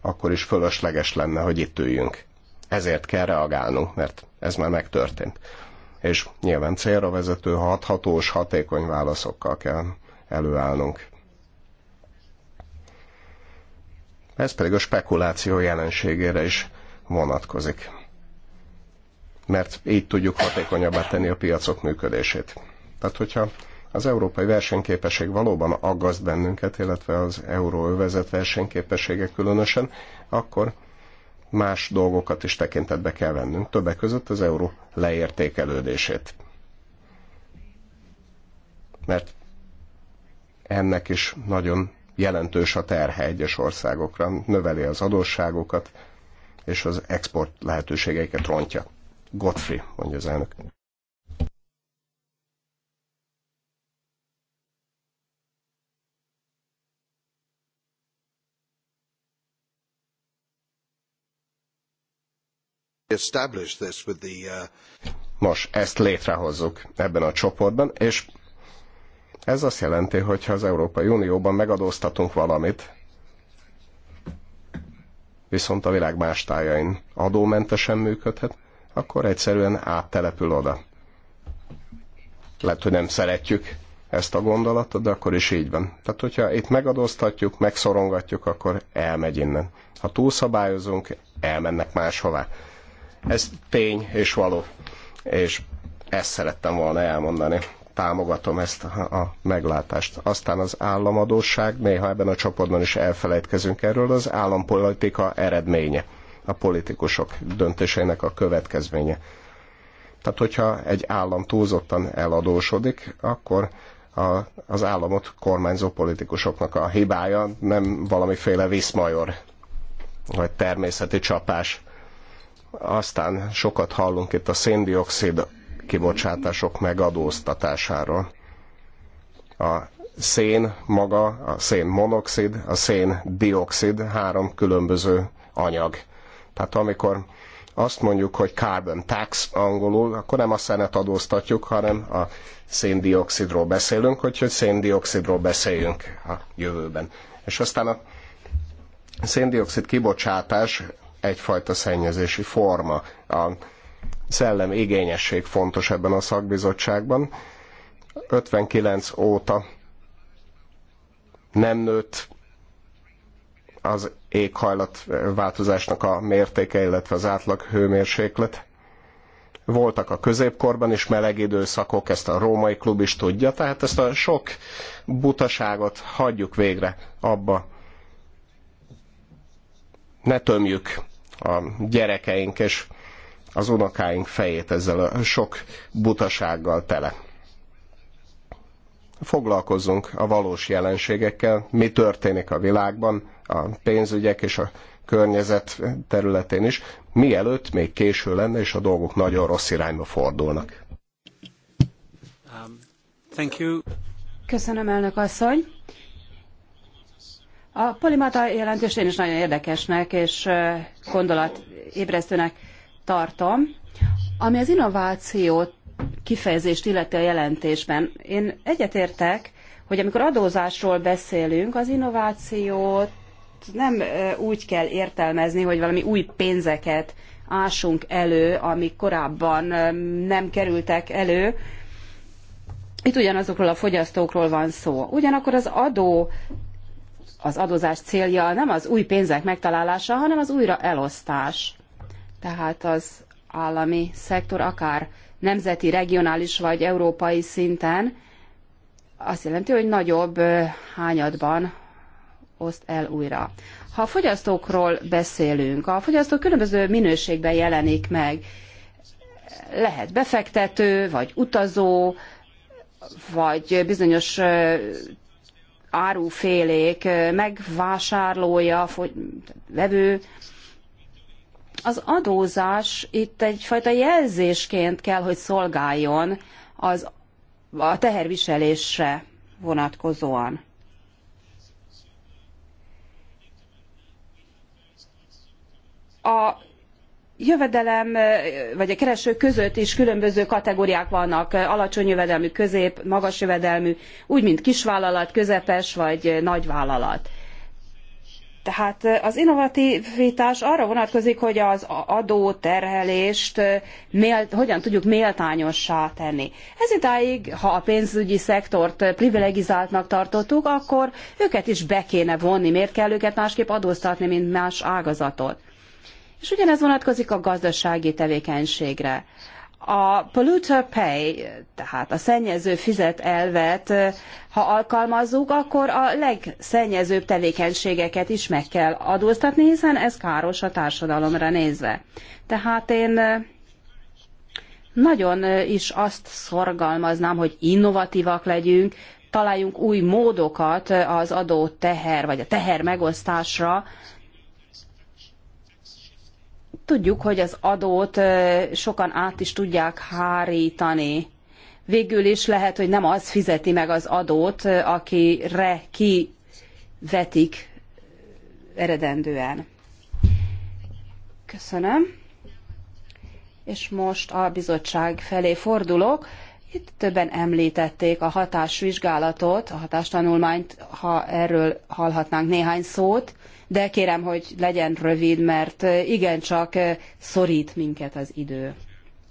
[SPEAKER 6] akkor is fölösleges lenne, hogy itt üljünk. Ezért kell reagálnunk, mert ez már megtörtént. És nyilván célra vezető, hathatós, hatékony válaszokkal kell előállnunk. Ez pedig a spekuláció jelenségére is vonatkozik. Mert így tudjuk hatékonyabbá tenni a piacok működését. Tehát, hogyha az európai versenyképesség valóban aggaszt bennünket, illetve az euróövezet versenyképessége különösen, akkor más dolgokat is tekintetbe kell vennünk, többek között az euró leértékelődését. Mert ennek is nagyon jelentős a terhe egyes országokra, növeli az adósságokat, és az export lehetőségeiket rontja. Godfrey, mondja az elnök.
[SPEAKER 9] Uh,
[SPEAKER 6] Nos, ezt létrehozzuk ebben a csoportban, és ez azt jelenti, hogy ha az Európai Unióban megadóztatunk valamit, viszont a világ más tájain adómentesen működhet, akkor egyszerűen áttelepül oda. Lehet, hogy nem szeretjük ezt a gondolatot, de akkor is így van. Tehát, hogyha itt megadóztatjuk, megszorongatjuk, akkor elmegy innen. Ha túlszabályozunk, elmennek máshová. Ez tény és való. És ezt szerettem volna elmondani támogatom ezt a meglátást. Aztán az államadóság, néha ebben a csoportban is elfelejtkezünk erről, az állampolitika eredménye, a politikusok döntéseinek a következménye. Tehát, hogyha egy állam túlzottan eladósodik, akkor a, az államot kormányzó politikusoknak a hibája nem valamiféle viszmajor, vagy természeti csapás. Aztán sokat hallunk itt a széndiokszid kibocsátások megadóztatására. A szén maga, a szén monoxid, a szén dioxid három különböző anyag. Tehát amikor azt mondjuk, hogy carbon tax angolul, akkor nem a szenet adóztatjuk, hanem a széndiokszidról beszélünk, úgyhogy széndiokszidról beszéljünk a jövőben. És aztán a széndiokszid kibocsátás egyfajta szennyezési forma. A szellem igényesség fontos ebben a szakbizottságban. 59 óta nem nőtt az éghajlat változásnak a mértéke, illetve az átlag hőmérséklet. Voltak a középkorban is meleg időszakok, ezt a római klub is tudja, tehát ezt a sok butaságot hagyjuk végre abba. Ne tömjük a gyerekeink és az unokáink fejét ezzel a sok butasággal tele. Foglalkozzunk a valós jelenségekkel, mi történik a világban, a pénzügyek és a környezet területén is, mielőtt még késő lenne, és a dolgok nagyon rossz irányba fordulnak.
[SPEAKER 10] Um, thank you.
[SPEAKER 2] Köszönöm, elnök asszony. A polimata jelentést én is nagyon érdekesnek és gondolatébresztőnek tartom. Ami az innovációt kifejezést illeti a jelentésben, én egyetértek, hogy amikor adózásról beszélünk, az innovációt nem úgy kell értelmezni, hogy valami új pénzeket ásunk elő, amik korábban nem kerültek elő. Itt ugyanazokról a fogyasztókról van szó. Ugyanakkor az adó, az adózás célja nem az új pénzek megtalálása, hanem az újraelosztás tehát az állami szektor, akár nemzeti, regionális vagy európai szinten, azt jelenti, hogy nagyobb hányadban oszt el újra. Ha a fogyasztókról beszélünk, a fogyasztó különböző minőségben jelenik meg. Lehet befektető, vagy utazó, vagy bizonyos árufélék megvásárlója, vevő, az adózás itt egyfajta jelzésként kell, hogy szolgáljon az, a teherviselésre vonatkozóan. a jövedelem vagy a keresők között is különböző kategóriák vannak, alacsony jövedelmű, közép, magas jövedelmű, úgy mint kisvállalat, közepes vagy nagyvállalat. Tehát az innovativitás arra vonatkozik, hogy az adóterhelést mélt, hogyan tudjuk méltányossá tenni. Ezidáig, ha a pénzügyi szektort privilegizáltnak tartottuk, akkor őket is be kéne vonni. Miért kell őket másképp adóztatni, mint más ágazatot? És ugyanez vonatkozik a gazdasági tevékenységre a polluter pay, tehát a szennyező fizet elvet, ha alkalmazzuk, akkor a legszennyezőbb tevékenységeket is meg kell adóztatni, hiszen ez káros a társadalomra nézve. Tehát én nagyon is azt szorgalmaznám, hogy innovatívak legyünk, találjunk új módokat az adó teher, vagy a teher megosztásra, Tudjuk, hogy az adót sokan át is tudják hárítani. Végül is lehet, hogy nem az fizeti meg az adót, akire kivetik eredendően. Köszönöm. És most a bizottság felé fordulok. Itt többen említették a hatásvizsgálatot, a hatástanulmányt, ha erről hallhatnánk néhány szót de kérem, hogy legyen rövid, mert igencsak szorít minket az idő.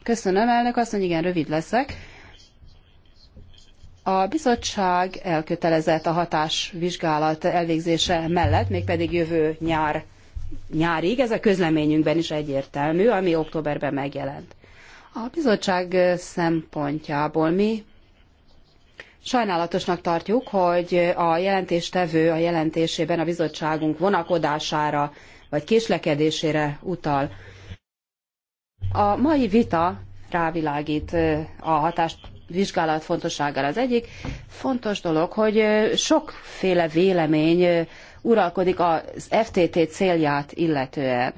[SPEAKER 2] Köszönöm, elnök asszony, igen, rövid leszek. A bizottság elkötelezett a hatásvizsgálat elvégzése mellett, mégpedig jövő nyár, nyárig, ez a közleményünkben is egyértelmű, ami októberben megjelent. A bizottság szempontjából mi Sajnálatosnak tartjuk, hogy a jelentéstevő a jelentésében a bizottságunk vonakodására vagy késlekedésére utal. A mai vita rávilágít a hatást vizsgálat fontosságára. Az egyik fontos dolog, hogy sokféle vélemény uralkodik az FTT célját illetően.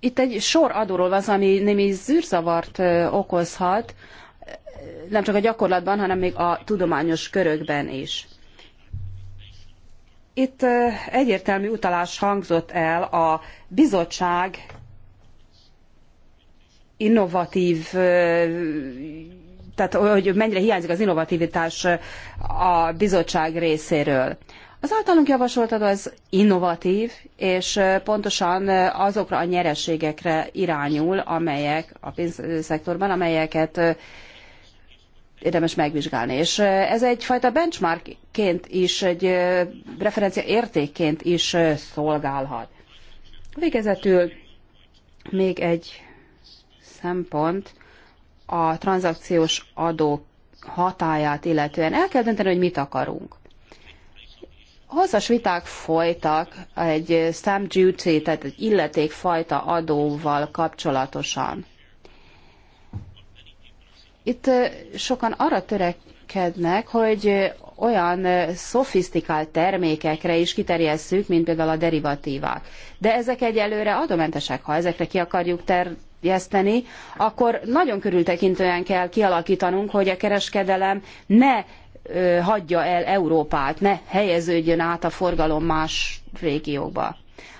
[SPEAKER 2] Itt egy sor adóról van, ami némi zűrzavart okozhat, nem csak a gyakorlatban, hanem még a tudományos körökben is. Itt egyértelmű utalás hangzott el a bizottság innovatív, tehát hogy mennyire hiányzik az innovativitás a bizottság részéről. Az általunk javasoltad az innovatív, és pontosan azokra a nyereségekre irányul, amelyek a pénzszektorban, amelyeket érdemes megvizsgálni. És ez egyfajta benchmarkként is, egy referencia értékként is szolgálhat. Végezetül még egy szempont a tranzakciós adó hatáját illetően. El kell dönteni, hogy mit akarunk. Hosszas viták folytak egy stamp duty, tehát egy illetékfajta adóval kapcsolatosan. Itt sokan arra törekednek, hogy olyan szofisztikált termékekre is kiterjesszük, mint például a derivatívák. De ezek egyelőre adómentesek, ha ezekre ki akarjuk terjeszteni, akkor nagyon körültekintően kell kialakítanunk, hogy a kereskedelem ne ö, hagyja el Európát, ne helyeződjön át a forgalom más régióba.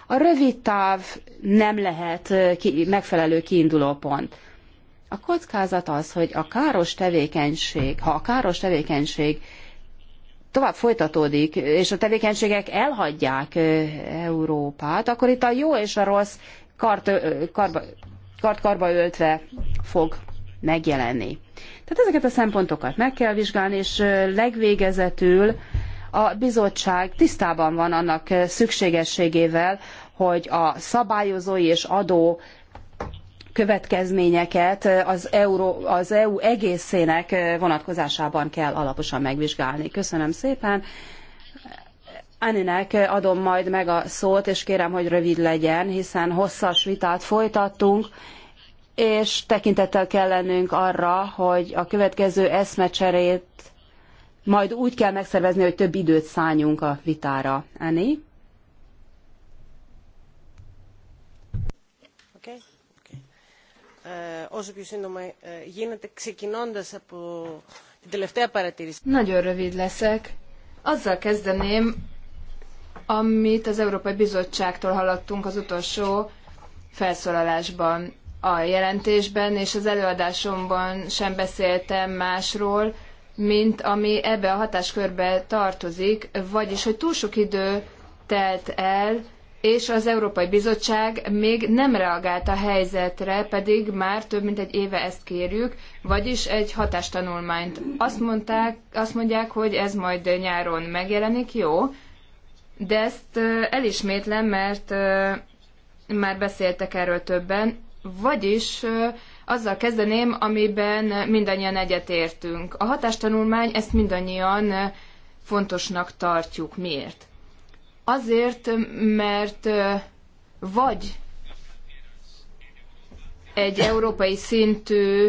[SPEAKER 2] A rövid táv nem lehet ki, megfelelő kiindulópont a kockázat az, hogy a káros tevékenység, ha a káros tevékenység tovább folytatódik, és a tevékenységek elhagyják Európát, akkor itt a jó és a rossz kart, karba, kart karba öltve fog megjelenni. Tehát ezeket a szempontokat meg kell vizsgálni, és legvégezetül a bizottság tisztában van annak szükségességével, hogy a szabályozói és adó következményeket az, az EU egészének vonatkozásában kell alaposan megvizsgálni. Köszönöm szépen. Aninek adom majd meg a szót, és kérem, hogy rövid legyen, hiszen hosszas vitát folytattunk, és tekintettel kell lennünk arra, hogy a következő eszmecserét majd úgy kell megszervezni, hogy több időt szálljunk a vitára. Ani?
[SPEAKER 5] όσο πιο σύντομα γίνεται,
[SPEAKER 7] ξεκινώντας από την τελευταία παρατήρηση.
[SPEAKER 1] Nagyon rövid leszek. Azzal kezdeném, amit az Európai Bizottságtól hallottunk az utolsó felszólalásban a jelentésben, és az előadásomban sem beszéltem másról, mint ami ebbe a hatáskörbe tartozik, vagyis hogy túl sok idő telt el és az Európai Bizottság még nem reagált a helyzetre, pedig már több mint egy éve ezt kérjük, vagyis egy hatástanulmányt. Azt, mondták, azt mondják, hogy ez majd nyáron megjelenik, jó, de ezt elismétlem, mert már beszéltek erről többen, vagyis azzal kezdeném, amiben mindannyian egyetértünk. A hatástanulmány ezt mindannyian fontosnak tartjuk. Miért? Azért, mert vagy egy európai szintű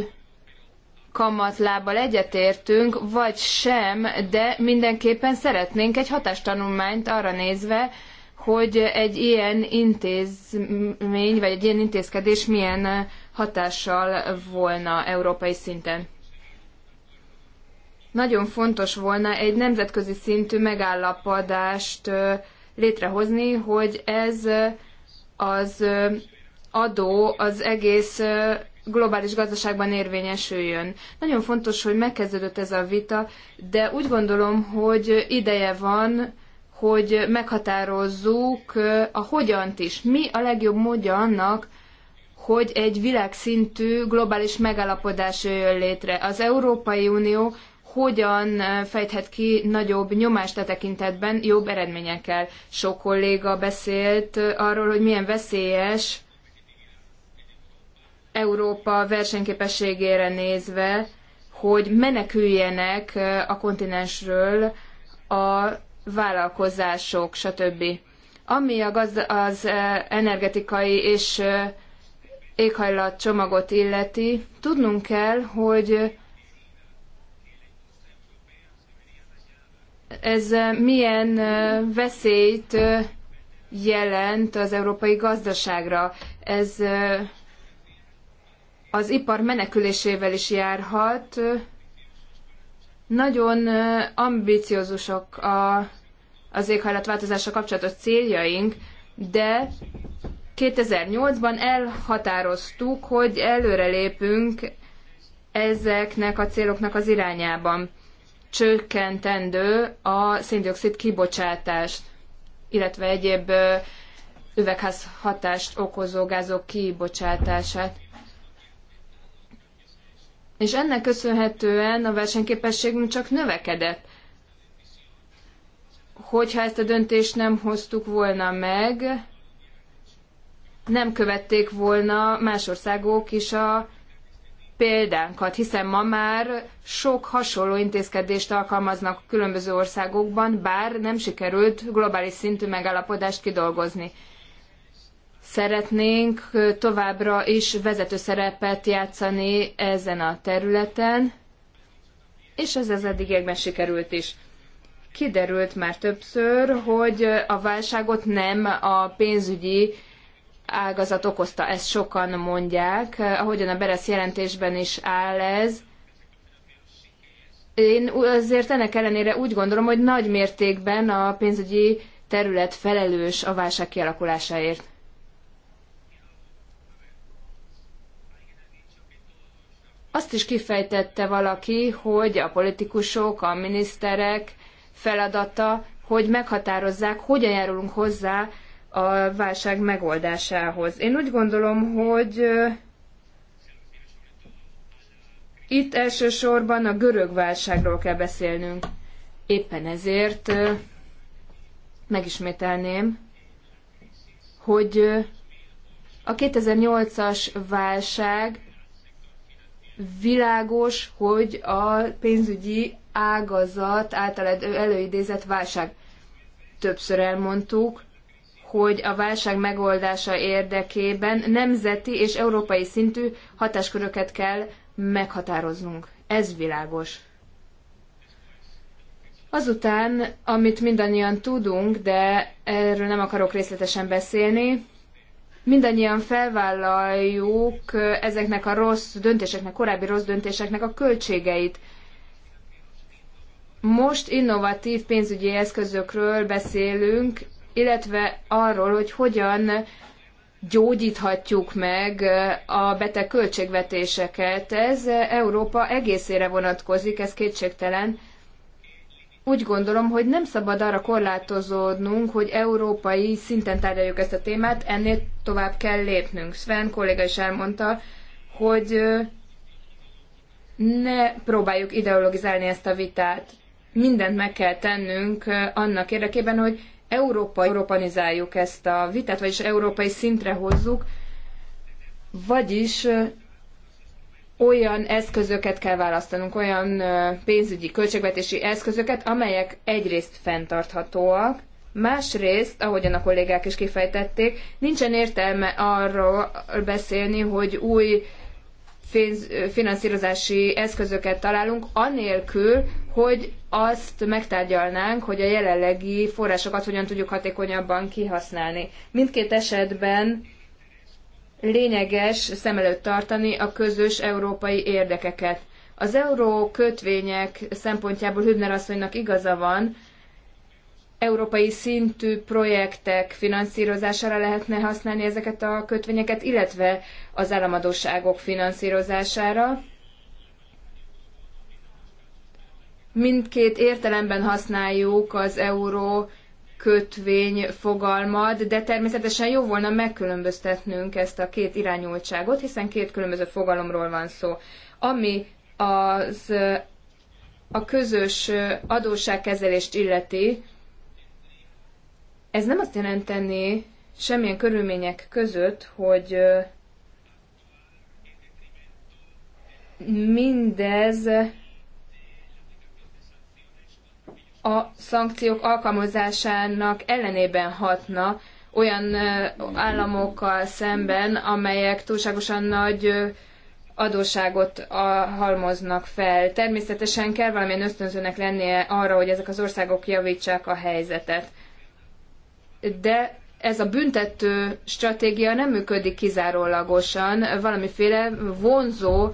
[SPEAKER 1] kamatlábbal egyetértünk, vagy sem, de mindenképpen szeretnénk egy hatástanulmányt arra nézve, hogy egy ilyen intézmény, vagy egy ilyen intézkedés milyen hatással volna európai szinten. Nagyon fontos volna egy nemzetközi szintű megállapodást létrehozni, hogy ez az adó az egész globális gazdaságban érvényesüljön. Nagyon fontos, hogy megkezdődött ez a vita, de úgy gondolom, hogy ideje van, hogy meghatározzuk a hogyant is. Mi a legjobb módja annak, hogy egy világszintű globális megállapodás jöjjön létre. Az Európai Unió hogyan fejthet ki nagyobb nyomást a e tekintetben jobb eredményekkel. Sok kolléga beszélt arról, hogy milyen veszélyes Európa versenyképességére nézve, hogy meneküljenek a kontinensről a vállalkozások, stb. Ami a gaz az energetikai és éghajlat csomagot illeti, tudnunk kell, hogy ez eh, milyen eh, veszélyt eh, jelent az európai gazdaságra. Ez az ipar menekülésével is járhat. Nagyon ambiciózusak a, az éghajlatváltozással kapcsolatos céljaink, de 2008-ban elhatároztuk, hogy előrelépünk ezeknek a céloknak az irányában csökkentendő a széndiokszid kibocsátást, illetve egyéb üvegházhatást okozó gázok kibocsátását. És ennek köszönhetően a versenyképességünk csak növekedett. Hogyha ezt a döntést nem hoztuk volna meg, nem követték volna más országok is a példánkat, hiszen ma már sok hasonló intézkedést alkalmaznak különböző országokban, bár nem sikerült globális szintű megállapodást kidolgozni. Szeretnénk továbbra is vezető szerepet játszani ezen a területen, és ez az eddigiekben sikerült is. Kiderült már többször, hogy a válságot nem a pénzügyi ágazat okozta, ezt sokan mondják, ahogyan a Beresz jelentésben is áll ez. Én azért ennek ellenére úgy gondolom, hogy nagy mértékben a pénzügyi terület felelős a válság kialakulásáért. Azt is kifejtette valaki, hogy a politikusok, a miniszterek feladata, hogy meghatározzák, hogyan járulunk hozzá a válság megoldásához. Én úgy gondolom, hogy itt elsősorban a görög válságról kell beszélnünk. Éppen ezért megismételném, hogy a 2008-as válság világos, hogy a pénzügyi ágazat által előidézett válság. Többször elmondtuk, hogy a válság megoldása érdekében nemzeti és európai szintű hatásköröket kell meghatároznunk. Ez világos. Azután, amit mindannyian tudunk, de erről nem akarok részletesen beszélni, mindannyian felvállaljuk ezeknek a rossz döntéseknek, korábbi rossz döntéseknek a költségeit. Most innovatív pénzügyi eszközökről beszélünk, illetve arról, hogy hogyan gyógyíthatjuk meg a beteg költségvetéseket. Ez Európa egészére vonatkozik, ez kétségtelen. Úgy gondolom, hogy nem szabad arra korlátozódnunk, hogy európai szinten tárgyaljuk ezt a témát, ennél tovább kell lépnünk. Sven kolléga is elmondta, hogy ne próbáljuk ideologizálni ezt a vitát. Mindent meg kell tennünk annak érdekében, hogy Európa, európanizáljuk ezt a vitát, vagyis európai szintre hozzuk, vagyis olyan eszközöket kell választanunk, olyan pénzügyi, költségvetési eszközöket, amelyek egyrészt fenntarthatóak, másrészt, ahogyan a kollégák is kifejtették, nincsen értelme arról beszélni, hogy új finanszírozási eszközöket találunk, anélkül, hogy azt megtárgyalnánk, hogy a jelenlegi forrásokat hogyan tudjuk hatékonyabban kihasználni. Mindkét esetben lényeges szem előtt tartani a közös európai érdekeket. Az euró kötvények szempontjából Hübner asszonynak igaza van, európai szintű projektek finanszírozására lehetne használni ezeket a kötvényeket, illetve az államadóságok finanszírozására. Mindkét értelemben használjuk az euró kötvény fogalmat, de természetesen jó volna megkülönböztetnünk ezt a két irányultságot, hiszen két különböző fogalomról van szó. Ami az a közös adósságkezelést illeti, ez nem azt jelenteni semmilyen körülmények között, hogy mindez a szankciók alkalmazásának ellenében hatna olyan államokkal szemben, amelyek túlságosan nagy adósságot halmoznak fel. Természetesen kell valamilyen ösztönzőnek lennie arra, hogy ezek az országok javítsák a helyzetet de ez a büntető stratégia nem működik kizárólagosan, valamiféle vonzó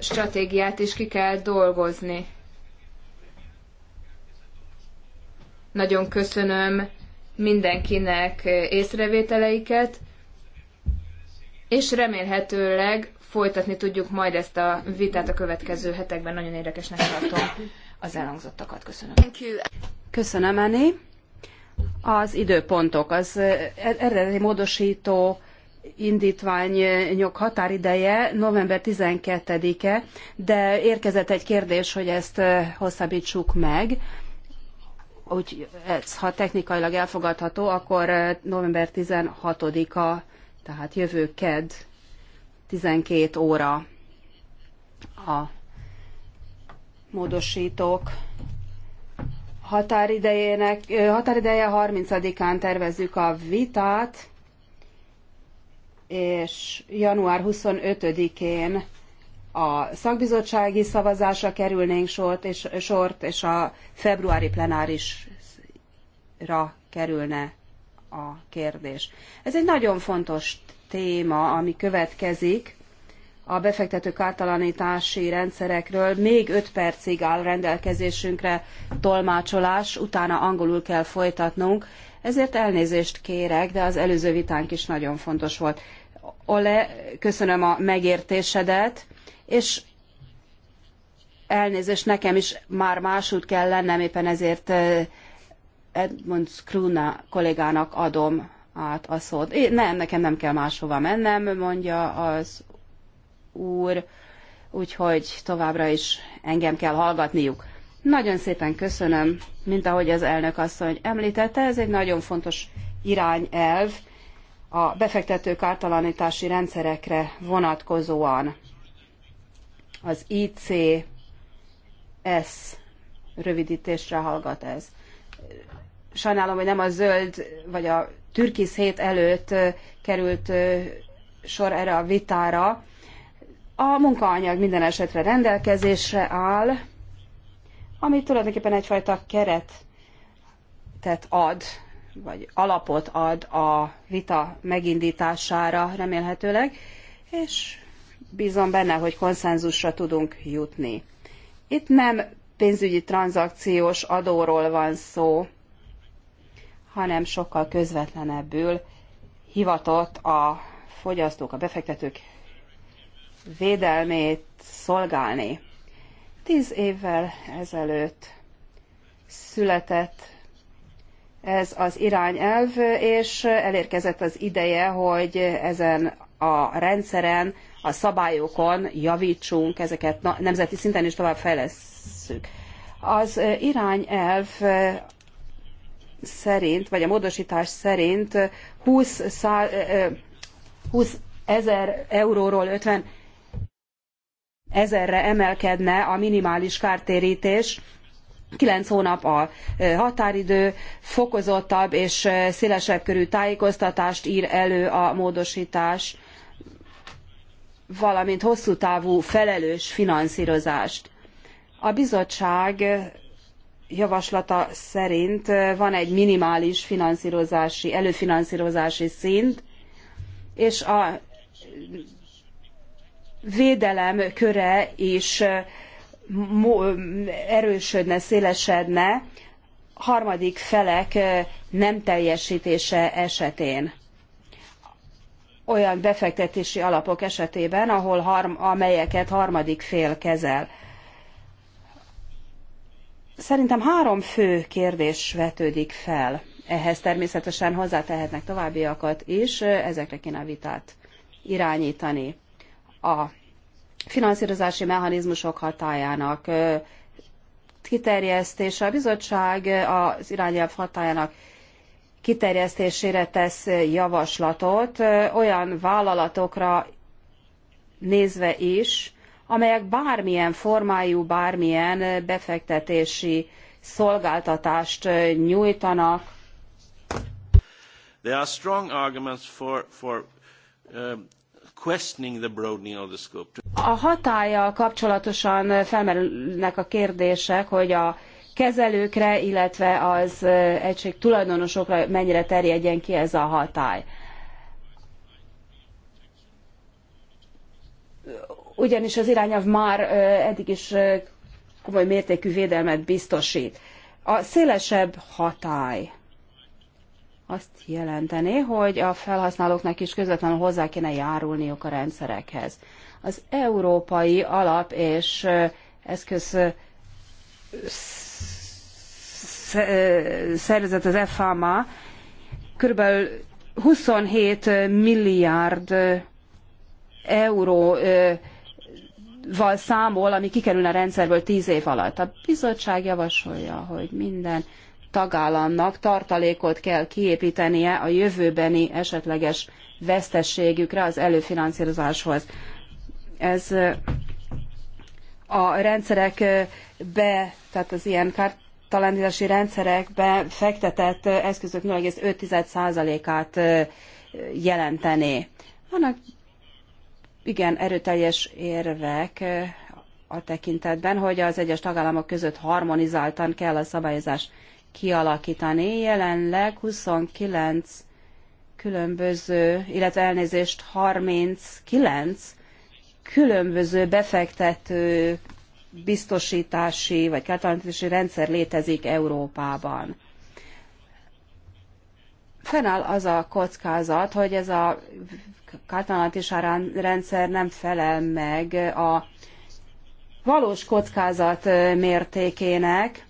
[SPEAKER 1] stratégiát is ki kell dolgozni. Nagyon köszönöm mindenkinek észrevételeiket, és remélhetőleg folytatni tudjuk majd ezt a vitát a következő
[SPEAKER 2] hetekben. Nagyon érdekesnek tartom az elhangzottakat. Köszönöm. Köszönöm, Annie. Az időpontok, az e- eredeti módosító indítványok határideje november 12-e, de érkezett egy kérdés, hogy ezt hosszabbítsuk meg. Úgy, ez, ha technikailag elfogadható, akkor november 16-a, tehát jövő kedd 12 óra a módosítók határidejének, határideje 30-án tervezzük a vitát, és január 25-én a szakbizottsági szavazásra kerülnénk sort, és, sort, és a februári plenárisra kerülne a kérdés. Ez egy nagyon fontos téma, ami következik, a befektetők ártalanítási rendszerekről. Még 5 percig áll rendelkezésünkre tolmácsolás, utána angolul kell folytatnunk. Ezért elnézést kérek, de az előző vitánk is nagyon fontos volt. Ole, köszönöm a megértésedet, és elnézést nekem is már másút kell lennem, éppen ezért eh, Edmund Kruna kollégának adom át a szót. É, nem, nekem nem kell máshova mennem, mondja az úr, úgyhogy továbbra is engem kell hallgatniuk. Nagyon szépen köszönöm, mint ahogy az elnök asszony említette, ez egy nagyon fontos irányelv a befektetők ártalanítási rendszerekre vonatkozóan. Az ICS rövidítésre hallgat ez. Sajnálom, hogy nem a zöld vagy a türkisz hét előtt került sor erre a vitára, a munkaanyag minden esetre rendelkezésre áll, ami tulajdonképpen egyfajta keretet ad, vagy alapot ad a vita megindítására remélhetőleg, és bízom benne, hogy konszenzusra tudunk jutni. Itt nem pénzügyi tranzakciós adóról van szó, hanem sokkal közvetlenebbül hivatott a fogyasztók, a befektetők védelmét szolgálni. Tíz évvel ezelőtt született ez az irányelv, és elérkezett az ideje, hogy ezen a rendszeren, a szabályokon javítsunk, ezeket nemzeti szinten is tovább fejlesszük. Az irányelv szerint, vagy a módosítás szerint 20, 20 ezer euróról 50 ezerre emelkedne a minimális kártérítés, kilenc hónap a határidő, fokozottabb és szélesebb körű tájékoztatást ír elő a módosítás, valamint hosszú távú felelős finanszírozást. A bizottság javaslata szerint van egy minimális finanszírozási, előfinanszírozási szint, és a védelem köre is erősödne, szélesedne harmadik felek nem teljesítése esetén olyan befektetési alapok esetében, ahol harm, amelyeket harmadik fél kezel. Szerintem három fő kérdés vetődik fel. Ehhez természetesen hozzátehetnek továbbiakat is, ezekre kéne a vitát irányítani. A finanszírozási mechanizmusok hatájának kiterjesztése. A bizottság az irányelv hatájának kiterjesztésére tesz javaslatot olyan vállalatokra nézve is, amelyek bármilyen formájú, bármilyen befektetési szolgáltatást nyújtanak.
[SPEAKER 4] There are strong arguments for, for um,
[SPEAKER 2] a hatája kapcsolatosan felmerülnek a kérdések, hogy a kezelőkre, illetve az egység tulajdonosokra mennyire terjedjen ki ez a hatály. Ugyanis az irányelv már eddig is komoly mértékű védelmet biztosít. A szélesebb hatály azt jelenteni, hogy a felhasználóknak is közvetlenül hozzá kéne járulniuk a rendszerekhez. Az európai alap és eszköz szervezet az FAMA körülbelül 27 milliárd euróval számol, ami kikerül a rendszerből 10 év alatt. A bizottság javasolja, hogy minden tagállamnak tartalékot kell kiépítenie a jövőbeni esetleges vesztességükre az előfinanszírozáshoz. Ez a rendszerek be, tehát az ilyen kártalanítási rendszerekbe fektetett eszközök 0,5%-át jelentené. Vannak igen erőteljes érvek a tekintetben, hogy az egyes tagállamok között harmonizáltan kell a szabályozás kialakítani. Jelenleg 29 különböző, illetve elnézést 39 különböző befektető biztosítási vagy kártalanítási rendszer létezik Európában. Fennáll az a kockázat, hogy ez a kártalanítási rendszer nem felel meg a valós kockázat mértékének,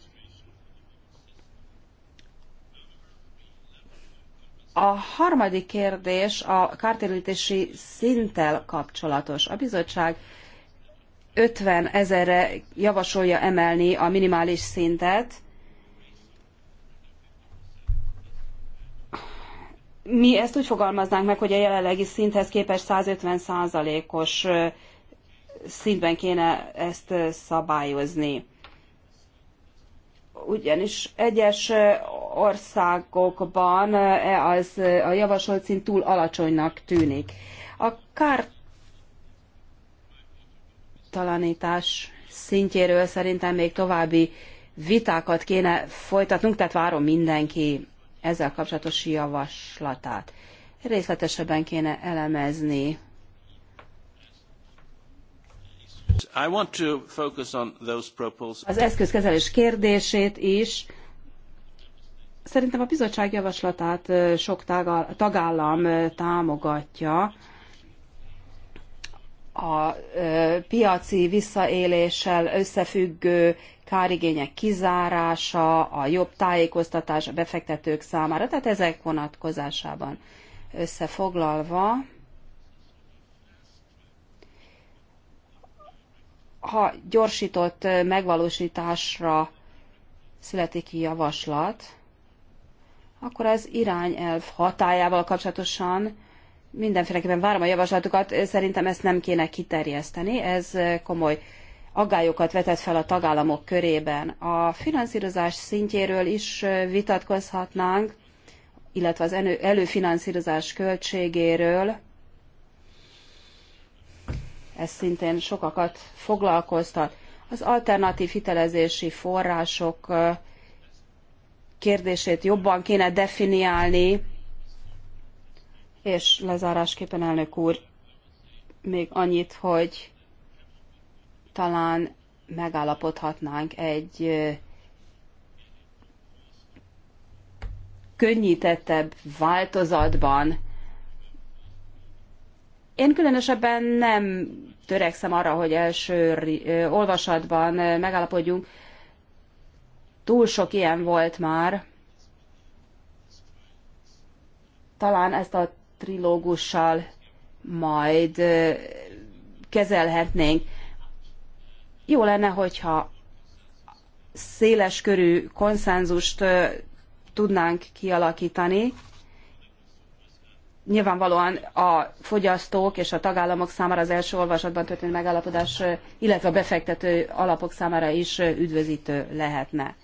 [SPEAKER 2] A harmadik kérdés a kártérítési szinttel kapcsolatos. A bizottság 50 ezerre javasolja emelni a minimális szintet. Mi ezt úgy fogalmaznánk meg, hogy a jelenlegi szinthez képest 150 százalékos szintben kéne ezt szabályozni ugyanis egyes országokban e, az a javasolt szint túl alacsonynak tűnik. A kártalanítás szintjéről szerintem még további vitákat kéne folytatnunk, tehát várom mindenki ezzel kapcsolatos javaslatát. Részletesebben kéne elemezni
[SPEAKER 4] Az eszközkezelés
[SPEAKER 2] kérdését is szerintem a bizottság javaslatát sok tagállam támogatja. A piaci visszaéléssel összefüggő kárigények kizárása, a jobb tájékoztatás a befektetők számára, tehát ezek vonatkozásában összefoglalva ha gyorsított megvalósításra születik javaslat, akkor az irányelv hatájával kapcsolatosan mindenféleképpen várom a javaslatokat, szerintem ezt nem kéne kiterjeszteni, ez komoly aggályokat vetett fel a tagállamok körében. A finanszírozás szintjéről is vitatkozhatnánk, illetve az előfinanszírozás költségéről, ez szintén sokakat foglalkoztat. Az alternatív hitelezési források kérdését jobban kéne definiálni, és lezárásképpen elnök úr, még annyit, hogy talán megállapodhatnánk egy könnyítettebb változatban én különösebben nem törekszem arra, hogy első olvasatban megállapodjunk. Túl sok ilyen volt már. Talán ezt a trilógussal majd kezelhetnénk. Jó lenne, hogyha széles körű konszenzust tudnánk kialakítani nyilvánvalóan a fogyasztók és a tagállamok számára az első olvasatban történő megállapodás, illetve a befektető alapok számára is üdvözítő lehetne.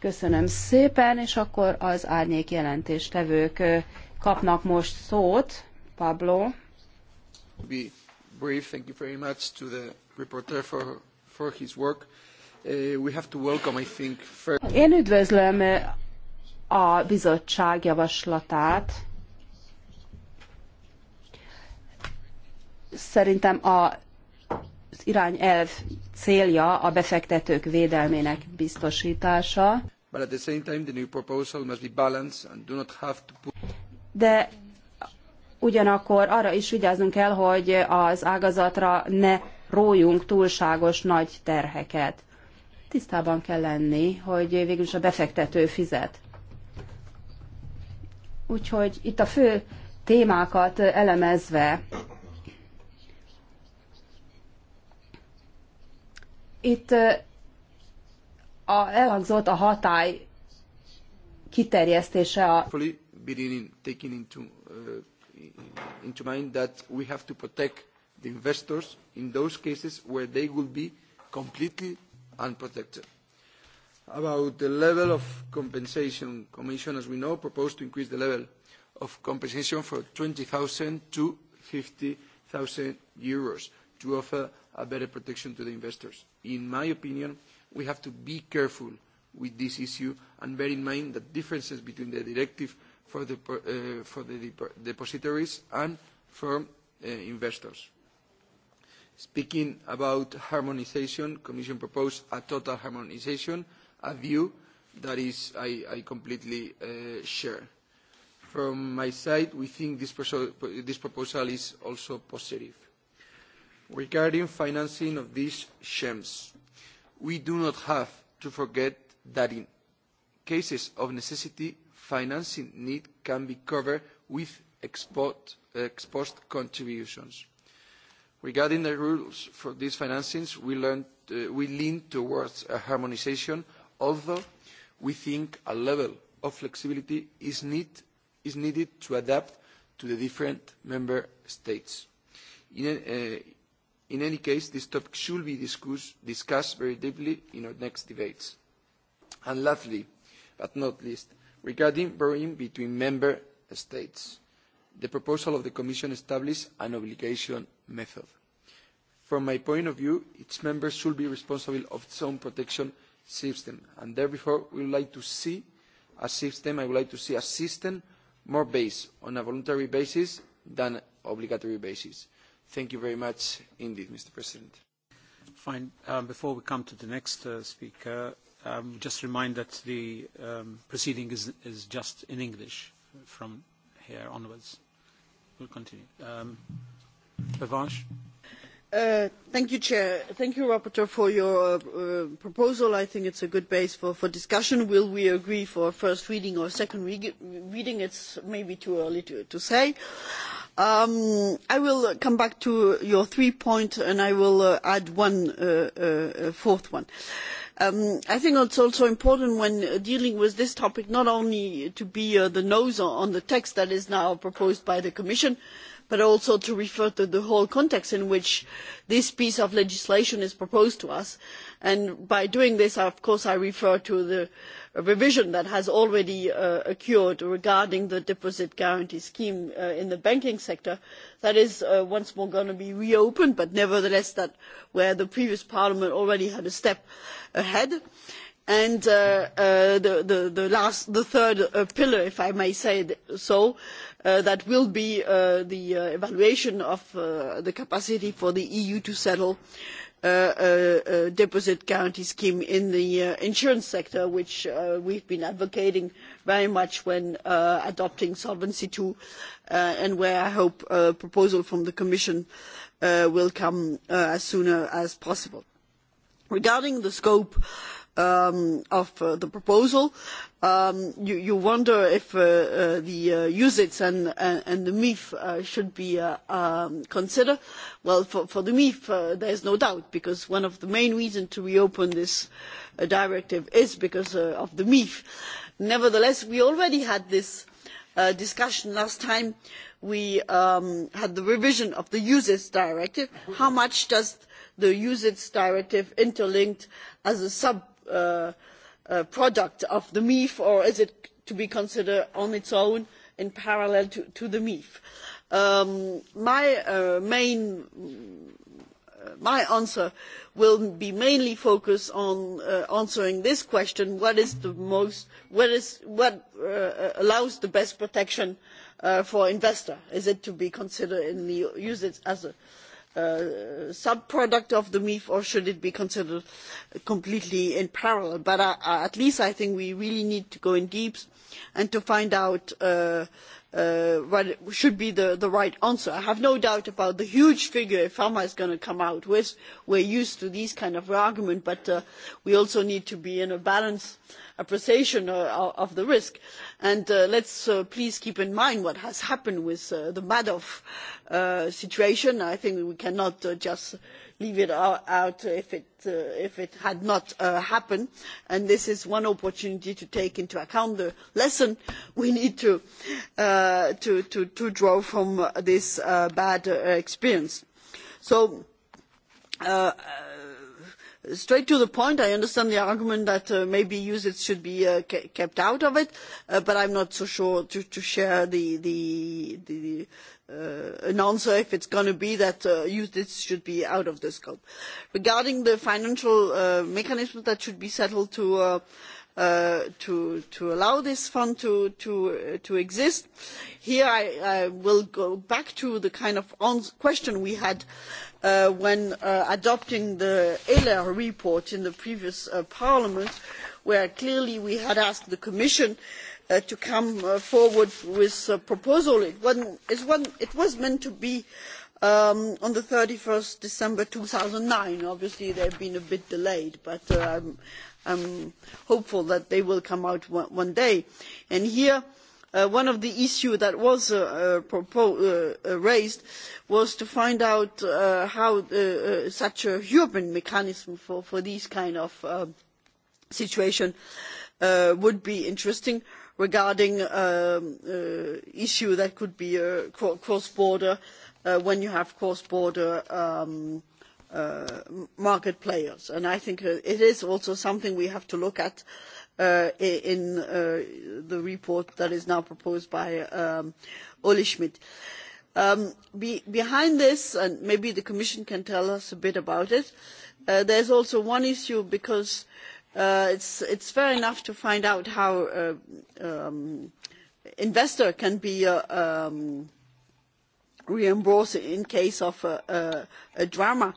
[SPEAKER 2] Köszönöm szépen, és akkor az árnyék jelentéstevők kapnak most szót. Pablo.
[SPEAKER 11] Be brief. Thank you very much to the reporter for, for his work. Uh, we have to welcome, I think, first... Én üdvözlöm
[SPEAKER 2] a bizottság javaslatát Szerintem a az irányelv célja a befektetők védelmének biztosítása. De ugyanakkor arra is vigyáznunk kell, hogy az ágazatra ne rójunk túlságos nagy terheket. Tisztában kell lenni, hogy végül is a befektető fizet. Úgyhogy itt a fő témákat elemezve Itt a, elhangzott a hatály
[SPEAKER 11] kiterjesztése a uh, into mind that we have to protect the investors in those cases where they will be completely unprotected. About the level of compensation, Commission, as we know, proposed to increase the level of compensation from 20,000 to 50,000 euros to offer a better protection to the investors. In my opinion, we have to be careful with this issue and bear in mind the differences between the directive for the, uh, for the depositories and for uh, investors. Speaking about harmonization, Commission proposed a total harmonization, a view that is I, I completely uh, share. From my side, we think this, this proposal is also positive Regarding financing of these schemes, we do not have to forget that in cases of necessity, financing need can be covered with export, post contributions. Regarding the rules for these financings, we, learned, uh, we lean towards a harmonisation, although we think a level of flexibility is, needed to adapt to the different member states. In, uh, In any case, this topic should be discussed very deeply in our next debates. And lastly, but not least, regarding borrowing between member states, the proposal of the Commission establishes an obligation method. From my point of view, each member should be responsible of its own protection system, and therefore we would like to see a system, I would like to see a system more based on a voluntary basis than obligatory basis Thank you very much indeed, Mr. President. Fine. Um, before we come
[SPEAKER 10] to the next uh, speaker, um, just remind that the um, proceeding is, is just in English from here onwards. We'll continue. Um, Pavanche?
[SPEAKER 3] Uh, thank you, Chair. Thank you, Rapporteur, for your uh, proposal. I think it's a good base for, for discussion. Will we agree for first reading or second re reading? It's maybe too early to, to say. Uh, Um, I will uh, come back to your three points and I will uh, add one uh, uh, uh, fourth one. Um, I think it's also important when dealing with this topic not only to be uh, the nose on the text that is now proposed by the Commission, but also to refer to the whole context in which this piece of legislation is proposed to us and by doing this of course i refer to the revision that has already uh, occurred regarding the deposit guarantee scheme uh, in the banking sector that is uh, once more going to be reopened but nevertheless where the previous parliament already had a step ahead and the, third pillar if i may say so that will be the evaluation of the capacity for the eu to settle uh, Uh, uh, uh, deposit guarantee scheme in the insurance sector which we have been advocating very much when adopting solvency ii and where i hope a proposal from the commission will come as soon as possible. regarding the scope of um, of uh, the proposal, um, you, you, wonder if uh, uh, the uh, usage and, and, and the MIF uh, should be uh, um, considered. Well, for, for the MIF, uh, there is no doubt, because one of the main reasons to reopen this uh, directive is because uh, of the MIF. Nevertheless, we already had this uh, discussion last time we um, had the revision of the uses directive. How much does the uses directive interlinked as a sub Uh, uh, product of the mif or is it to be considered on its own in parallel to, to the mif? Um, my uh, main my answer will be mainly focused on uh, answering this question what is the most what, is, what uh, allows the best protection uh, for investors? is it to be considered in the usage as a Uh, sub-product of the MIF or should it be considered completely in parallel? But uh, at least I think we really need to go in deep and to find out what uh, Uh, what should be the, right answer. i have no doubt about the huge figure that efama is going to come out with. we are used to these kinds of arguments but uh, we also need to be in a balanced appreciation uh, of the risk and let us please keep in mind what has happened with the madoff situation. i think we cannot just leave it out uh, if it, had not uh, happened and this is one opportunity to take into account the lesson we need uh, to, draw from this bad experience. so straight to the point i understand the argument that maybe ucits should be kept out of it but i am not so sure to, share the, Uh, an answer if it's going to be that uh, UCITS should be out of the scope. Regarding the financial uh, mechanisms that should be settled to, uh, uh, to, to allow this fund to, to, uh, to exist, here I, I will go back to the kind of question we had uh, when uh, adopting the ELER report in the previous uh, parliament, where clearly we had asked the Commission uh, Uh, to come uh, forward with a proposal. It, was meant to be thirty um, on the 31 thousand December 2009. Obviously, they have been a bit delayed, but uh, i I'm, hopeful that they will come out one, day. And here, one of the issues that was raised was to find out how such a European mechanism for, these kind of situations situation would be interesting regarding um, uh, issue that could be uh, cross border uh, when you have cross border um, market players and i think it is also something we have to look at in the report that is now proposed by um, olle Schmidt. behind this, and maybe the Commission can tell us a bit about it, there is also one issue because Uh, it it's, fair enough to find out how an uh, um, investor can be uh, um, reimbursed in case of a, drama,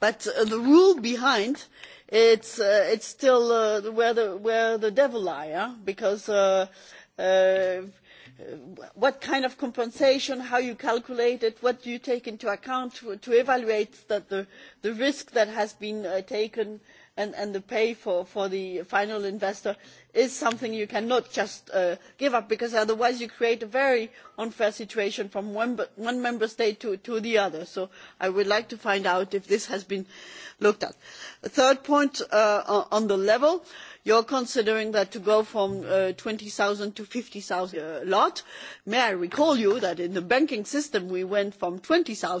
[SPEAKER 3] but the rule behind it's is still where the devil lies, because. what kind of compensation, how you calculate it, what do you take into account to, evaluate that the, risk that has been taken and, the pay for, the final investor is something you cannot just uh, give up because otherwise you create a very unfair situation from one, member state to, the other. so i would like to find out if this has been looked at. the third point uh, on the level you are considering that to go from uh, twenty zero to fifty zero a lot. may i recall you that in the banking system we went from twenty zero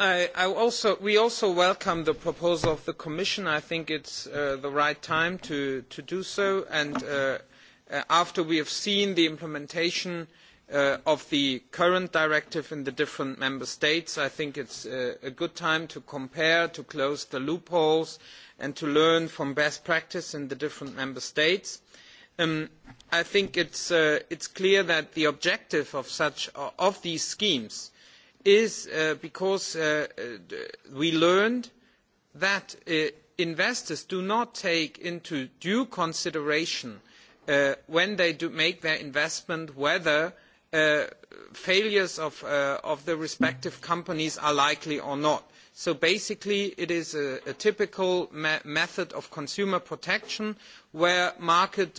[SPEAKER 8] I, also, we also welcome the proposal of the Commission. I think it's is uh, the right time to, do so. And uh, uh, after we have seen the implementation of the current directive in the different member states, I think it's is a good time to compare, to close the loopholes, and to learn from best practice in the different member states. Um, I think it is it's clear that the objective of, such, of these schemes is uh, because uh, uh, we learned that uh, investors do not take into due consideration uh, when they make their investment whether uh, failures of, of, the respective companies are likely or not. So basically it is a, a typical me method of consumer protection where market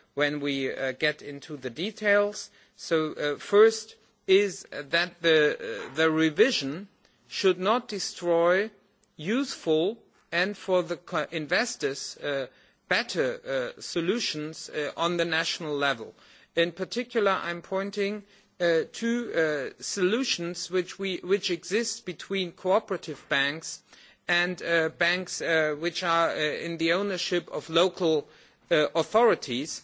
[SPEAKER 8] when we uh, get into the details. So uh, first is that the, uh, the revision should not destroy useful and for the investors uh, better uh, solutions uh, on the national level. In particular, I'm pointing uh, to uh, solutions which, we, which exist between cooperative banks and uh, banks uh, which are uh, in the ownership of local uh, authorities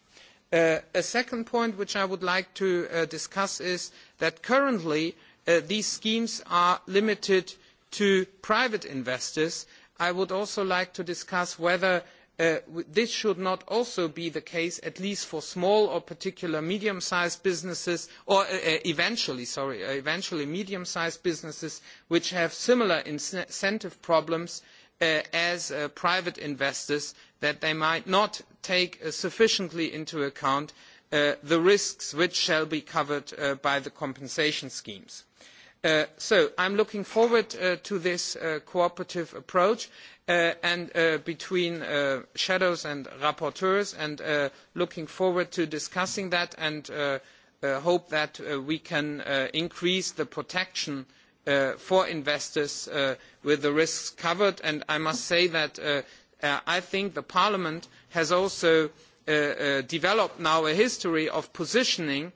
[SPEAKER 8] Uh, a second point which I would like to uh, discuss is that currently uh, these schemes are limited to private investors. I would also like to discuss whether uh, this should not also be the case at least for small or particular medium sized businesses or uh, uh, eventually sorry eventually medium sized businesses which have similar incentive problems as private investors that they might not take uh, sufficiently into account uh, the risks which shall be covered uh, by the compensation schemes. so i am looking forward to this cooperative approach between the shadows and rapporteurs and i looking forward to discussing that and hope that we can increase the protection for investors with the risks covered and i must say that Uh, I think the Parliament has also uh, uh, developed now a history of positioning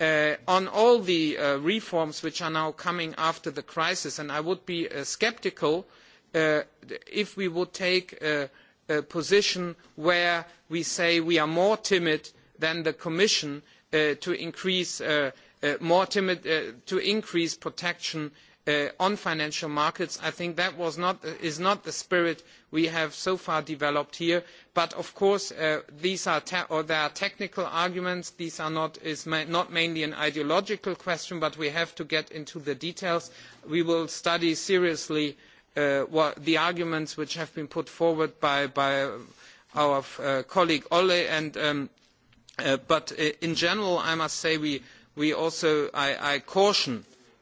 [SPEAKER 8] on all the reforms which are now coming after the crisis, and I would be sceptical if we would take a, a, position where we say we are more timid than the Commission to increase more timid to increase protection Uh, on financial markets i think that is not the spirit we have so far developed here but of course uh, these are there are technical arguments this is not mainly an ideological question but we have to get into the details. we will study seriously uh, the arguments which have been put forward by, our colleague olle um, but in general i must say we, also, i caution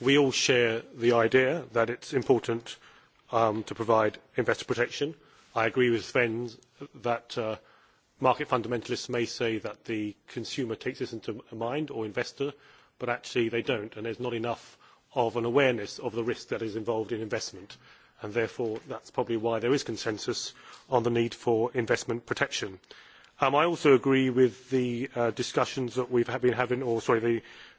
[SPEAKER 9] we all share the idea that it is important um, to provide investor protection. I agree with Sven that uh, market fundamentalists may say that the consumer takes this into mind or investor, but actually they don't, and there's not enough of an awareness of the risk that is involved in investment. And therefore, that's probably why there is consensus on the need for investment protection. Um, I also agree with the uh, discussions that we've been having, or sorry, the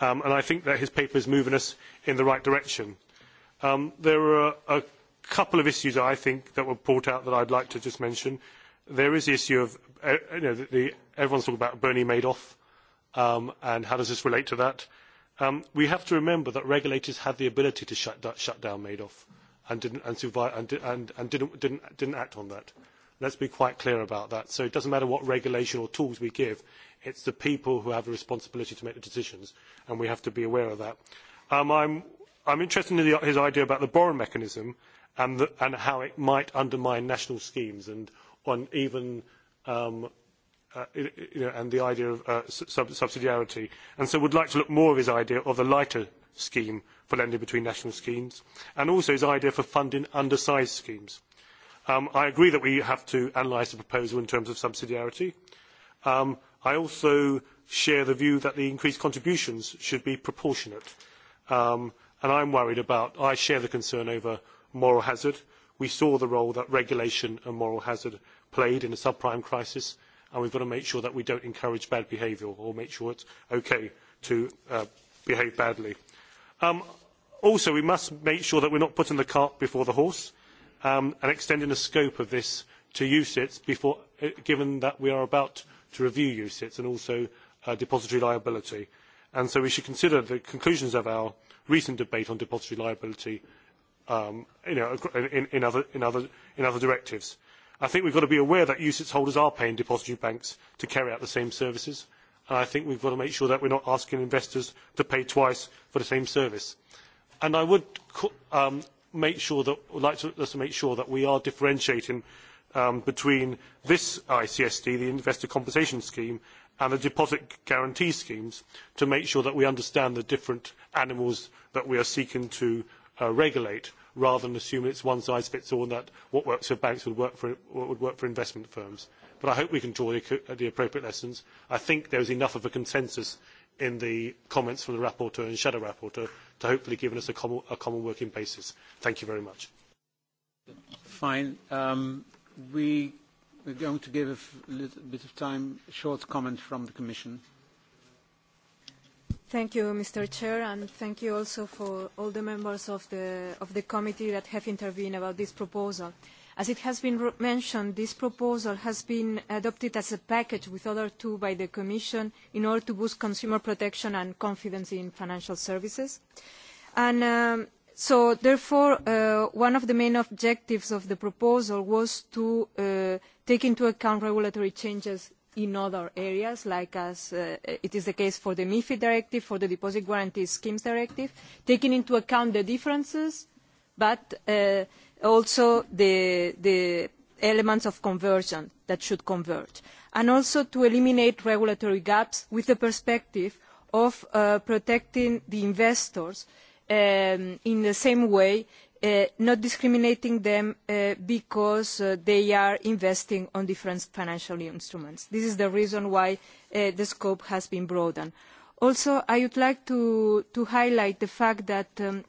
[SPEAKER 9] Um, and I think that his paper is moving us in the right direction. Um, there are a, couple of issues I think that were brought out that I'd like to just mention. There is the issue of uh, you know, the, the, everyone's talking about Bernie Madoff um, and how does this relate to that. Um, we have to remember that regulators had the ability to shut, shut down Madoff and didn't, and, and, and, and didn't, didn't, didn't act on that. Let's be quite clear about that. So it doesn't matter what regulation or tools we give, it's the people who have the responsibility to make the decisions, and we have to be aware of that. Um, I'm, I'm interested in the, his idea about the borrowing mechanism and, the, and how it might undermine national schemes and on even um, uh, you know, and the idea of uh, sub subsidiarity. And so would like to look more of his idea of the lighter scheme for lending between national schemes and also his idea for funding undersized schemes Um, I agree that we have to analyse the proposal in terms of subsidiarity. Um, I also share the view that the increased contributions should be proportionate. and um, and I'm worried about, I share the concern over moral hazard. We saw the role that regulation and moral hazard played in the subprime crisis, and we've got to make sure that we don't encourage bad behaviour or make sure it's okay to uh, behave badly. also, we must make sure that we're not putting the cart before the horse Um, and extending the scope of this to UCITS, uh, given that we are about to review UCITS and also uh, depository liability. And so we should consider the conclusions of our recent debate on depository liability um, you know, in, in, other, in, other, in other directives. I think we've got to be aware that UCITS holders are paying depository banks to carry out the same services. And I think we've got to make sure that we're not asking investors to pay twice for the same service. And I would um, make sure that would like to, us to make sure that we are differentiating um, between this ICSD, the Investor Compensation Scheme, and the deposit guarantee schemes to make sure that we understand the different animals that we are seeking to uh, regulate rather than assume it's one size fits all and that what works for banks would work for, would work for investment firms. But I hope we can draw the, the appropriate lessons. I think there is enough of a consensus in the comments from the rapporteur and shadow rapporteur to hopefully give us a common, a common working basis. Thank you very much.
[SPEAKER 10] Fine. Um,
[SPEAKER 9] we are going to
[SPEAKER 10] give a little bit of time, a short comment from the Commission.
[SPEAKER 5] Thank you, Mr. Chair, and thank you also for all the members of the, of the committee that have intervened about this proposal. Uh, As it has been mentioned, this proposal has been adopted as a package with other two by the Commission in order to boost consumer protection and confidence in financial services. And um, so, therefore, uh, one of the main objectives of the proposal was to uh, take into account regulatory changes in other areas, like as uh, it is the case for the MIFID directive, for the Deposit Guarantee Schemes directive, taking into account the differences, but uh, also the, the elements of conversion that should converge and also to eliminate regulatory gaps with the perspective of uh, protecting the investors um, in the same way uh, not discriminating them uh, because uh, they are investing on different financial instruments. This is the reason why uh, the scope has been broadened. Also, I would like to, to highlight the fact that um,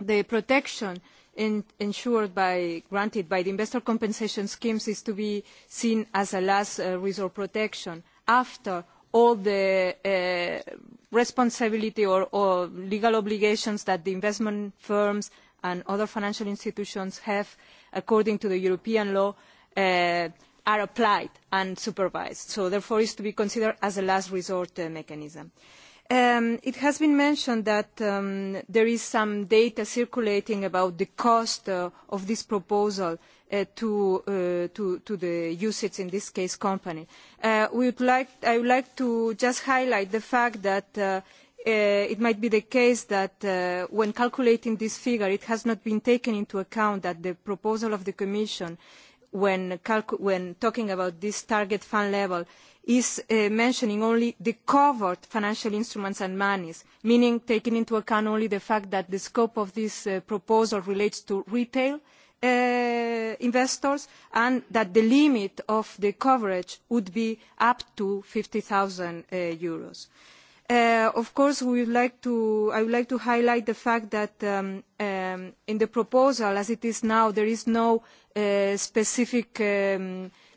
[SPEAKER 5] the protection uh, ensured by, granted by the investor compensation schemes is to be seen as a last uh, resort protection after all the uh, responsibility or, or, legal obligations that the investment firms and other financial institutions have according to the European law uh, are applied and supervised. So therefore it is to be considered as a last resort uh, mechanism. Uh, Um, it has been mentioned that um, there is some data circulating about the cost uh, of this proposal uh, to, uh, to, to, the usage, in this case, company. Uh, would like, I would like to just highlight the fact that uh, uh, it might be the case that when calculating this figure, it has not been taken into account that the proposal of the Commission, when, when talking about this target fund level, is uh, mentioning only the covered financial instruments and monies, meaning taking into account only the fact that the scope of this uh, proposal relates to retail uh, investors and that the limit of the coverage would be up to 50,000 uh, euros. Uh, of course, would like to, I would like to highlight the fact that um, um, in the proposal, as it is now, there is no uh, specific um,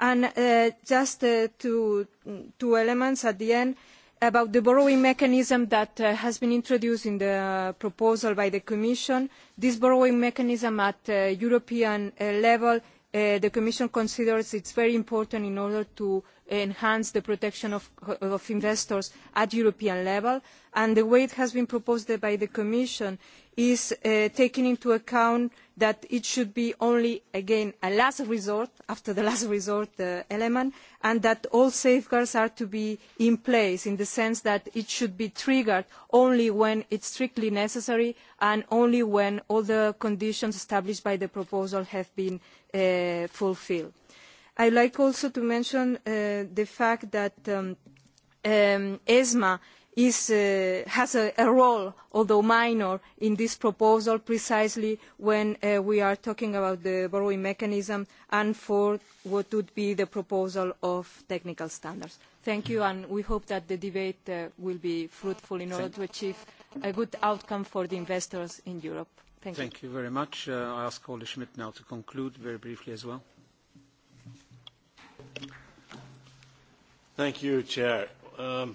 [SPEAKER 5] And uh, just uh, two, two elements at the end about the borrowing mechanism that uh, has been introduced in the proposal by the Commission. This borrowing mechanism at uh, European uh, level, uh, the Commission considers it's very important in order to enhance the protection of, of, investors at European level. And the way it has been proposed by the Commission is uh, taking into account that it should be only again a last resort after the last resort uh, element and that all safeguards are to be in place in the sense that it should be triggered only when it is strictly necessary and only when all the conditions established by the proposal have been uh, fulfilled. i would like also to mention uh, the fact that um, um, esma Uh, has a, role, although minor, in this proposal precisely when uh, we are talking about the borrowing mechanism and for what would be the proposal of technical standards. Thank you, and we hope that the debate uh, will be fruitful in order to achieve a good outcome for the investors in Europe. Thank, Thank
[SPEAKER 10] you. very much. I ask Ole Schmidt now to conclude very briefly as well.
[SPEAKER 4] Thank you, Chair. Um,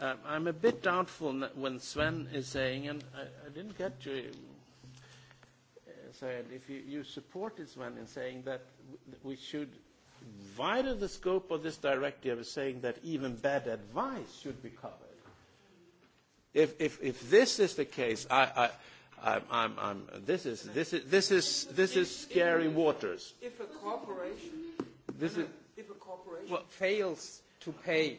[SPEAKER 4] Uh, I'm a bit doubtful when Sven is saying, and I, I didn't get you, uh, Sven, if you, you supported Sven in saying that we should wider the scope of this directive is saying that even bad advice should be covered. If, if, if this is the case, I, I, I'm, I'm, I'm, this, is, this, is, this, is, this is scary if, waters.
[SPEAKER 8] If a corporation, this is, if a corporation
[SPEAKER 4] well, fails to pay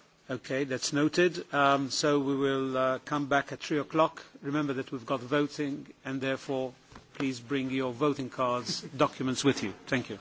[SPEAKER 10] Okay, that's noted. Um, so we will uh, come back at 3 o'clock. Remember that we've got voting, and therefore, please bring your voting cards, documents with you. Thank you.